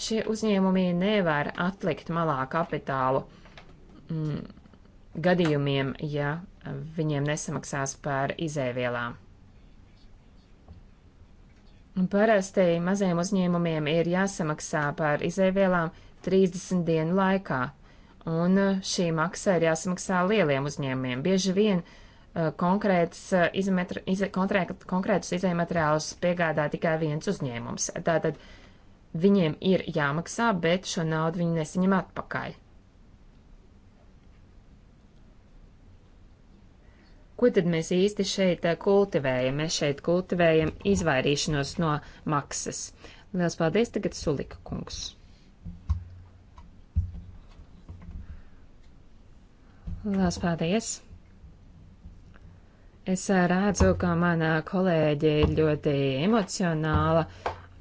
Šie uzņēmumi nevar atlikt malā kapitālu mm, gadījumiem, ja viņiem nesamaksās par izēvielām. Parasti maziem uzņēmumiem ir jāsamaksā par izēvielām 30 dienu laikā, un šī maksa ir jāsamaksā lieliem uzņēmumiem. Bieži vien uh, eh, konkrētas, uh, eh, izmetru, iz, konkrēt, konkrētus izējumateriālus piegādā tikai viens uzņēmums. Tātad Viņiem ir jāmaksā, bet šo naudu viņi nesaņem atpakaļ. Ko tad mēs īsti šeit eh, kultivējam? Mēs šeit kultivējam izvairīšanos no maksas. Lielas paldies tagad Sulika kungs. Lielas paldies! Es eh, redzu, ka manā kolēģe ir ļoti emocionāla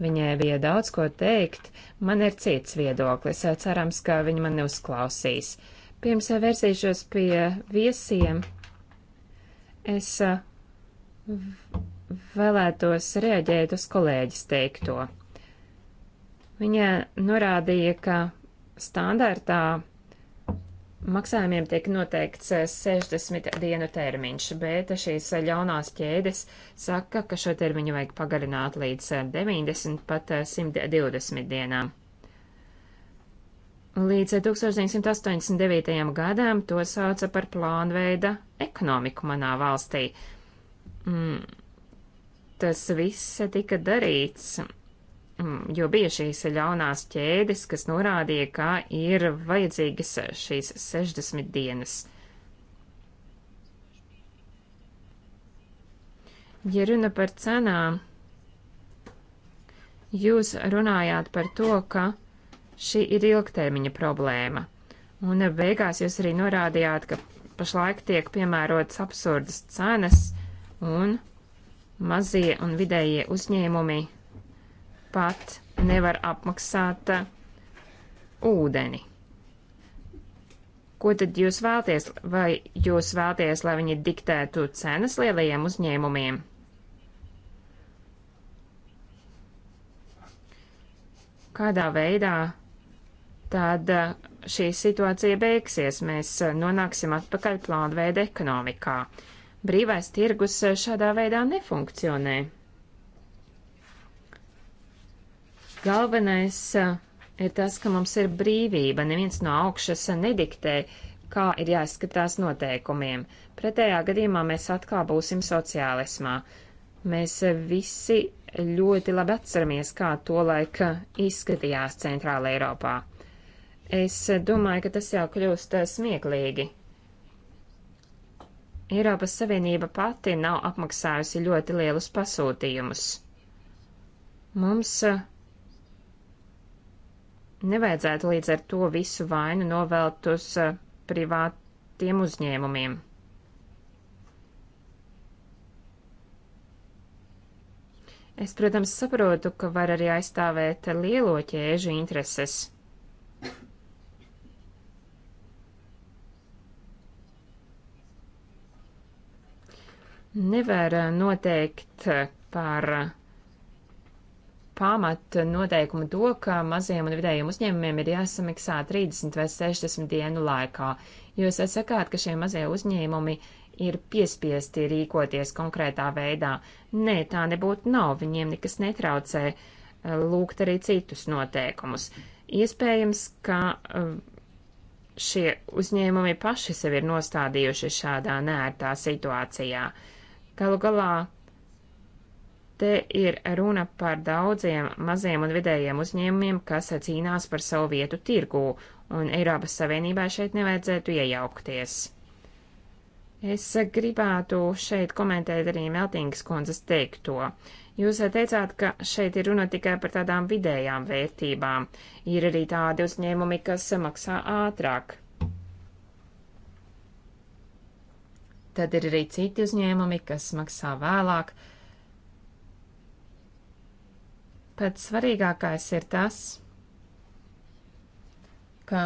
Viņai bija daudz ko teikt, man ir cits viedoklis, cerams, ka viņa man neuzklausīs. Pirms vērsīšos pie viesiem, es uh, vēlētos reaģēt uz kolēģis teikto. Viņa norādīja, ka standartā Maksājumiem tiek noteikts 60 eh, dienu termiņš, bet šīs eh, ļaunās ķēdes saka, ka šo termiņu vajag pagarināt līdz 90 eh, pat 120 dienām. Līdz 1989. gadam to sauca par plānveida ekonomiku manā valstī. Mm. Tas viss tika darīts Mm, jo bija šīs ļaunās ķēdes, kas norādīja, ka ir vajadzīgas šīs 60 dienas. Ja runa par cenām, jūs runājāt par to, ka šī ir ilgtermiņa problēma, un beigās jūs arī norādījāt, ka pašlaik tiek piemērotas absurdas cenas, un mazie un vidējie uzņēmumi pat nevar apmaksāt uh, ūdeni. Ko tad jūs vēlties? Vai jūs vēlties, lai viņi diktētu cenas lielajiem uzņēmumiem? Kādā veidā tad uh, šī situācija beigsies? Mēs uh, nonāksim atpakaļ plānveida ekonomikā. Brīvais tirgus šādā veidā nefunkcionē. Galvenais ir tas, ka mums ir brīvība. Neviens no augšas nediktē, kā ir jāizskatās noteikumiem. Pretējā gadījumā mēs atkal būsim sociālismā. Mēs visi ļoti labi atceramies, kā to laika izskatījās Centrāla Eiropā. Es domāju, ka tas jau kļūst smieklīgi. Eiropas Savienība pati nav apmaksājusi ļoti lielus pasūtījumus. Mums nevajadzētu līdz ar to visu vainu novelt uz eh, privātiem uzņēmumiem. Es, protams, saprotu, ka var arī aizstāvēt lielo ķēžu intereses. Nevar eh, noteikt eh, par pamat noteikumu to, ka mazajiem un vidējiem uzņēmumiem ir jāsamaksā 30 vai 60 dienu laikā. Jūs sakāt, ka šie mazie uzņēmumi ir piespiesti rīkoties konkrētā veidā. Nē, tā nebūtu nav, viņiem nekas netraucē eh, lūgt arī citus noteikumus. Iespējams, ka eh, šie uzņēmumi paši sevi ir nostādījuši šādā nērtā situācijā. Galu galā Te ir runa par daudziem maziem un vidējiem uzņēmumiem, kas cīnās par savu vietu tirgū, un Eiropas Savienībā šeit nevajadzētu iejaukties. Es gribētu šeit komentēt arī Meltingas kundzes teikto. Jūs teicāt, ka šeit ir runa tikai par tādām vidējām vērtībām. Ir arī tādi uzņēmumi, kas maksā ātrāk. Tad ir arī citi uzņēmumi, kas maksā vēlāk. Pats svarīgākais ir tas, ka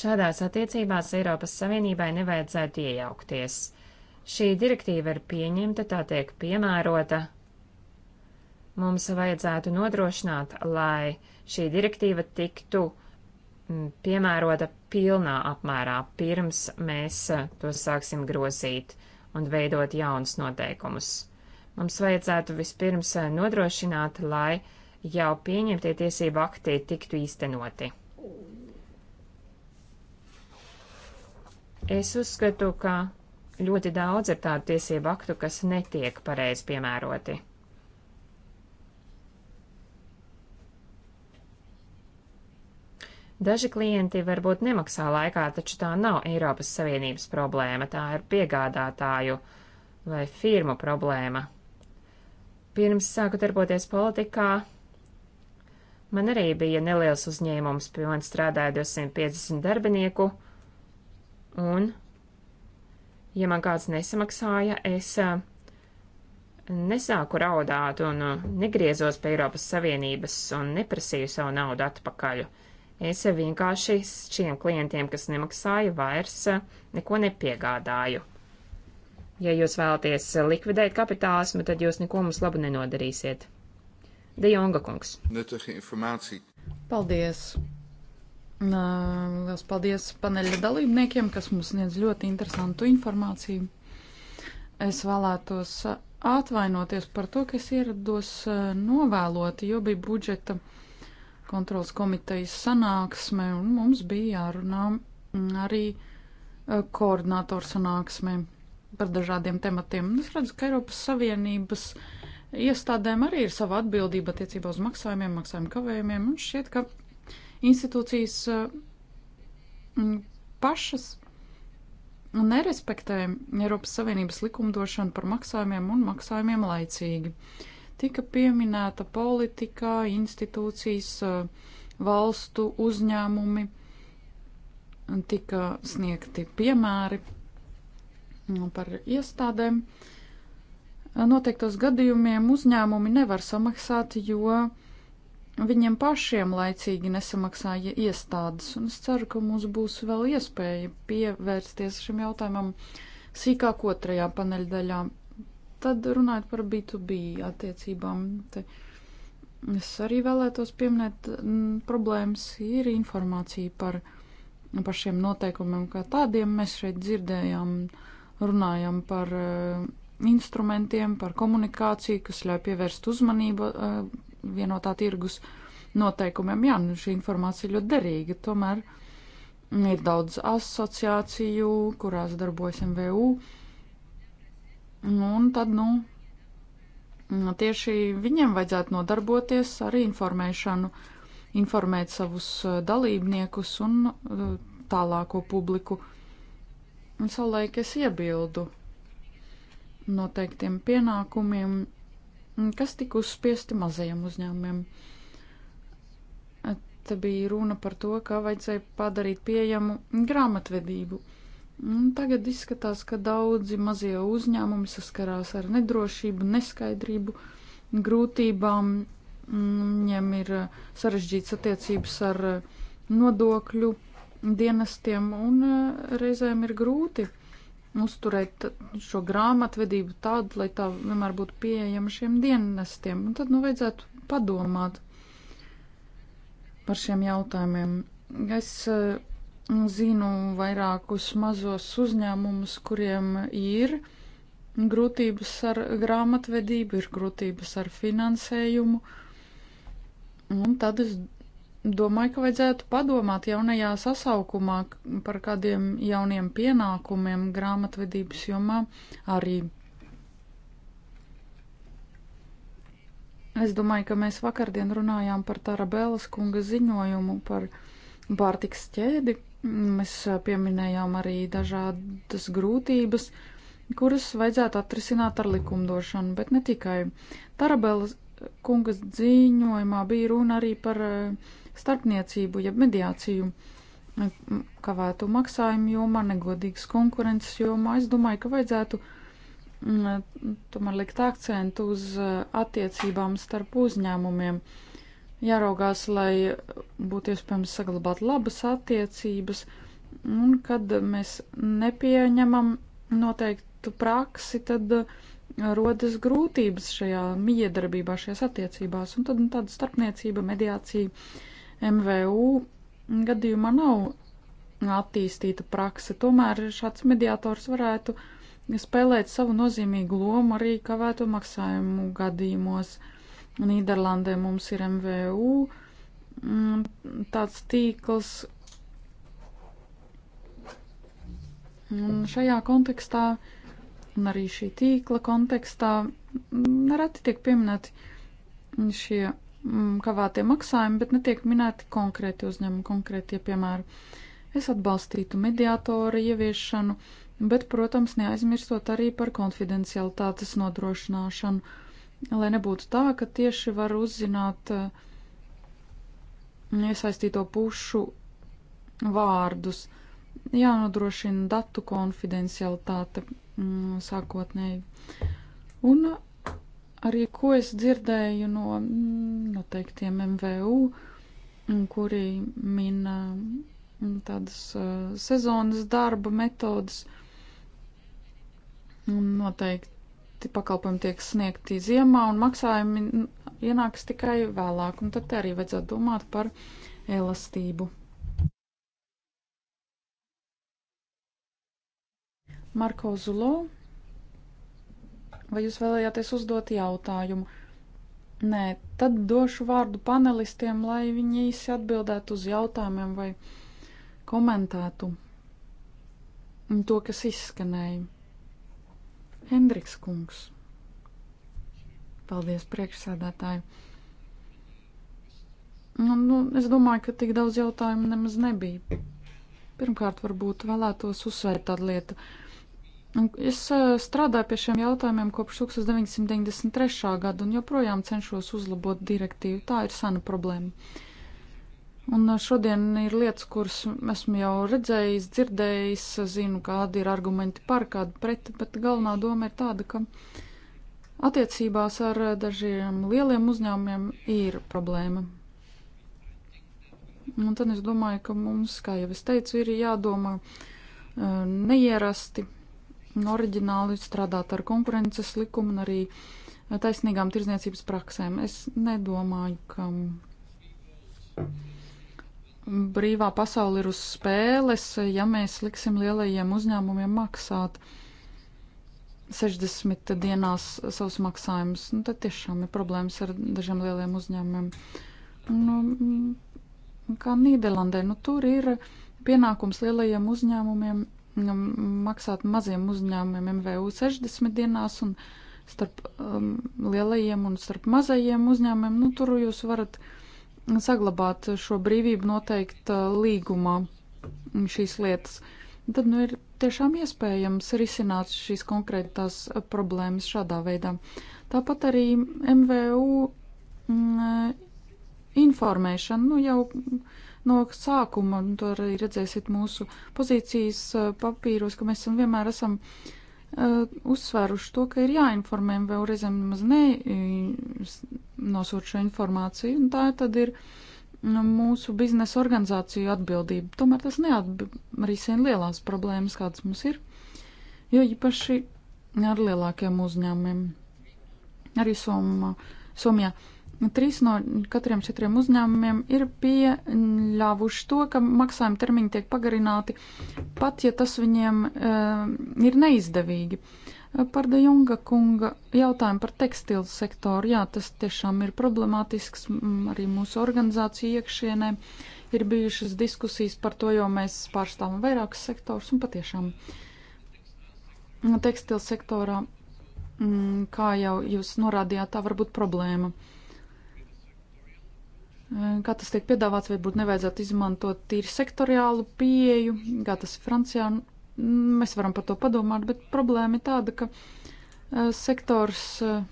šādās attiecībās Eiropas Savienībai nevajadzētu iejaukties. Šī direktīva ir pieņemta, tā tiek piemērota. Mums vajadzētu nodrošināt, lai šī direktīva tiktu mm, piemērota pilnā apmērā, pirms mēs to sāksim grozīt un veidot jaunus noteikumus. Mums vajadzētu vispirms eh, nodrošināt, lai jau pieņemtie tiesību akti tiktu īstenoti. Es uzskatu, ka ļoti daudz ir tādu tiesību aktu, kas netiek pareizi piemēroti. Daži klienti varbūt nemaksā laikā, taču tā nav Eiropas Savienības problēma, tā ir piegādātāju vai firmu problēma. Pirms sāku darboties politikā, man arī bija neliels uzņēmums, pie man strādāja 250 darbinieku, un, ja man kāds nesamaksāja, es nesāku raudāt un negriezos pie Eiropas Savienības un neprasīju savu naudu atpakaļ. Es vienkārši šiem klientiem, kas nemaksāja, vairs neko nepiegādāju. Ja jūs vēlaties likvidēt kapitālismu, tad jūs neko mums labu nenodarīsiet. De Jonga kungs. Nuttige informācija. Paldies. Lielas paldies paneļa dalībniekiem, kas mums sniedz ļoti interesantu informāciju. Es vēlētos atvainoties par to, ka es ierados e, novēloti, jo bija budžeta kontrolas komitejas sanāksme, un mums bija jārunā arī e, koordinātoru sanāksme par dažādiem tematiem. Es redzu, ka Eiropas Savienības iestādēm arī ir sava atbildība attiecībā uz maksājumiem, maksājumu kavējumiem, un šķiet, ka institūcijas mm, pašas nerespektē Eiropas Savienības likumdošanu par maksājumiem un maksājumiem laicīgi. Tika pieminēta politikā, institūcijas, eh, valstu uzņēmumi, tika sniegti piemēri par iestādēm. Noteiktos gadījumiem uzņēmumi nevar samaksāt, jo viņiem pašiem laicīgi nesamaksāja iestādes, un es ceru, ka mums būs vēl iespēja pievērsties šim jautājumam sīkāk otrajā paneļdaļā. Tad runājot par B2B attiecībām, te es arī vēlētos pieminēt, problēmas ir informācija par pašiem noteikumiem kā tādiem. Mēs šeit dzirdējām uh, runājam par eh, instrumentiem, par komunikāciju, kas ļauj pievērst uzmanību eh, vienotā tirgus noteikumiem. Jā, nu, šī informācija ir ļoti derīga, tomēr ir daudz asociāciju, kurās darbojas MVU. Nu, un tad, nu, nu, tieši viņiem vajadzētu nodarboties ar informēšanu, informēt savus eh, dalībniekus un tālāko publiku. Uh, Un savulaik es iebildu noteiktiem pienākumiem, kas tika uzspiesti mazajiem uzņēmumiem. Te bija runa par to, kā vajadzēja padarīt pieejamu grāmatvedību. Un tagad izskatās, ka daudzi mazie uzņēmumi saskarās ar nedrošību, neskaidrību, grūtībām. Viņiem ir sarežģīts attiecības ar nodokļu dienestiem, un eh, reizēm ir grūti uzturēt šo grāmatvedību tādu, lai tā vienmēr būtu pieejama šiem dienestiem. Un tad, nu, vajadzētu padomāt par šiem jautājumiem. Es eh, zinu vairākus mazos uzņēmumus, kuriem ir grūtības ar grāmatvedību, ir grūtības ar finansējumu. Un tad es Domāju, ka vajadzētu padomāt jaunajā sasaukumā par kādiem jauniem pienākumiem grāmatvedības jomā arī. Es domāju, ka mēs vakardien runājām par Tarabēlas kunga ziņojumu par pārtiks ķēdi. Mēs pieminējām arī dažādas grūtības, kuras vajadzētu atrisināt ar likumdošanu, bet ne tikai. Tarabēlas kungas ziņojumā bija runa arī par uh, starpniecību, jeb mediāciju kavētu maksājumu jomā, negodīgas konkurences jomā. Es domāju, ka vajadzētu tomēr likt akcentu uz e, attiecībām starp uzņēmumiem. Jāraugās, lai būtu iespējams saglabāt labas attiecības, un kad mēs nepieņemam noteiktu praksi, tad e, rodas grūtības šajā miedarbībā, šajās attiecībās, un tad nu, tāda starpniecība, mediācija MVU gadījumā nav attīstīta prakse, tomēr šāds mediātors varētu spēlēt savu nozīmīgu lomu arī kavēto maksājumu gadījumos. Nīderlandē mums ir MVU mm, tāds tīkls. Un šajā kontekstā, un arī šī tīkla kontekstā, nereti tiek pieminēti šie Mm, kavētie maksājumi, bet netiek minēti konkrēti uzņēmumi, konkrētie piemēri. Es atbalstītu mediātoru ieviešanu, bet, protams, neaizmirstot arī par konfidencialitātes nodrošināšanu, lai nebūtu tā, ka tieši var uzzināt mm, iesaistīto pušu vārdus. Jānodrošina datu konfidencialitāte mm, sākotnēji. Un arī ko es dzirdēju no mm, noteiktiem MVU, mm, kuri min mm, tādas sezonas darba metodas. Noteikti pakalpojumi tiek sniegti ziemā un maksājumi ienāks tikai vēlāk, un tad arī vajadzētu domāt par elastību. Marko Zulo Vai jūs vēlējāties uzdot jautājumu? Nē, tad došu vārdu panelistiem, lai viņi īsi atbildētu uz jautājumiem vai komentētu to, kas izskanēja. Hendriks kungs. Paldies, priekšsēdētāji. Nu, nu, es domāju, ka tik daudz jautājumu nemaz nebija. Pirmkārt, varbūt vēlētos uzsvērt tādu lietu. Uh, Es eh, strādāju pie šiem jautājumiem kopš 1993. gada un joprojām cenšos uzlabot direktīvu. Tā ir sena problēma. Un eh, šodien ir lietas, kuras esmu jau redzējis, dzirdējis, zinu, kādi ir argumenti par, kādi pret, bet galvenā doma ir tāda, ka attiecībās ar eh, dažiem lieliem uzņēmumiem ir problēma. Un tad es domāju, ka mums, kā jau es teicu, ir jādomā neierasti oriģināli strādāt ar konkurences likumu un arī taisnīgām tirzniecības praksēm. Es nedomāju, ka brīvā pasaule ir uz spēles, ja mēs liksim lielajiem uzņēmumiem maksāt 60 dienās savus maksājumus. Nu, tad tiešām ir problēmas ar dažiem lieliem uzņēmumiem. Nu, kā Nīderlandē, nu, tur ir pienākums lielajiem uzņēmumiem Nu, maksāt maziem uzņēmumiem MVU 60 dienās un starp um, lielajiem un starp mazajiem uzņēmumiem, nu tur jūs varat saglabāt šo brīvību noteikt uh, līgumā šīs lietas. Tad nu ir tiešām iespējams risināt šīs konkrētās problēmas šādā veidā. Tāpat arī MVU mm, informēšana, nu jau no sākuma, un to arī redzēsiet mūsu pozīcijas eh, papīros, ka mēs esam vienmēr esam uh, uzsvēruši to, ka ir jāinformē vēl reizēm maz ne nosūt šo informāciju, un tā tad ir nu, mūsu biznesa organizāciju atbildība. Tomēr tas neatrisina lielās problēmas, kādas mums ir, jo īpaši ar lielākiem uzņēmumiem. Arī Somā, Somijā. Uh, Nu, trīs no katriem četriem uzņēmumiem ir pieļāvuši to, ka maksājuma termiņi tiek pagarināti, pat ja tas viņiem e, ir neizdevīgi. Eh, par De Junga kunga jautājumu par tekstilu sektoru, jā, tas tiešām ir problemātisks mm, arī mūsu organizāciju iekšienē. Ir bijušas diskusijas par to, jo mēs pārstāvam vairākus sektors un patiešām mm, tekstilu sektorā, mm, kā jau jūs norādījāt, tā var būt problēma. Uh, Eh, kā tas tiek piedāvāts, varbūt nevajadzētu izmantot tīri sektoriālu pieeju, kā tas ir Francijā. Mm, mēs varam par to padomāt, bet problēma ir tāda, ka eh, sektors, eh,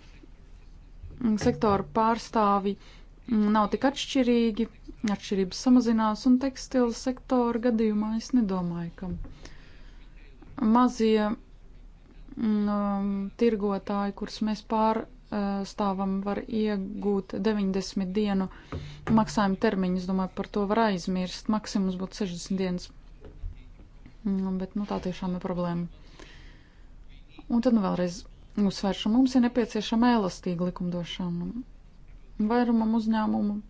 sektora pārstāvi mm, nav tik atšķirīgi, atšķirības samazinās, un tekstila sektora gadījumā es nedomāju, ka mazie um, tirgotāji, kurus mēs pārstāvjam, stāvam var iegūt 90 dienu maksājuma termiņu. Es domāju, par to var aizmirst. Maksimums būtu 60 dienas. Mm, bet nu, tā tiešām ir problēma. Un tad nu, vēlreiz uzsvēršu, mums ir nepieciešama elastīga likumdošana. Vairumam uzņēmumu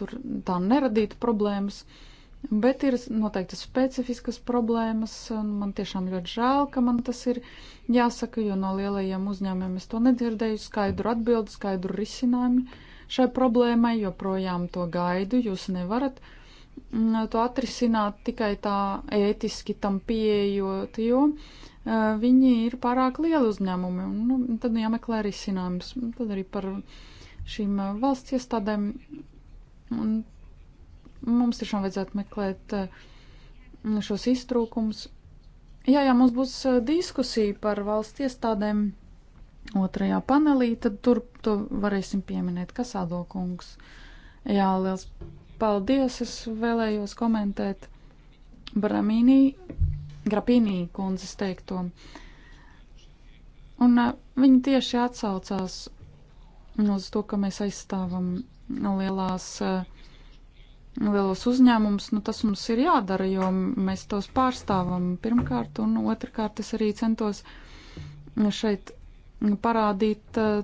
tur tā neradītu problēmas. Uh, Bet ir noteikti specifiskas problēmas, un man tiešām ļoti žēl, ka man tas ir jāsaka, jo no lielajiem uzņēmumiem es to nedzirdēju skaidru atbildi, skaidru risinājumu šai problēmai, joprojām to gaidu, jūs nevarat mm, to atrisināt tikai tā ētiski tam pieejot, jo viņi ir pārāk lieli uzņēmumi, un nu, tad nu jāmeklē risinājums, tad arī par šīm valsts iestādēm. Un Mums tiešām vajadzētu meklēt eh, šos iztrūkums. Jā, jā, mums būs eh, diskusija par valsts iestādēm otrajā panelī, tad tur to varēsim pieminēt. Kas ādokungs? Jā, liels paldies! Es vēlējos komentēt Bramīnī, Grapīnī kundzes teikto. Un eh, viņi tieši atsaucās uz to, ka mēs aizstāvam lielās uh, lielos uzņēmumus, nu tas mums ir jādara, jo mēs tos pārstāvam pirmkārt, un otrkārt es arī centos šeit parādīt eh,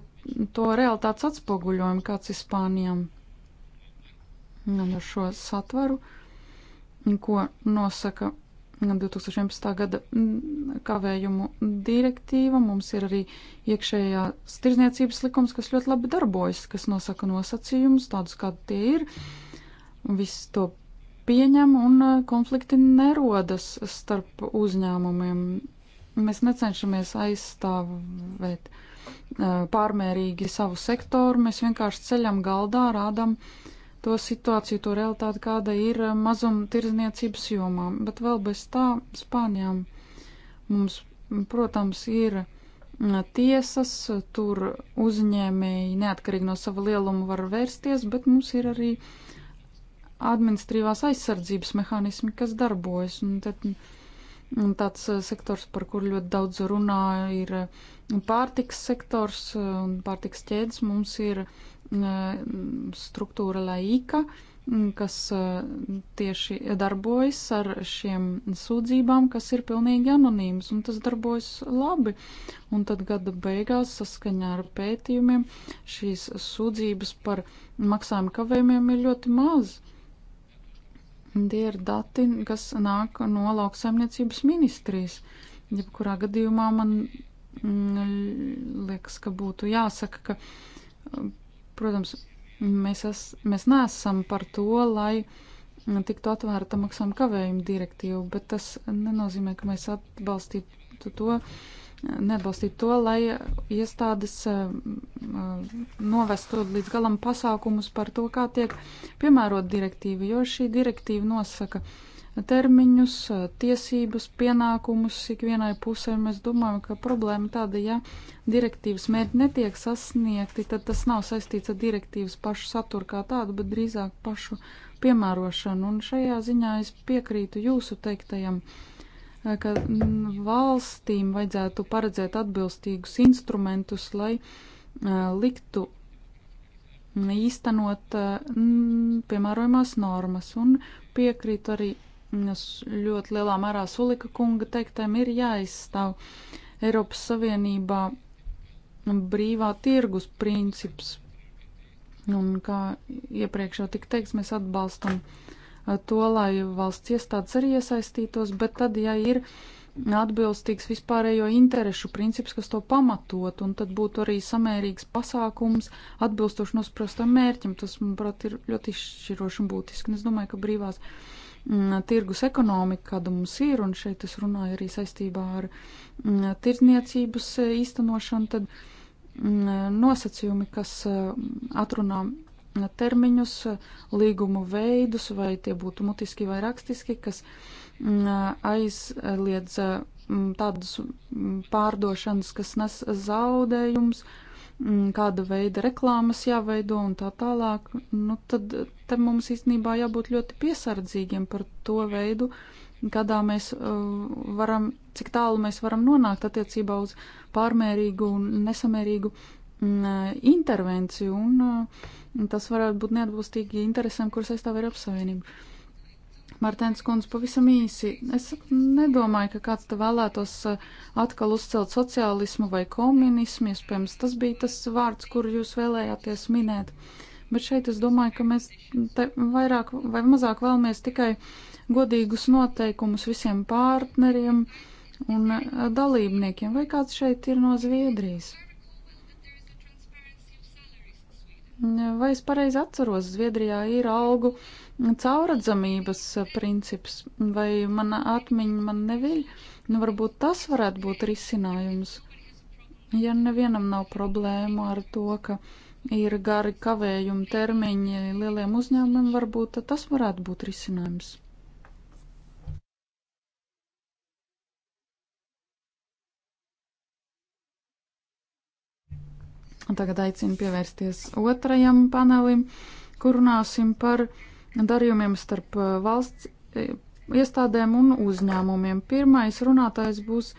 to realitātes atspoguļojumu, kāds Ispānijam ar šo satvaru, ko nosaka 2011. gada mm, kavējumu direktīva. Mums ir arī iekšējā tirzniecības likums, kas ļoti labi darbojas, kas nosaka nosacījumus, tādus, kādi tie ir viss to pieņem un uh, konflikti nerodas starp uzņēmumiem. Mēs necenšamies aizstāvēt uh, pārmērīgi savu sektoru, mēs vienkārši ceļam galdā, rādam to situāciju, to realitāti, kāda ir uh, mazumtirdzniecības jomā. Bet vēl bez tā Spānijām mums, protams, ir tiesas, tur uzņēmēji neatkarīgi no sava lieluma var vērsties, bet mums ir arī uh, administrīvās aizsardzības mehānismi, kas darbojas. Un tad, un tāds eh, sektors, par kur ļoti daudz runā, ir eh, pārtiks sektors eh, un pārtiks ķēdes. Mums ir struktūra laika, mm, kas tieši darbojas ar šiem sūdzībām, kas ir pilnīgi anonīmas, un tas darbojas labi. Un tad gada beigās, saskaņā ar pētījumiem, šīs sūdzības par maksājuma kavējumiem ir ļoti maz. Tie ir dati, kas nāk no lauksaimniecības ministrijas. Jebkurā gadījumā man mm, liekas, ka būtu jāsaka, ka, protams, mēs, es, mēs neesam par to, lai tiktu atvērta maksājuma kavējuma direktīva, bet tas nenozīmē, ka mēs atbalstītu to, neatbalstīt to, lai iestādes eh, novestu līdz galam pasākumus par to, kā tiek piemērot direktīva, jo šī direktīva nosaka termiņus, eh, tiesības, pienākumus ikvienai pusē. Mēs domājam, ka problēma tāda, ja direktīvas mērķi netiek sasniegti, tad tas nav saistīts ar direktīvas pašu saturu kā tādu, bet drīzāk pašu piemērošanu. Un šajā ziņā es piekrītu jūsu teiktajam. Uh, Eh, ka mm, valstīm vajadzētu paredzēt atbilstīgus instrumentus, lai eh, liktu mm, īstenot eh, piemērojumās normas. Un piekrītu arī mm, ļoti lielā mērā Sulika kunga teiktēm ir jāizstāv Eiropas Savienībā brīvā tirgus princips. Un kā iepriekš jau tik teiks, mēs atbalstam uh, to, lai valsts iestādes arī iesaistītos, bet tad, ja ir atbilstīgs vispārējo interešu princips, kas to pamatot, un tad būtu arī samērīgs pasākums atbilstoši nosprostam mērķim, tas, manuprāt, ir ļoti izšķiroši un būtiski. Un es domāju, ka brīvās m, mm, tirgus ekonomika, kāda mums ir, un šeit es runāju arī saistībā ar m, mm, tirzniecības e, īstenošanu, tad m, mm, e, nosacījumi, kas e, atrunā termiņus, līgumu veidus, vai tie būtu mutiski vai rakstiski, kas mm, aizliedz mm, tādas mm, pārdošanas, kas nes zaudējums, kāda veida reklāmas jāveido un tā tālāk, nu tad te mums īstenībā jābūt ļoti piesardzīgiem par to veidu, kādā mēs uh, varam, cik tālu mēs varam nonākt attiecībā uz pārmērīgu un nesamērīgu Mm, intervenciju, un mm, tas varētu būt neatbilstīgi interesēm, kuras aizstāv Eiropas Savienība. Martēns Kundze, pavisam īsi. Es nedomāju, ka kāds te vēlētos eh, atkal uzcelt sociālismu vai komunismu, iespējams, tas bija tas vārds, kuru jūs vēlējāties minēt. Bet šeit es domāju, ka mēs te vairāk vai mazāk vēlamies tikai godīgus noteikumus visiem partneriem un eh, dalībniekiem. Vai kāds šeit ir no Zviedrijas? Vai es pareizi atceros, Zviedrijā ir algu cauradzamības princips, vai mana atmiņa man neviļ? Nu, varbūt tas varētu būt risinājums. Ja nevienam nav problēma ar to, ka ir gari kavējumi termiņi lieliem uzņēmumiem, varbūt tas varētu būt risinājums. Tagad aicinu pievērsties otrajam panelim, kur runāsim par darījumiem starp uh, valsts eh, iestādēm un uzņēmumiem. Pirmais runātājs būs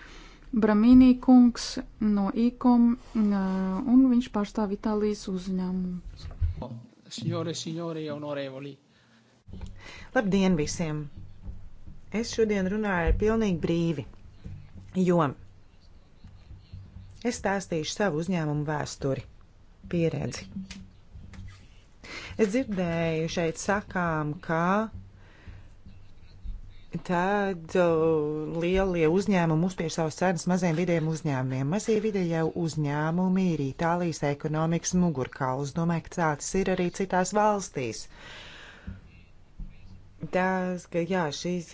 Bramīnī kungs no IKOM, uh, un viņš pārstāv Itālijas uzņēmumus. Signore, signore, onorevoli. Labdien visiem! Es šodien runāju pilnīgi brīvi, jo Es stāstīšu savu uzņēmumu vēsturi, pieredzi. Es dzirdēju šeit sakām, ka tad lielie uzņēmumi uzspiež savas cenas maziem vidiem uzņēmumiem. Mazie vidējo uzņēmumi ir Itālijas ekonomikas mugurkauls. Domāju, ka tāds ir arī citās valstīs. Tas, ka jā, šīs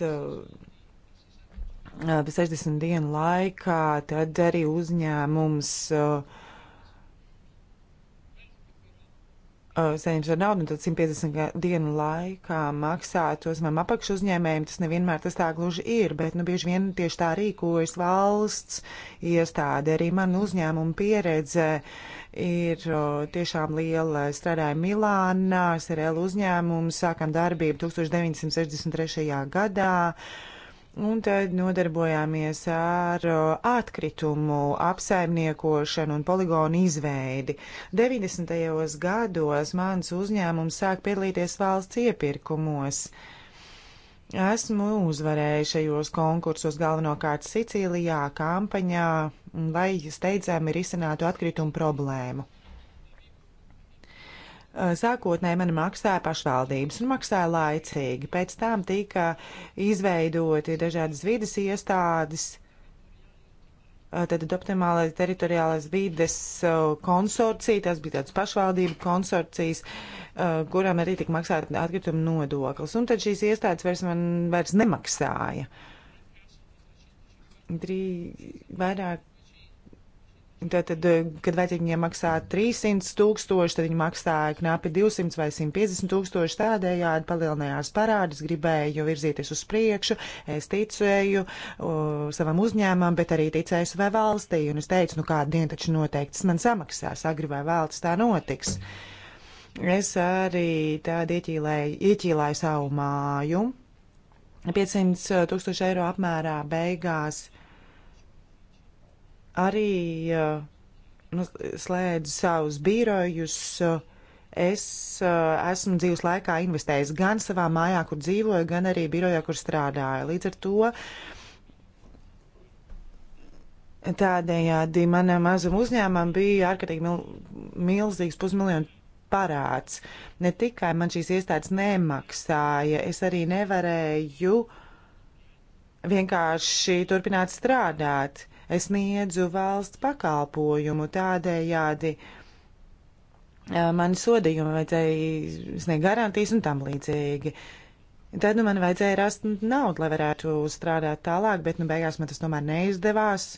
60 dienu laikā, tad arī uzņēmums saņems ar naudu, un tad 150 dienu laikā maksā to savam apakšu uzņēmējiem. Tas nevienmēr tas tā gluži ir, bet nu, bieži vien tieši tā rīkojas valsts iestāde. Arī man uzņēmuma pieredze ir tiešām liela. Strādāju Milānā, SRL uzņēmumu, sākam darbību 1963. gadā. Un tad nodarbojāmies ar uh, atkritumu apsaimniekošanu un poligonu izveidi. 90. gados mans uzņēmums sāk piedalīties valsts iepirkumos. Esmu uzvarējis šajos konkursos galvenokārt Sicīlijā, kampaņā, lai steidzami risinātu atkritumu problēmu. Eh, sākotnēji man maksāja pašvaldības un maksāja laicīgi. Pēc tam tika izveidoti dažādas vidas iestādes, eh, tad optimālais teritoriālais vides eh, konsorcija, tas bija tāds pašvaldību konsorcijas, kuram arī tika maksāt atkrituma nodoklis. Un tad šīs iestādes vairs man vairs nemaksāja. Drīz vairāk Tātad, eh, kad vajadzēja viņiem maksāt 300 tūkstoši, tad viņi maksāja knapi 200 vai 150 tūkstoši tādējādi, palielinājās parādus, gribēju virzīties uz priekšu, es ticēju uh, savam uzņēmumam, bet arī ticēju savai valstī, un es teicu, nu kādu dienu taču noteikti tas man samaksās, agri vai vēlts tā notiks. Es arī tādu ieķīlēju, ieķīlēju savu māju, 500 tūkstoši eiro apmērā beigās. Uh, arī uh, nu, slēdzu savus birojus. Uh, es uh, esmu dzīves laikā investējis gan savā mājā, kur dzīvoju, gan arī birojā, kur strādāju. Līdz ar to tādējādi manam mazam uzņēmumam bija ārkārtīgi mil milzīgs pusmiljonu parāds. Ne tikai man šīs iestādes nemaksāja, es arī nevarēju vienkārši turpināt strādāt sniedzu valsts pakalpojumu tādējādi. Mani sodījumi vajadzēja sniegt garantijas un tam līdzīgi. Tad nu, man vajadzēja rast naudu, lai varētu strādāt tālāk, bet nu, beigās man tas tomēr neizdevās.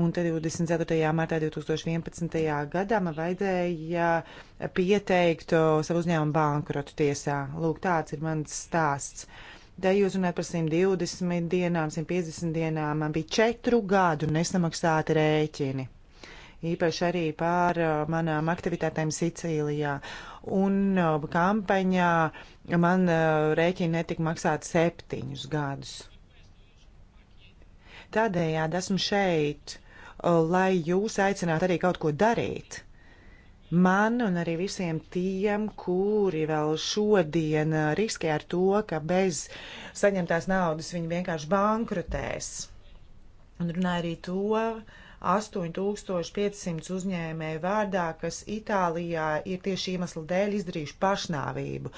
Un tad 24. martā 2011. gadā man vajadzēja pieteikt savu uzņēmumu bankrotu tiesā. Lūk, tāds ir mans stāsts. Uh, Te jūs runājat par 120 dienām, 150 dienām. Man bija četru gadu nesamaksāti rēķini. Īpaši arī pār uh, manām aktivitātēm Sicīlijā. Un uh, kampaņā man uh, rēķini netika maksāti septiņus gadus. Tādējādi esmu šeit, lai jūs aicinātu arī kaut ko darīt man un arī visiem tiem, kuri vēl šodien uh, riskē ar to, ka bez saņemtās naudas viņi vienkārši bankrotēs. Un runāja arī to, 8500 uzņēmēju vārdā, kas Itālijā ir tieši iemesla dēļ izdarījuši pašnāvību,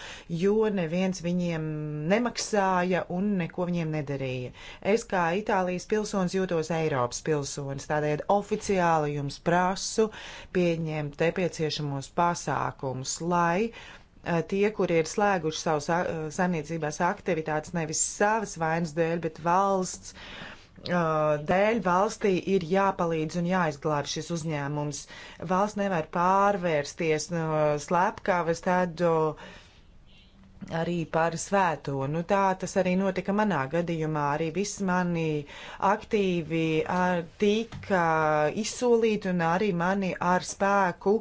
jo neviens viņiem nemaksāja un neko viņiem nedarīja. Es kā Itālijas pilsonis jūtos Eiropas pilsonis, tādēļ oficiāli jums prasu pieņemt nepieciešamos pasākumus, lai eh, tie, kuri ir slēguši savus eh, saimniecībās aktivitātes nevis savas vainas dēļ, bet valsts uh, dēļ valstī ir jāpalīdz un jāizglāb šis uzņēmums. Valsts nevar pārvērsties no slepkavas tādu. Uh, arī par svēto. Nu, tā tas arī notika manā gadījumā. Arī viss mani aktīvi ar, tika izsolīti un arī mani ar spēku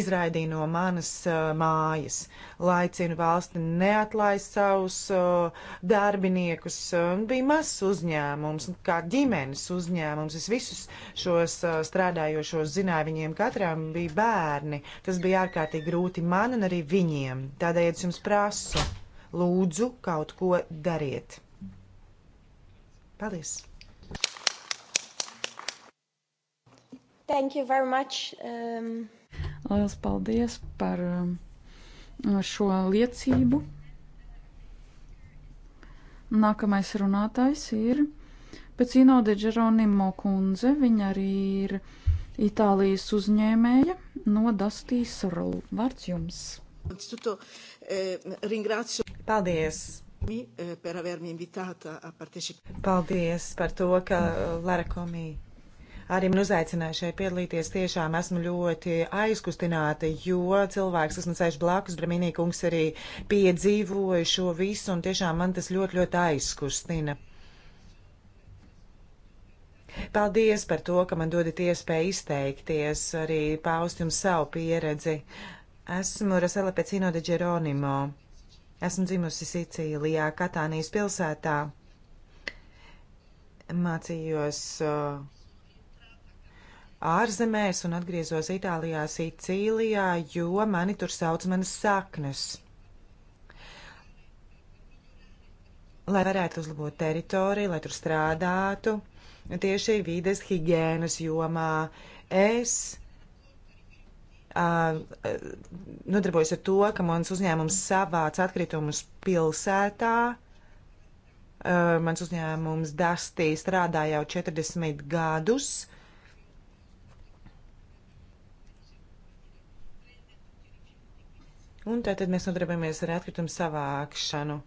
izraidīja no manas uh, mājas. Laicinu valsti neatlaist savus uh, darbiniekus. Uh, bija mazs uzņēmums, kā ģimenes uzņēmums. Es visus šos uh, strādājošos zināju, viņiem katram bija bērni. Tas bija ārkārtīgi grūti man un arī viņiem. Tādēļ es jums prasu Lūdzu, kaut ko dariet! Paldies! Thank you very much. Um... Lielas paldies par um, šo liecību. Nākamais runātājs ir Pecino de Geronimo kundze. Viņa arī ir Itālijas uzņēmēja no Dastīs Rulu. Vārds jums! Eh, Paldies! Eh, Paldies par to, ka eh, Lara Komī arī man uzaicināja šeit piedalīties. Tiešām esmu ļoti aizkustināta, jo cilvēks, kas man sēž blakus, Braminīkungs arī piedzīvoja šo visu, un tiešām man tas ļoti, ļoti aizkustina. Paldies par to, ka man dodat iespēju izteikties, arī paust jums savu pieredzi. Uh, Esmu Rasela Pecino de Geronimo. Esmu dzimusi Sicīlijā, Katānijas pilsētā. Mācījos uh, ārzemēs un atgriezos Itālijā, Sicīlijā, jo mani tur sauc manas saknes. Lai varētu uzlabot teritoriju, lai tur strādātu, tieši vides higiēnas jomā es nodarbojas ar to, ka mans uzņēmums savāc atkritumus pilsētā. Mans uzņēmums Dastī strādā jau 40 gadus. Un tātad mēs nodarbojamies ar atkritumu savākšanu.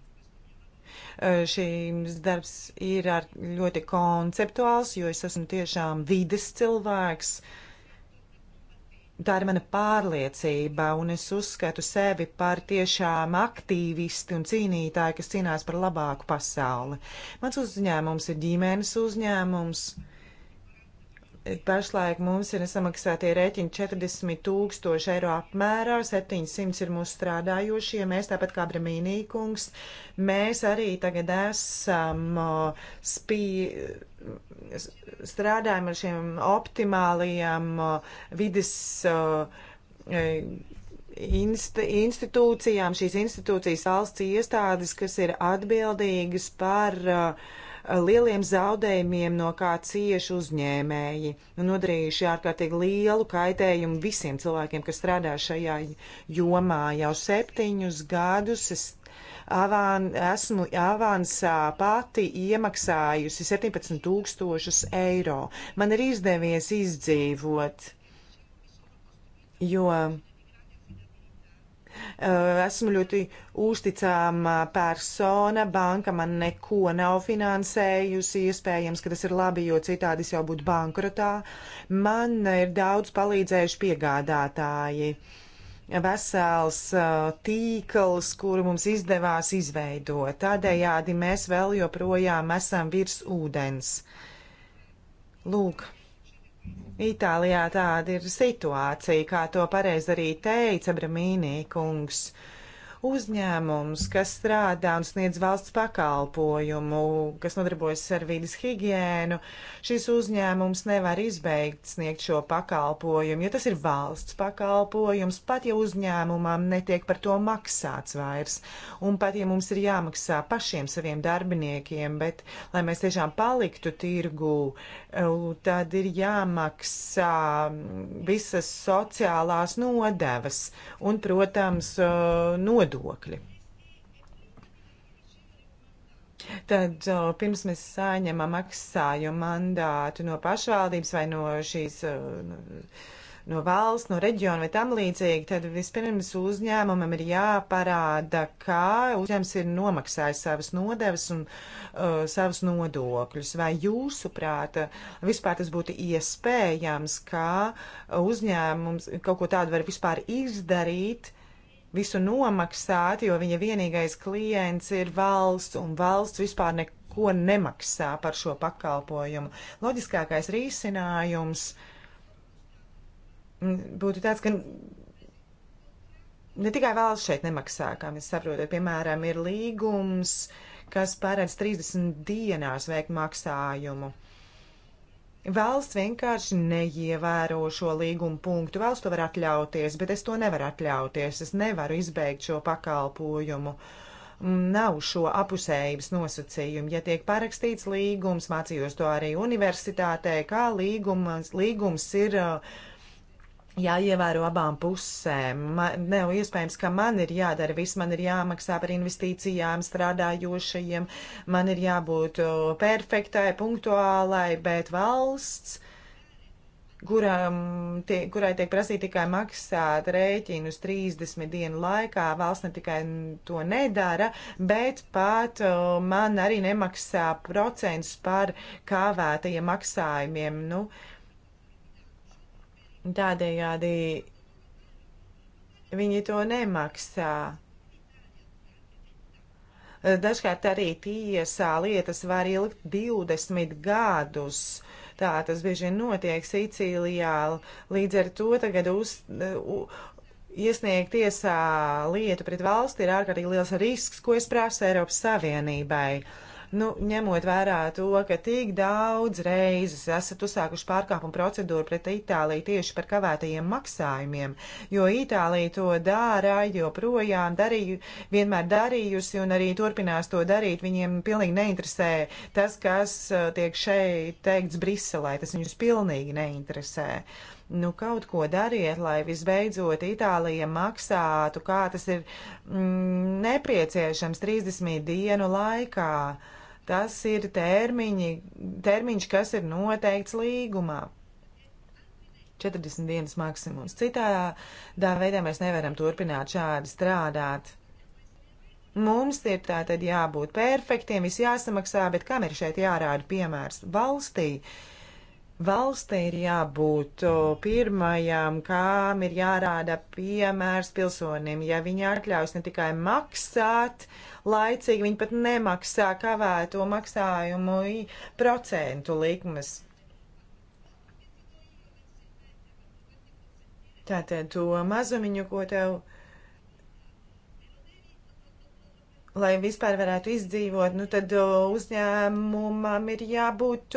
Šīs darbs ir ļoti konceptuāls, jo es esmu tiešām vides cilvēks. Uh, tā ir mana pārliecība, un es uzskatu sevi par tiešām aktīvisti un cīnītāju, kas cīnās par labāku pasauli. Mans uzņēmums ir ģimenes uzņēmums. Pašlaik mums ir samaksātie rēķini 40 tūkstoši eiro apmērā, 700 ir mūsu strādājošie, mēs tāpat kā Bremīnīkungs, mēs arī tagad esam uh, spī strādājam ar šiem optimālajiem vidas e, inst institūcijām, šīs institūcijas valsts iestādes, kas ir atbildīgas par uh, lieliem zaudējumiem, no kā cieši uzņēmēji, un nodarījuši ārkārtīgi lielu kaitējumu visiem cilvēkiem, kas strādā šajā jomā. Jau septiņus gadus es Avān, esmu avansā pati iemaksājusi 17,000 eiro. Man ir izdevies izdzīvot, jo esmu ļoti uzticama persona, banka man neko nav finansējusi, iespējams, ka tas ir labi, jo citādi es jau būtu bankrotā. Man ir daudz palīdzējuši piegādātāji. Uh, vesels tīkls, kuru mums izdevās izveidot. Tādējādi mēs vēl joprojām esam virs ūdens. Lūk, Itālijā tāda ir situācija, kā to pareizi arī teica Bramīnī kungs. Uh, uzņēmums, kas strādā un sniedz valsts pakalpojumu, kas nodarbojas ar vidas higiēnu, šis uzņēmums nevar izbeigt sniegt šo pakalpojumu, jo tas ir valsts pakalpojums, pat ja uzņēmumam netiek par to maksāts vairs. Un pat ja mums ir jāmaksā pašiem saviem darbiniekiem, bet lai mēs tiešām paliktu tirgū, tad ir jāmaksā visas sociālās nodevas un, protams, nodevas viedokļi. Tad o, pirms mēs saņemam maksājumu mandātu no pašvaldības vai no šīs, no, no valsts, no reģiona vai tam līdzīgi, tad vispirms uzņēmumam ir jāparāda, kā uzņēmums ir nomaksājis savas nodevas un uh, savus nodokļus. Vai jūsuprāt, vispār tas būtu iespējams, kā uzņēmums kaut ko tādu var vispār izdarīt? Uh, visu nomaksāt, jo viņa vienīgais klients ir valsts, un valsts vispār neko nemaksā par šo pakalpojumu. Loģiskākais risinājums būtu tāds, ka ne tikai valsts šeit nemaksā, kā mēs saprotam, piemēram, ir līgums, kas paredz 30 dienās veikt maksājumu. Uh, valsts vienkārši neievēro šo līgumu punktu. Valsts to var atļauties, bet es to nevaru atļauties. Es nevaru izbeigt šo pakalpojumu. Mm, nav šo apusējības nosacījumu. Ja tiek parakstīts līgums, mācījos to arī universitātē, kā līgums, līgums ir uh, jāievēro abām pusēm. Man, nav iespējams, ka man ir jādara viss, man ir jāmaksā par investīcijām strādājošajiem, man ir jābūt perfektai, punktuālai, bet valsts, kuram, tie, kurai tiek prasīta tikai maksāt rēķinus 30 dienu laikā, valsts ne tikai to nedara, bet pat man arī nemaksā procents par kāvētajiem maksājumiem. Nu, uh, Tādējādi viņi to nemaksā. Dažkārt arī tiesā lietas var ilgt 20 gadus. Tā tas bieži vien notiek Sīcīlijā. Līdz ar to tagad uz, u, iesniegt tiesā lietu pret valsti ir ārkārtīgi liels risks, ko es prasu Eiropas Savienībai. Uh, Nu, ņemot vērā to, ka tik daudz reizes esat uzsākuši pārkāpumu procedūru pret Itāliju tieši par kavētajiem maksājumiem, jo Itālija to dara, joprojām darīju, vienmēr darījusi un arī turpinās to darīt. Viņiem pilnīgi neinteresē tas, kas uh, tiek šeit teikts Briselē. Tas viņus pilnīgi neinteresē nu, kaut ko dariet, lai visbeidzot Itālija maksātu, kā tas ir mm, nepieciešams 30 dienu laikā. Uh, Tas ir termiņi, termiņš, kas ir noteikts līgumā. 40 dienas maksimums. Citādā veidā mēs nevaram turpināt šādi strādāt. Mums ir tātad jābūt perfektiem, viss jāsamaksā, bet kam ir šeit jārāda piemērs valstī? Uh, Valstī ir jābūt pirmajām, kām ir jārāda piemērs pilsonim. Ja viņi atļaus ne tikai maksāt, laicīgi viņi pat nemaksā kavēto maksājumu procentu likmes. Tātad to mazumiņu, ko tev lai vispār varētu izdzīvot, nu tad uzņēmumam ir jābūt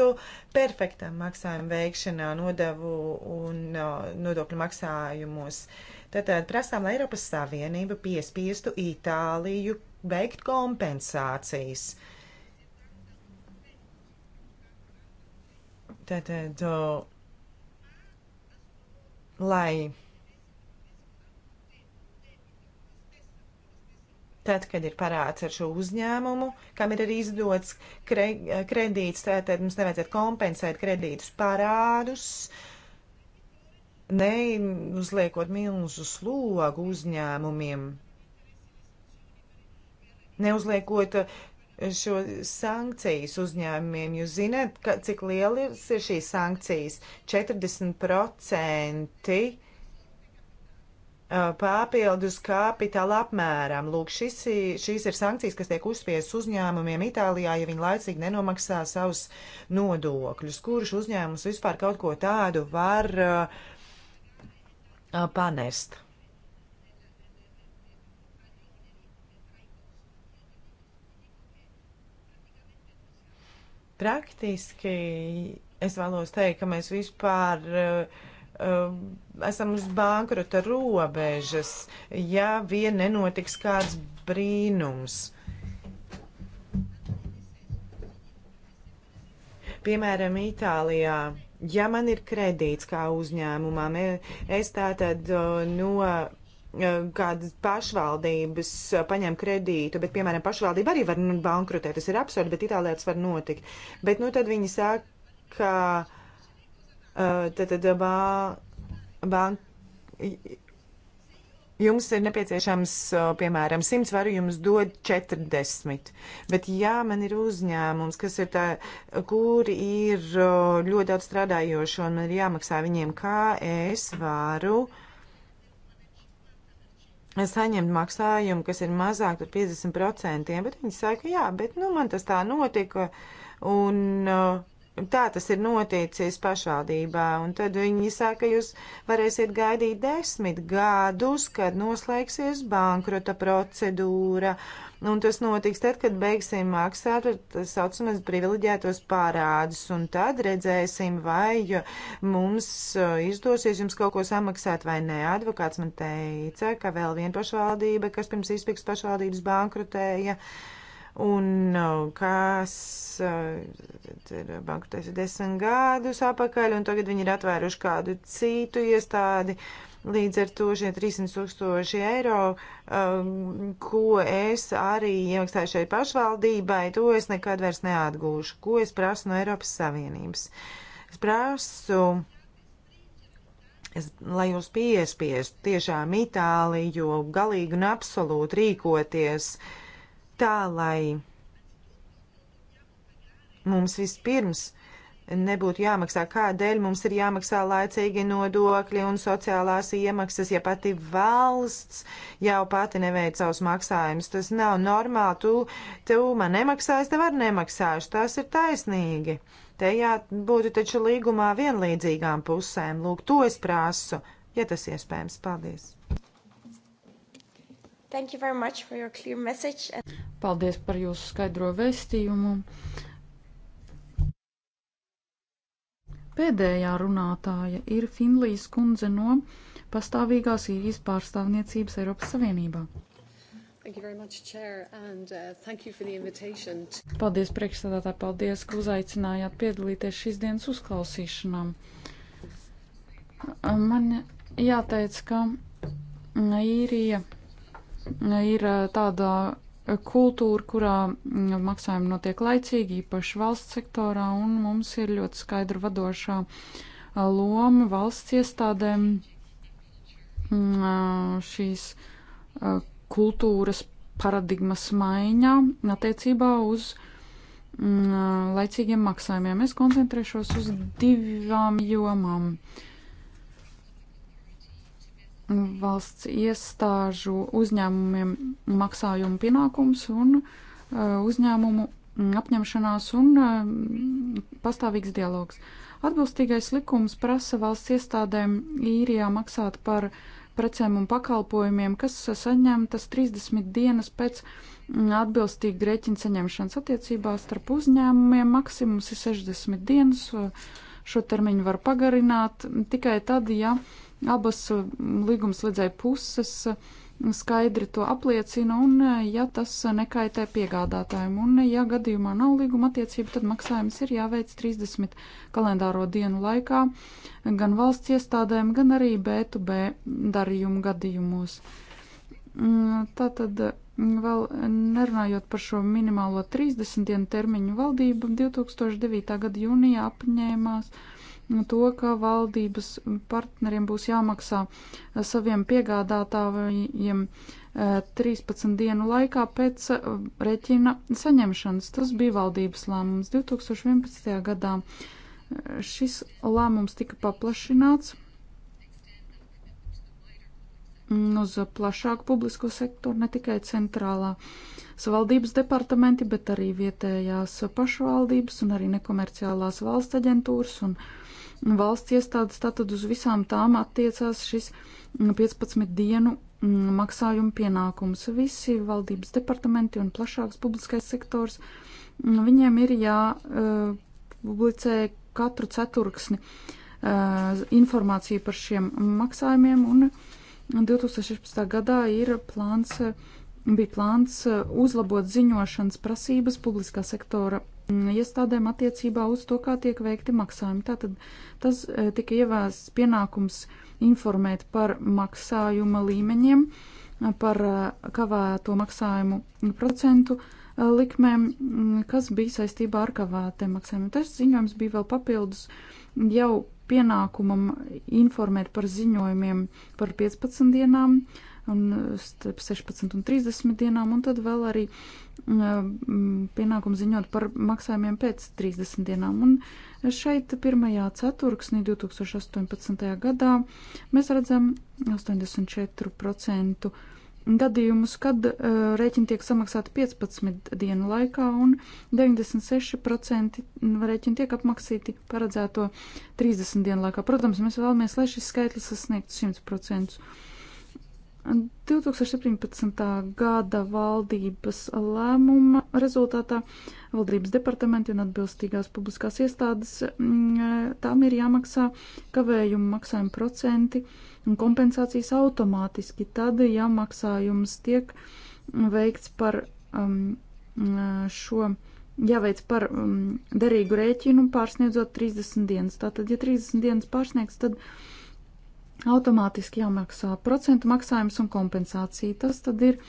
perfektam maksājumu veikšanā, nodevu un nodokļu maksājumos. Tātad prasām, lai Eiropas Savienība piespiestu Itāliju veikt kompensācijas. Tātad, lai Tad, kad ir parāds ar šo uzņēmumu, kam ir arī izdots kre, kredīts, tad mums nevajadzētu kompensēt kredītus parādus, neuzliekot milzu slogu uzņēmumiem, neuzliekot šo sankcijas uzņēmumiem. Jūs zināt, ka, cik liela ir šīs sankcijas? 40% papildus kapitāla apmēram. Lūk, šis, šīs ir sankcijas, kas tiek uzspiesas uzņēmumiem Itālijā, ja viņi laicīgi nenomaksā savus nodokļus. Kurš uzņēmums vispār kaut ko tādu var uh, panest? Praktiski es vēlos teikt, ka mēs vispār uh, esam uz bankrota robežas, ja vien nenotiks kāds brīnums. Piemēram, Itālijā ja man ir kredīts kā uzņēmumam, e, es tātad no e, kādas pašvaldības paņem kredītu, bet, piemēram, pašvaldība arī var nu, bankrotēt. Tas ir absurdi, bet Itālijā tas var notikt. Bet, nu, tad viņi sāk, ka Tātad eh, eh, banka. Jums ir nepieciešams, eh, piemēram, 100 varu jums dod 40, bet jā, man ir uzņēmums, kas ir tā, kuri ir ļoti daudz strādājošo un man ir jāmaksā viņiem, kā es varu saņemt maksājumu, kas ir mazāk par 50%, bet viņi saka, jā, bet nu man tas tā notika un. Uh, tā tas ir noticis pašvaldībā, un tad viņi saka, ka jūs varēsiet gaidīt desmit gadus, kad noslēgsies bankrota procedūra, un tas notiks tad, kad beigsim maksāt tā saucamais privileģētos pārādus, un tad redzēsim, vai mums e, izdosies jums kaut ko samaksāt vai nē. Advokāts man teica, ka vēl viena pašvaldība, kas pirms izpiks pašvaldības bankrotēja, ja un uh, kas uh, ir banku taisa desmit gadus apakaļ, un tagad viņi ir atvēruši kādu citu iestādi. Līdz ar to šie 300 tūkstoši eiro, um, ko es arī iemaksāju šai pašvaldībai, to es nekad vairs neatgūšu. Ko es prasu no Eiropas Savienības? Es prasu es, lai jūs piespiestu tiešām Itāliju galīgi un absolūti rīkoties uh, tā, lai mums vispirms nebūtu jāmaksā, kādēļ mums ir jāmaksā laicīgi nodokļi un sociālās iemaksas, ja pati valsts jau pati neveic savus maksājumus. Tas nav normāli, tu, tu man nemaksāsi, tev ar nemaksāšu, tas ir taisnīgi. Te jābūt taču līgumā vienlīdzīgām pusēm, lūk, to es prasu, ja tas iespējams. Paldies! Thank you very much for your clear message. And... Paldies par jūsu skaidro vēstījumu. Pēdējā runātāja ir Finlijas kundze no pastāvīgās īrijas pārstāvniecības Eiropas Savienībā. Much, Chair, and, uh, paldies, priekšstādātā, paldies, ka uzaicinājāt piedalīties šīs dienas uzklausīšanām. Man jāteic, ka īrija ir tādā kultūra, kurā mm, maksājumi notiek laicīgi, īpaši valsts sektorā, un mums ir ļoti skaidra vadošā loma valsts iestādēm mm, šīs kultūras paradigmas maiņā attiecībā uz mm, laicīgiem maksājumiem. Es koncentrēšos uz divām jomām. Uh, valsts iestāžu uzņēmumiem maksājumu pienākums un uh, uzņēmumu apņemšanās un uh, pastāvīgs dialogs. Atbilstīgais likums prasa valsts iestādēm īrijā maksāt par precēm un pakalpojumiem, kas saņemtas 30 dienas pēc mm, atbilstīgi rēķina saņemšanas attiecībās starp uzņēmumiem. Maksimums ir 60 dienas, uh, šo termiņu var pagarināt tikai tad, ja uh, Abas uh, līgumslēdzēja puses uh, skaidri to apliecina, un uh, ja tas nekaitē piegādātājiem, un ja gadījumā nav līguma attiecība, tad maksājums ir jāveic 30 kalendāro dienu laikā gan valsts iestādēm, gan arī B2B darījumu gadījumos. Mm, tātad mm, vēl nerunājot par šo minimālo 30 dienu termiņu, valdība 2009. gada jūnijā apņēmās Nu, to, ka valdības partneriem būs jāmaksā eh, saviem piegādātājiem 13 eh, dienu laikā pēc eh, reķina saņemšanas. Tas bija valdības lēmums 2011. gadā. Šis lēmums tika paplašināts mm, uz plašāku publisko sektoru, ne tikai centrālā savaldības departamenti, bet arī vietējās pašvaldības un arī nekomerciālās valsts aģentūras un uh, valsts iestādes, tātad uz visām tām attiecās šis 15 mm, dienu mm, maksājuma pienākums. Visi valdības departamenti un plašāks publiskais sektors, mm, viņiem ir jāpublicē eh, katru ceturksni eh, informāciju par šiem maksājumiem, un 2016. gadā ir plāns, bija plāns eh, uzlabot ziņošanas prasības publiskā sektora iestādēm attiecībā uz to, kā tiek veikti maksājumi. Tātad tas e, tika ievēsts pienākums informēt par maksājuma līmeņiem, e, par e, kavēto maksājumu procentu likmēm, kas bija saistībā ar kavētiem maksājumiem. Tas ziņojums bija vēl papildus jau pienākumam informēt par ziņojumiem par 15 dienām, un starp 16 un 30 dienām, un tad vēl arī uh, Eh, pienākumu ziņot par maksājumiem pēc 30 dienām. Un šeit 1. ceturksnī 2018. gadā mēs redzam 84% gadījumus, kad uh, rēķini tiek samaksāti 15 dienu laikā un 96% rēķini tiek apmaksīti paredzēto 30 dienu laikā. Protams, mēs vēlamies, lai šis skaitlis sasniegtu 100%. 2017. gada valdības lēmuma rezultātā valdības departamenti un atbilstīgās publiskās iestādes mm, tām ir jāmaksā kavējumu maksājumu procenti un kompensācijas automātiski tad, ja maksājums tiek veikts par um, šo jāveic par um, derīgu rēķinu pārsniedzot 30 dienas. Tātad, ja 30 dienas pārsniegs, tad uh, automātiski jāmaksā procentu maksājums un kompensācija. Tas tad ir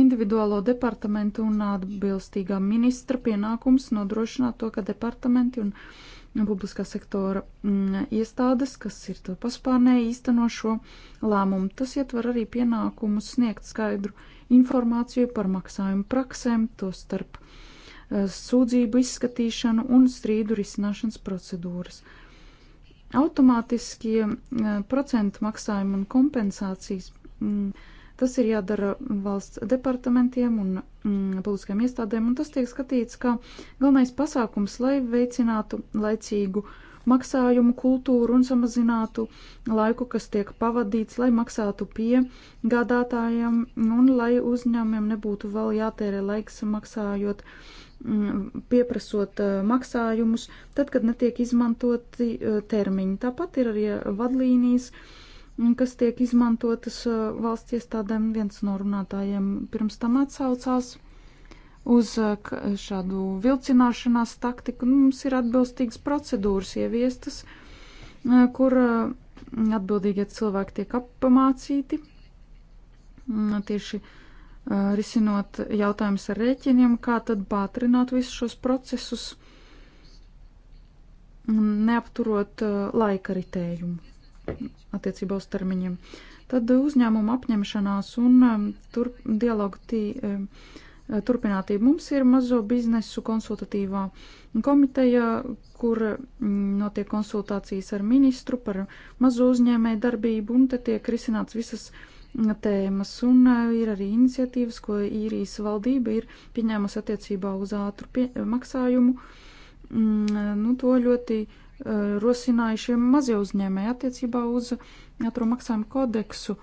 individuālo departamentu un atbilstīgā ministra pienākums nodrošināt to, ka departamenti un publiskā sektora mm, iestādes, kas ir to paspārnēji īsteno šo lēmumu. Tas ietver arī pienākumus sniegt skaidru informāciju par maksājumu praksēm, to starp eh, sūdzību izskatīšanu un strīdu risināšanas procedūras. Uh, Automātiskie eh, procentu maksājumi un kompensācijas. Mm, tas ir jādara valsts departamentiem un mm, publiskajām iestādēm, un tas tiek skatīts kā galvenais pasākums, lai veicinātu laicīgu maksājumu kultūru un samazinātu laiku, kas tiek pavadīts, lai maksātu pie gādātājiem un lai uzņēmumiem nebūtu vēl jātērē laiks maksājot Mm, pieprasot eh, maksājumus, tad, kad netiek izmantoti eh, termiņi. Tāpat ir arī eh, vadlīnijas, mm, kas tiek izmantotas valsts iestādēm. Viens no runātājiem pirms tam atsaucās uz šādu vilcināšanās taktiku. Nu, mums ir atbilstīgas procedūras ieviestas, kur atbildīgie cilvēki tiek apmācīti mm, tieši tādā Eh, risinot jautājumus ar rēķiniem, kā tad pātrināt visus šos procesus, neapturot eh, laika ritējumu attiecībā uz termiņiem. Tad uzņēmuma apņemšanās un eh, tur, dialogu tī, turpinātība mums ir mazo biznesu konsultatīvā komiteja, kur mm, notiek konsultācijas ar ministru par mazo uzņēmēju darbību, un te tiek risināts visas uh, tēmas, un uh, ir arī iniciatīvas, ko īrijas valdība ir pieņēmusi attiecībā uz ātru pie, maksājumu. Mm, nu, to ļoti uh, rosinājušie mazie uzņēmēji attiecībā uz ātru maksājumu kodeksu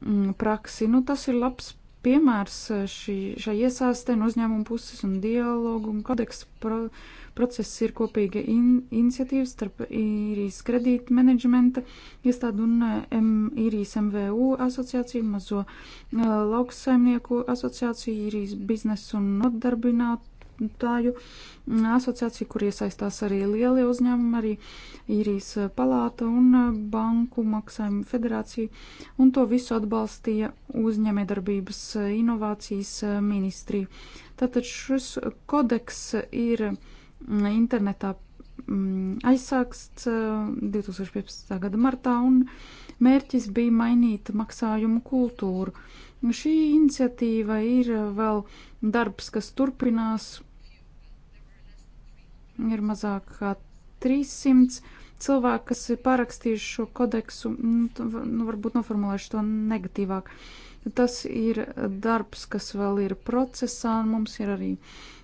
mm, praksi. Nu, tas ir labs piemērs uh, šī, šai iesaistē no uzņēmuma puses un dialogu un kodeksu. Pro, uh, Process ir kopīga in iniciatīva starp īrijas kredīta menedžmenta iestādu un eh, M īrijas MVU asociāciju, mazo eh, lauksaimnieku asociāciju, īrijas biznesu un nodarbinātāju mm, asociāciju, kur iesaistās arī lielie uzņēmumi, arī īrijas eh, palāta un banku maksājumu federācija, un to visu atbalstīja uzņēmēdarbības inovācijas ministrija. Tātad šis kodeks ir internetā mm, aizsākts 2015. Eh, gada martā, un mērķis bija mainīt maksājumu kultūru. Šī iniciatīva ir vēl darbs, kas turpinās. Ir mazāk kā 300 cilvēki, kas ir pārakstījuši šo kodeksu, nu, nu, varbūt noformulēšu to negatīvāk. Tas ir darbs, kas vēl ir procesā, un mums ir arī uh,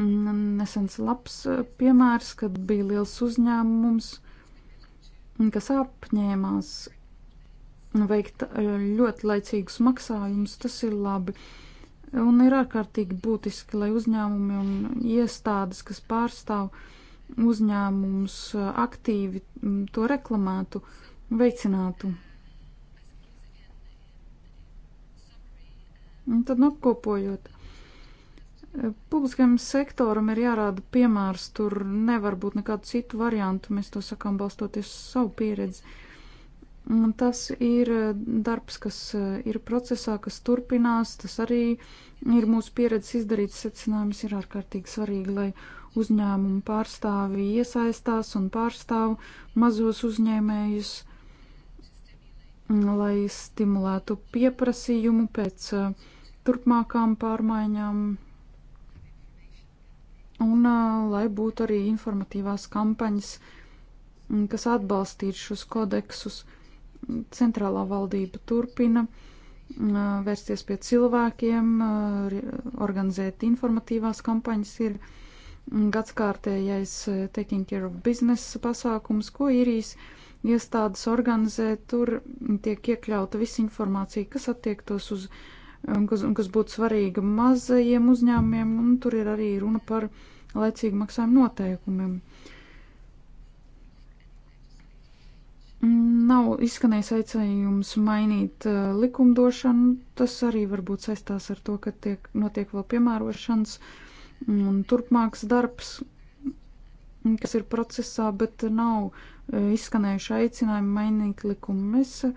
Mm, Nesens labs eh, piemērs, kad bija liels uzņēmums, kas apņēmās nu, veikt eh, ļoti laicīgus maksājumus, tas ir labi. Un ir ārkārtīgi būtiski, lai uzņēmumi un iestādes, kas pārstāv uzņēmumus eh, aktīvi mm, to reklamētu, veicinātu. Un tad apkopojot, Publiskajam sektoram ir jārāda piemērs, tur nevar būt nekādu citu variantu, mēs to sakām balstoties uz savu pieredzi. Un tas ir eh, darbs, kas eh, ir procesā, kas turpinās, tas arī ir mūsu pieredzes izdarīts secinājums, ir ārkārtīgi svarīgi, lai uzņēmumu pārstāvi iesaistās un pārstāv mazos uzņēmējus, lai stimulētu pieprasījumu pēc eh, turpmākām pārmaiņām un lai būtu arī informatīvās kampaņas, kas atbalstītu šos kodeksus. Centrālā valdība turpina vērsties pie cilvēkiem, organizēt informatīvās kampaņas ir gadskārtējais Taking Care of Business pasākums, ko īrijas iestādes organizē, tur tiek iekļauta visa informācija, kas attiektos uz uh, kas, kas būtu svarīga mazajiem uzņēmumiem, un tur ir arī runa par laicīgu maksājumu noteikumiem. Nav izskanējis aicinājums mainīt uh, likumdošanu, tas arī varbūt saistās ar to, ka tiek, notiek vēl piemērošanas un turpmāks darbs, kas ir procesā, bet nav uh, izskanējuši aicinājumi mainīt likumu. Mēs uh,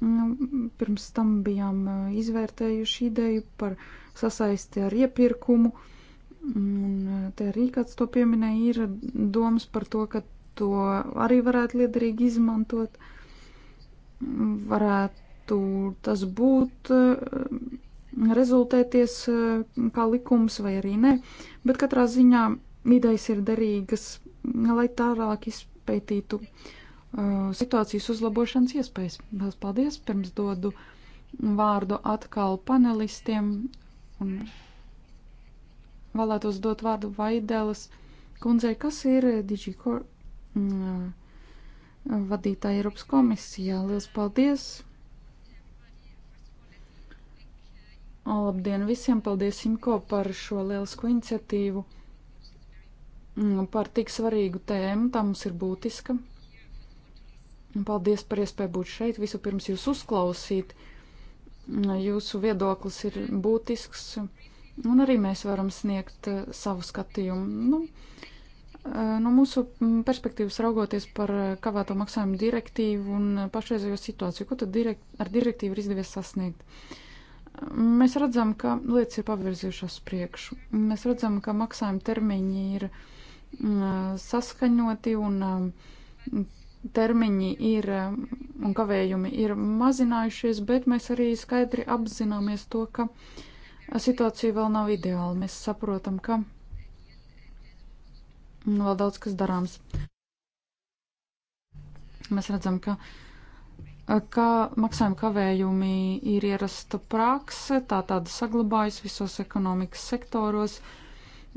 Nu, pirms tam bijām izvērtējuši ideju par sasaisti ar iepirkumu. Un te arī kāds to pieminēja, ir domas par to, ka to arī varētu liederīgi izmantot. Varētu tas būt rezultēties kā likums vai arī nē, bet katrā ziņā idejas ir derīgas, lai tālāk izpētītu uh, Uh, situācijas uzlabošanas iespējas. Vēl paldies, pirms dodu vārdu atkal panelistiem un vēlētos dot vārdu Vaidēlas kundzei, kas ir DigiCor mm, uh, vadītāja Eiropas komisijā. Lielas paldies! Labdien visiem! Paldies Imko par šo lielisku iniciatīvu, mm, par tik svarīgu tēmu. Tā mums ir būtiska. Paldies par iespēju būt šeit. Vispirms jūs uzklausīt. Jūsu viedoklis ir būtisks, un arī mēs varam sniegt eh, savu skatījumu. Nu, eh, no mūsu perspektīvas raugoties par eh, kavēto maksājumu direktīvu un pašreizējo situāciju, ko tad direkt, ar direktīvu ir izdevies sasniegt? Mēs redzam, ka lietas ir pavirzījušās priekšu. Mēs redzam, ka maksājuma termiņi ir mm, saskaņoti un mm, termiņi ir um, un kavējumi ir mazinājušies, bet mēs arī skaidri apzināmies to, ka situācija vēl nav ideāla. Mēs saprotam, ka nu, vēl daudz kas darāms. Mēs redzam, ka, ka maksājuma kavējumi ir ierasta prakse, tā tāda saglabājas visos ekonomikas sektoros,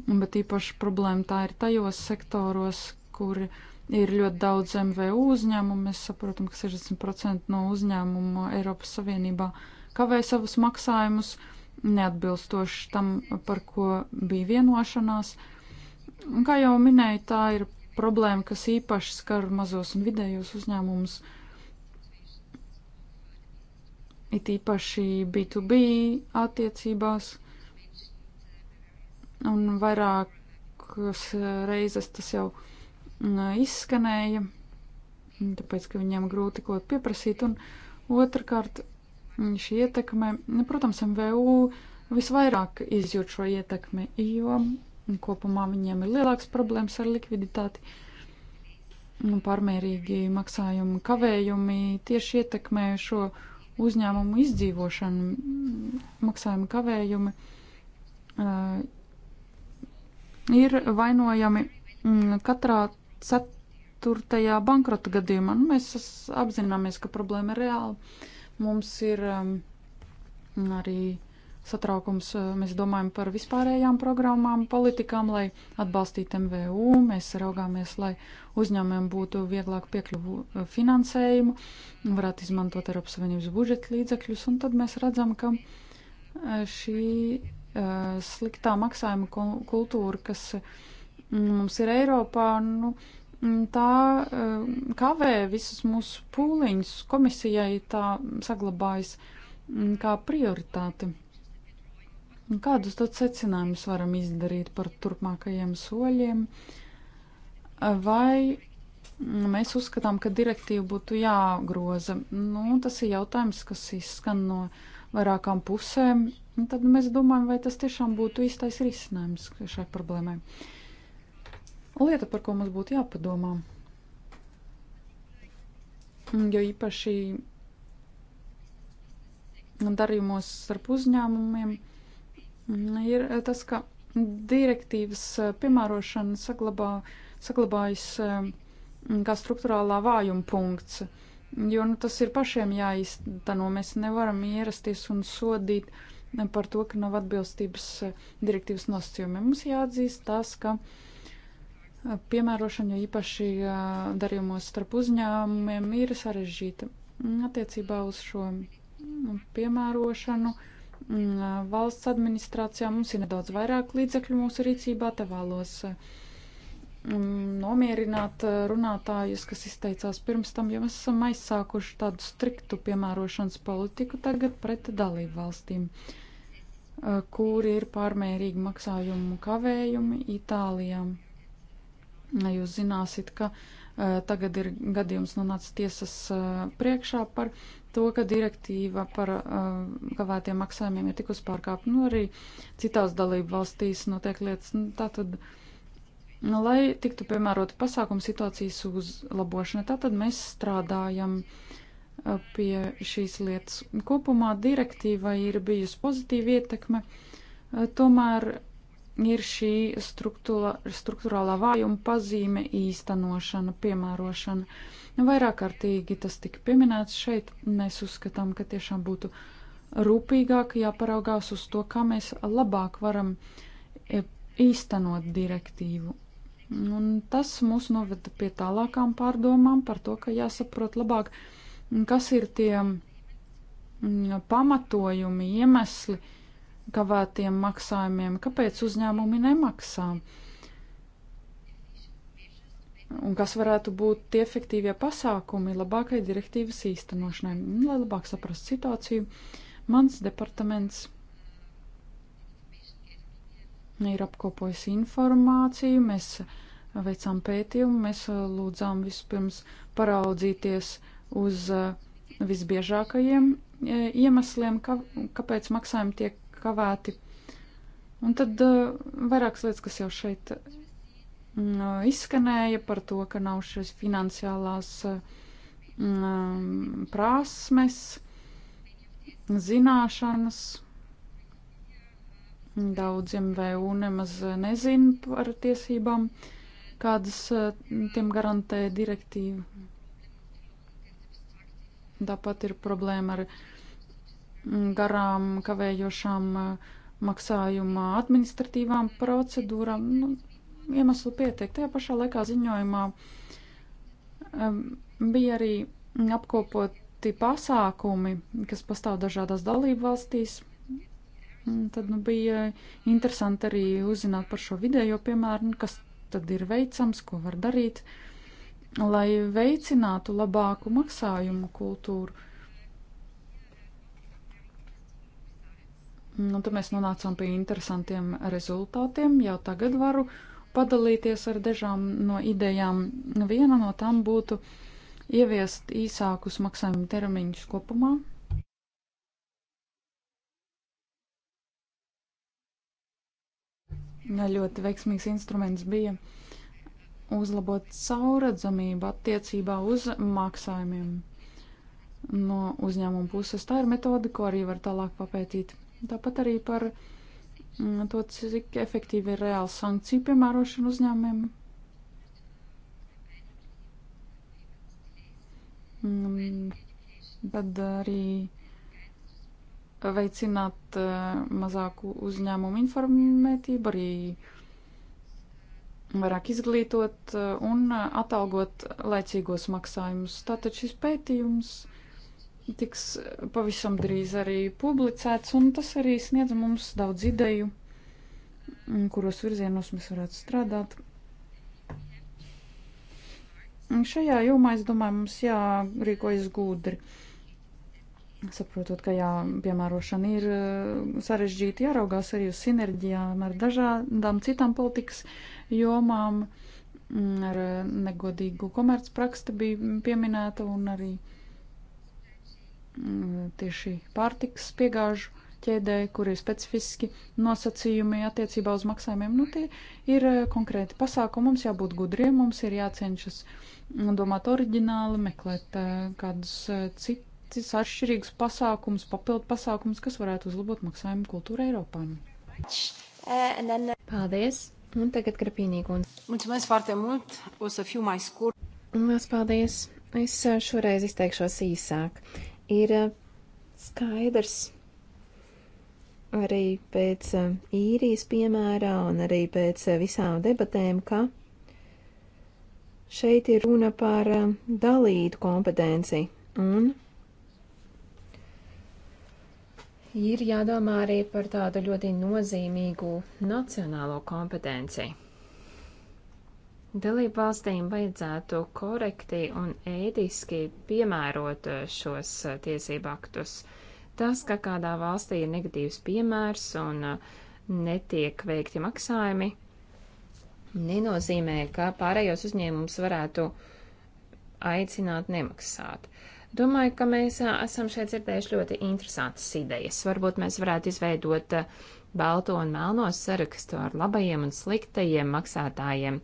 bet īpaši problēma tā ir tajos sektoros, kuri uh, ir ļoti daudz MVU uzņēmumu. Mēs saprotam, ka 60% no uzņēmumu Eiropas Savienībā kavē savus maksājumus neatbilstoši tam, par ko bija vienošanās. Un, kā jau minēju, tā ir problēma, kas īpaši skar mazos un vidējos uzņēmumus. It īpaši B2B attiecībās un vairākas reizes tas jau ir izskanēja, tāpēc, ka viņiem grūti ko pieprasīt, un otrkārt šī ietekme, protams, MVU visvairāk izjūt šo ietekmi, jo kopumā viņiem ir lielāks problēmas ar likviditāti, pārmērīgi maksājumi, kavējumi tieši ietekmē šo uzņēmumu izdzīvošanu, maksājumi kavējumi uh, ir vainojami katrā ceturtajā bankrota gadījumā. Nu, mēs apzināmies, ka problēma ir reāla. Mums ir um, arī satraukums, uh, mēs domājam par vispārējām programmām, politikām, lai atbalstītu MVU, mēs raugāmies, lai uzņēmumiem būtu vieglāk piekļuvu uh, finansējumu, varētu izmantot Eiropas Savienības budžeta līdzekļus, un tad mēs redzam, ka uh, šī uh, sliktā maksājuma kultūra, kas uh, mums ir Eiropā, nu, mm, tā eh, kavē visus mūsu pūliņus komisijai tā saglabājas mm, kā prioritāti. Kādus tad secinājumus varam izdarīt par turpmākajiem soļiem? Vai mm, mēs uzskatām, ka direktīva būtu jāgroza? Nu, tas ir jautājums, kas izskan no vairākām pusēm. Tad mēs domājam, vai tas tiešām būtu īstais risinājums šai problēmai. Uh, lieta, par ko mums būtu jāpadomā. Mm, jo īpaši darījumos starp uzņēmumiem mm, ir eh, tas, ka direktīvas eh, piemērošana saglabā, saglabājas eh, kā struktūrālā vājuma punkts. Jo nu, tas ir pašiem jāizteno. Mēs nevaram ierasties un sodīt par to, ka nav atbilstības direktīvas nosacījumiem. Mums jāatzīst tas, ka uh, piemērošana, jo īpaši darījumos starp uzņēmumiem, ir sarežģīta. Attiecībā uz šo nu, piemērošanu valsts administrācijā mums ir nedaudz vairāk līdzekļu mūsu rīcībā, te vēlos nomierināt runātājus, kas izteicās pirms tam, jo mēs esam aizsākuši tādu striktu piemērošanas politiku tagad pret dalību valstīm, kur ir pārmērīgi maksājumu kavējumi Itālijām Jūs zināsit, ka e, tagad ir gadījums nonācis tiesas e, priekšā par to, ka direktīva par kavētiem e, maksājumiem ir tikus pārkāpta. Nu, arī citās dalību valstīs notiek lietas. Nu, tātad, nu, lai tiktu piemērota pasākuma situācijas uzlabošana, tātad mēs strādājam pie šīs lietas. Kopumā direktīvai ir bijusi pozitīva ietekme, tomēr ir šī struktūrālā vājuma pazīme īstenošana, piemērošana. Vairāk kārtīgi tas tika pieminēts šeit. Mēs uzskatām, ka tiešām būtu rūpīgāk jāparaugās uz to, kā mēs labāk varam e, īstenot direktīvu. Un tas mūs noveda pie tālākām pārdomām par to, ka jāsaprot labāk, kas ir tie mm, pamatojumi, iemesli, uh, kavētiem maksājumiem, kāpēc uzņēmumi nemaksā? Un kas varētu būt tie efektīvie pasākumi labākai direktīvas īstenošanai? Nu, lai labāk saprastu situāciju, mans departaments ir apkopojis informāciju, mēs veicām pētījumu, mēs uh, lūdzām vispirms paraudzīties uz uh, visbiežākajiem uh, iemesliem, ka, kāpēc maksājumi tiek kavēti. Un tad uh, vairākas lietas, kas jau šeit mm, uh, izskanēja par to, ka nav šīs finansiālās uh, mm, um, prasmes, zināšanas. Daudziem VU nemaz nezin par tiesībām, kādas tiem garantē direktīva. Tāpat ir problēma ar uh, Mm, garām kavējošām eh, maksājuma administratīvām procedūrām. Nu, iemeslu pietiek. Tajā pašā laikā ziņojumā bija arī apkopoti pasākumi, kas pastāv dažādās dalību valstīs. Mm, tad nu, bija interesanti arī uzzināt par šo vidējo piemēru, kas tad ir veicams, ko var darīt, lai veicinātu labāku maksājumu kultūru. Un nu, tad mēs nonācām pie interesantiem rezultātiem. Jau tagad varu padalīties ar dažām no idejām. Viena no tām būtu ieviest īsākus maksājumu termiņus kopumā. Ja ļoti veiksmīgs instruments bija uzlabot cauradzamību attiecībā uz maksājumiem no uzņēmuma puses. Tā ir metode, ko arī var tālāk papētīt. Tāpat arī par mm, to, cik efektīvi ir reāla sankcija piemērošana uzņēmumiem. Mm, tad arī veicināt eh, mazāku uzņēmumu informētību, arī vairāk izglītot eh, un eh, atalgot laicīgos maksājumus. Tātad šis pētījums tiks eh, pavisam drīz arī publicēts, un tas arī sniedz mums daudz ideju, mm, kuros virzienos mēs varētu strādāt. Un šajā jomā, es domāju, mums jārīkojas gudri. Saprotot, ka jā, piemērošana ir eh, sarežģīta, jāraugās arī uz sinerģijām ar dažādām citām politikas jomām, mm, ar negodīgu komercpraksta bija pieminēta un arī uh, Mm, tieši pārtiks piegāžu ķēdē, kur ir specifiski nosacījumi attiecībā uz maksājumiem. Nu, tie ir eh, konkrēti pasākumi, mums jābūt gudriem, mums ir jācenšas mm, domāt oriģināli, meklēt eh, kādus eh, citus atšķirīgus pasākumus, papildu pasākumus, kas varētu uzlabot maksājumu kultūru Eiropā. Uh, paldies! Un tagad grapīnīgi un... Mulțumesc foarte mult! O să fiu mai scurt! Un mēs paldies! Es šoreiz izteikšos īsāk ir eh, skaidrs arī pēc eh, īrijas piemēra un arī pēc eh, visām debatēm, ka šeit ir runa par dalītu kompetenci un ir jādomā arī par tādu ļoti nozīmīgu nacionālo kompetenci. Dalību valstīm vajadzētu korekti un ētiski piemērot eh, šos eh, tiesību aktus. Tas, ka kādā valstī ir negatīvs piemērs un eh, netiek veikti maksājumi, nenozīmē, ka pārējos uzņēmums varētu aicināt nemaksāt. Domāju, ka mēs esam šeit dzirdējuši ļoti interesantas idejas. Varbūt mēs varētu izveidot balto un melno sarakstu ar labajiem un sliktajiem maksātājiem.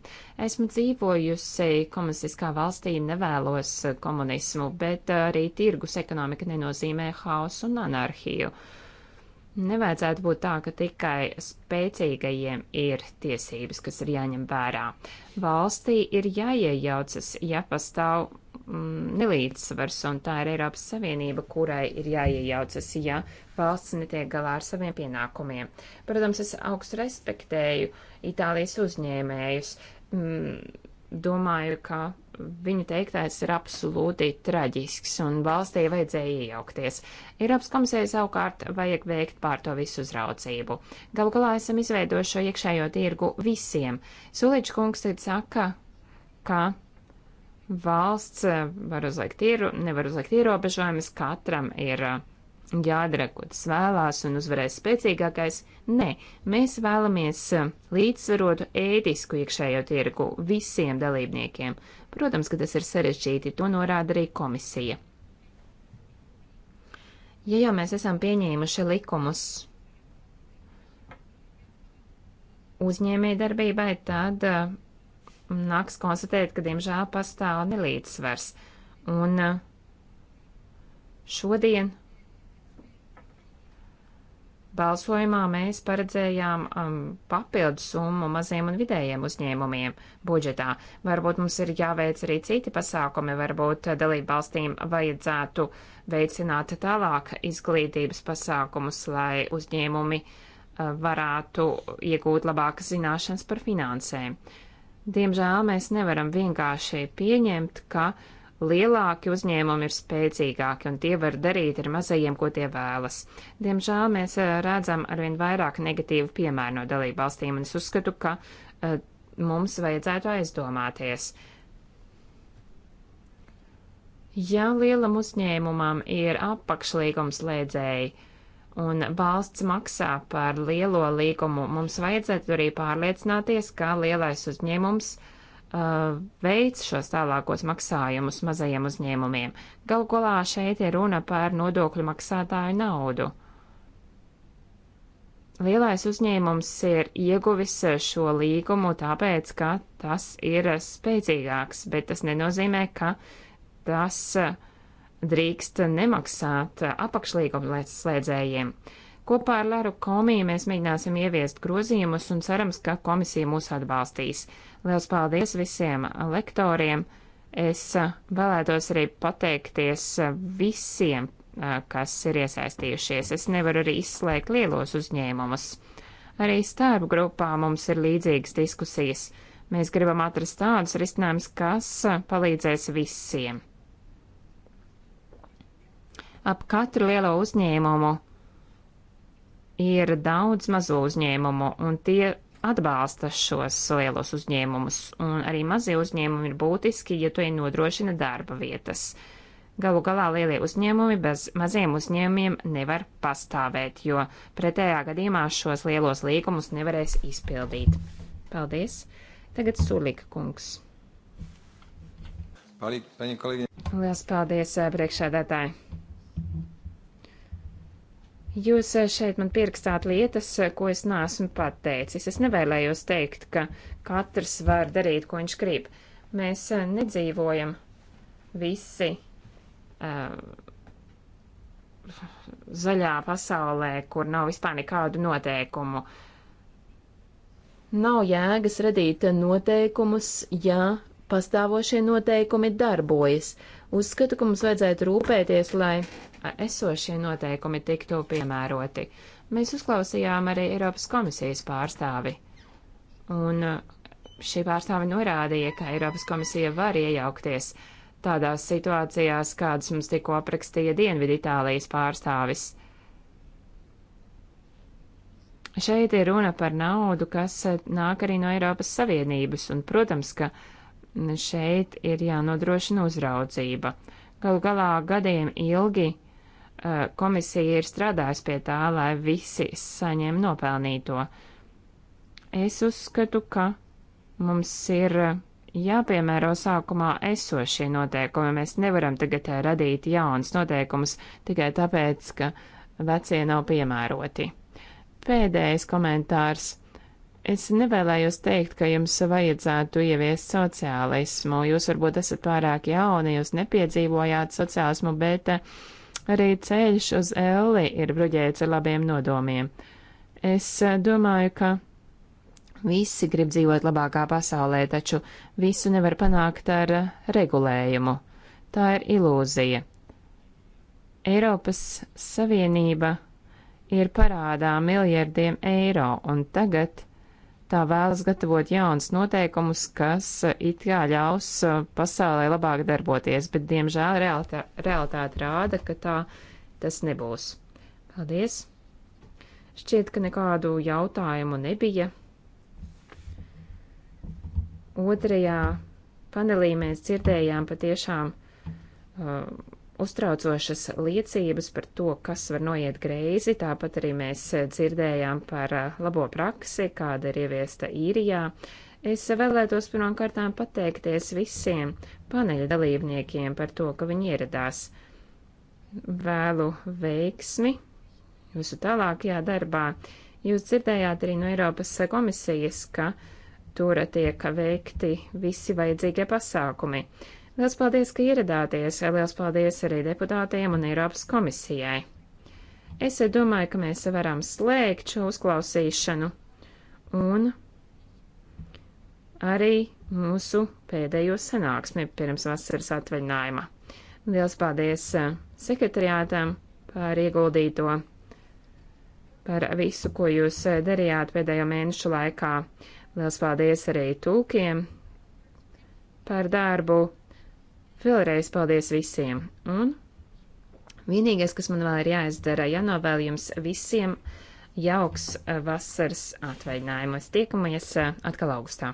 Esmu dzīvojusi komunistiskā valstī, nevēlos komunismu, bet arī tirgus ekonomika nenozīmē haosu un anarhiju. Nevajadzētu būt tā, ka tikai spēcīgajiem ir tiesības, kas ir jāņem vērā. Valstī ir jāiejaucas, ja pastāv Mm, nelīdzsvars, un tā ir Eiropas Savienība, kurai ir jāiejaucas, ja valsts netiek galā ar saviem pienākumiem. Protams, es augstu respektēju Itālijas uzņēmējus. Mm, domāju, ka viņa teiktais ir absolūti traģisks, un valstī vajadzēja iejaukties. Eiropas komisijai savukārt vajag veikt pār to visu uzraucību. Galu galā esam izveidojuši šo iekšējo tirgu visiem. Sulīčs kungs teica, ka valsts eh, var uzlikt, iero, nevar uzlikt ierobežojumus, katram ir eh, jādara, ko tas vēlās un uzvarēs spēcīgākais. Nē, mēs vēlamies eh, līdzsvarotu ētisku iekšējo tirgu visiem dalībniekiem. Protams, ka tas ir sarežģīti, to norāda arī komisija. Ja jau mēs esam pieņēmuši likumus uzņēmējdarbībai, tad nāks konstatēt, ka diemžēl pastāv nelīdzsvars. Un eh, šodien balsojumā mēs paredzējām um, papildu summu maziem un vidējiem uzņēmumiem budžetā. Varbūt mums ir jāveic arī citi pasākumi, varbūt eh, dalību valstīm vajadzētu veicināt tālāk izglītības pasākumus, lai uzņēmumi uh, varētu iegūt labākas zināšanas par finansēm. Uh, Diemžēl mēs nevaram vienkārši pieņemt, ka lielāki uzņēmumi ir spēcīgāki un tie var darīt ar mazajiem, ko tie vēlas. Diemžēl mēs eh, redzam arvien vairāk negatīvu piemēru no dalību valstīm, un es uzskatu, ka uh, mums vajadzētu aizdomāties. Ja lielam uzņēmumam ir apakšlīgums lēdzēji, un valsts maksā par lielo līgumu. Mums vajadzētu arī pārliecināties, ka lielais uzņēmums uh, veids šos tālākos maksājumus mazajiem uzņēmumiem. Galu galā šeit ir runa par nodokļu maksātāju naudu. Lielais uzņēmums ir ieguvis šo līgumu tāpēc, ka tas ir spēcīgāks, bet tas nenozīmē, ka tas uh, drīkst nemaksāt apakšlīgumslēdzējiem. Kopā ar Leru Komiju mēs mēģināsim ieviest grozījumus un cerams, ka komisija mūs atbalstīs. Liels paldies visiem lektoriem! Es vēlētos arī pateikties visiem, kas ir iesaistījušies. Es nevaru arī izslēgt lielos uzņēmumus. Arī starp grupā mums ir līdzīgas diskusijas. Mēs gribam atrast tādus risinājumus, kas palīdzēs visiem. Ap katru lielo uzņēmumu ir daudz mazo uzņēmumu, un tie atbalsta šos lielos uzņēmumus, un arī mazie uzņēmumi ir būtiski, ja to ir nodrošina darba vietas. Galu galā lielie uzņēmumi bez maziem uzņēmumiem nevar pastāvēt, jo pretējā gadījumā šos lielos līgumus nevarēs izpildīt. Paldies! Tagad Sulika kungs. Paldies, paldies eh, priekšsēdētāji! Jūs eh, šeit man pierakstāt lietas, eh, ko es neesmu pateicis. Es nevēlējos teikt, ka katrs var darīt, ko viņš grib. Mēs eh, nedzīvojam visi uh, zaļā pasaulē, kur nav vispār nekādu noteikumu. Nav jēgas radīt noteikumus, ja pastāvošie noteikumi darbojas. Uzskatu, ka mums vajadzētu rūpēties, lai esošie noteikumi tiktu piemēroti. Mēs uzklausījām arī Eiropas komisijas pārstāvi. Un uh, šī pārstāve norādīja, ka Eiropas komisija var iejaukties tādās situācijās, kādas mums tikko aprakstīja Dienvidu Itālijas pārstāvis. Šeit ir runa par naudu, kas uh, nāk arī no Eiropas Savienības, un, protams, ka uh, Šeit ir jānodrošina uzraudzība. Galu galā gadiem ilgi eh, komisija ir strādājusi pie tā, lai visi saņem nopelnīto. Es uzskatu, ka mums ir jāpiemēro sākumā esošie noteikumi. Mēs nevaram tagad eh, radīt jaunas noteikumus tikai tāpēc, ka vecie nav piemēroti. Pēdējais komentārs. Es nevēlējos teikt, ka jums vajadzētu ieviest sociālismu. Jūs varbūt esat pārāk jauni, jūs nepiedzīvojāt sociālismu, bet eh, arī ceļš uz elli ir bruģēts ar labiem nodomiem. Es eh, domāju, ka visi grib dzīvot labākā pasaulē, taču visu nevar panākt ar eh, regulējumu. Tā ir ilūzija. Eiropas Savienība ir parādā miljardiem eiro, un tagad tā vēlas gatavot jaunas noteikumus, kas eh, it kā ļaus eh, pasaulē labāk darboties, bet diemžēl realitā, realitāte rāda, ka tā tas nebūs. Paldies! Šķiet, ka nekādu jautājumu nebija. Otrajā panelī mēs dzirdējām patiešām uh, uztraucošas liecības par to, kas var noiet greizi. Tāpat arī mēs dzirdējām par eh, labo praksi, kāda ir ieviesta īrijā. Es vēlētos pirmkārtām pateikties visiem paneļa dalībniekiem par to, ka viņi ieradās. Vēlu veiksmi jūsu tālākajā darbā. Jūs dzirdējāt arī no Eiropas komisijas, ka tur tiek veikti visi vajadzīgie pasākumi. Uh, Liels paldies, ka ieradāties. Liels paldies arī deputātiem un Eiropas komisijai. Es domāju, ka mēs varam slēgt šo uzklausīšanu un arī mūsu pēdējo sanāksmi pirms vasaras atvaļinājuma. Liels paldies eh, sekretariātam par ieguldīto, par visu, ko jūs eh, darījāt pēdējo mēnešu laikā. Liels paldies arī tūkiem par darbu Vēlreiz paldies visiem! Un vienīgais, kas man vēl ir jāizdara, jānovēl jums visiem jauks eh, vasaras atvaļinājumus. Tiekamies eh, atkal augustā!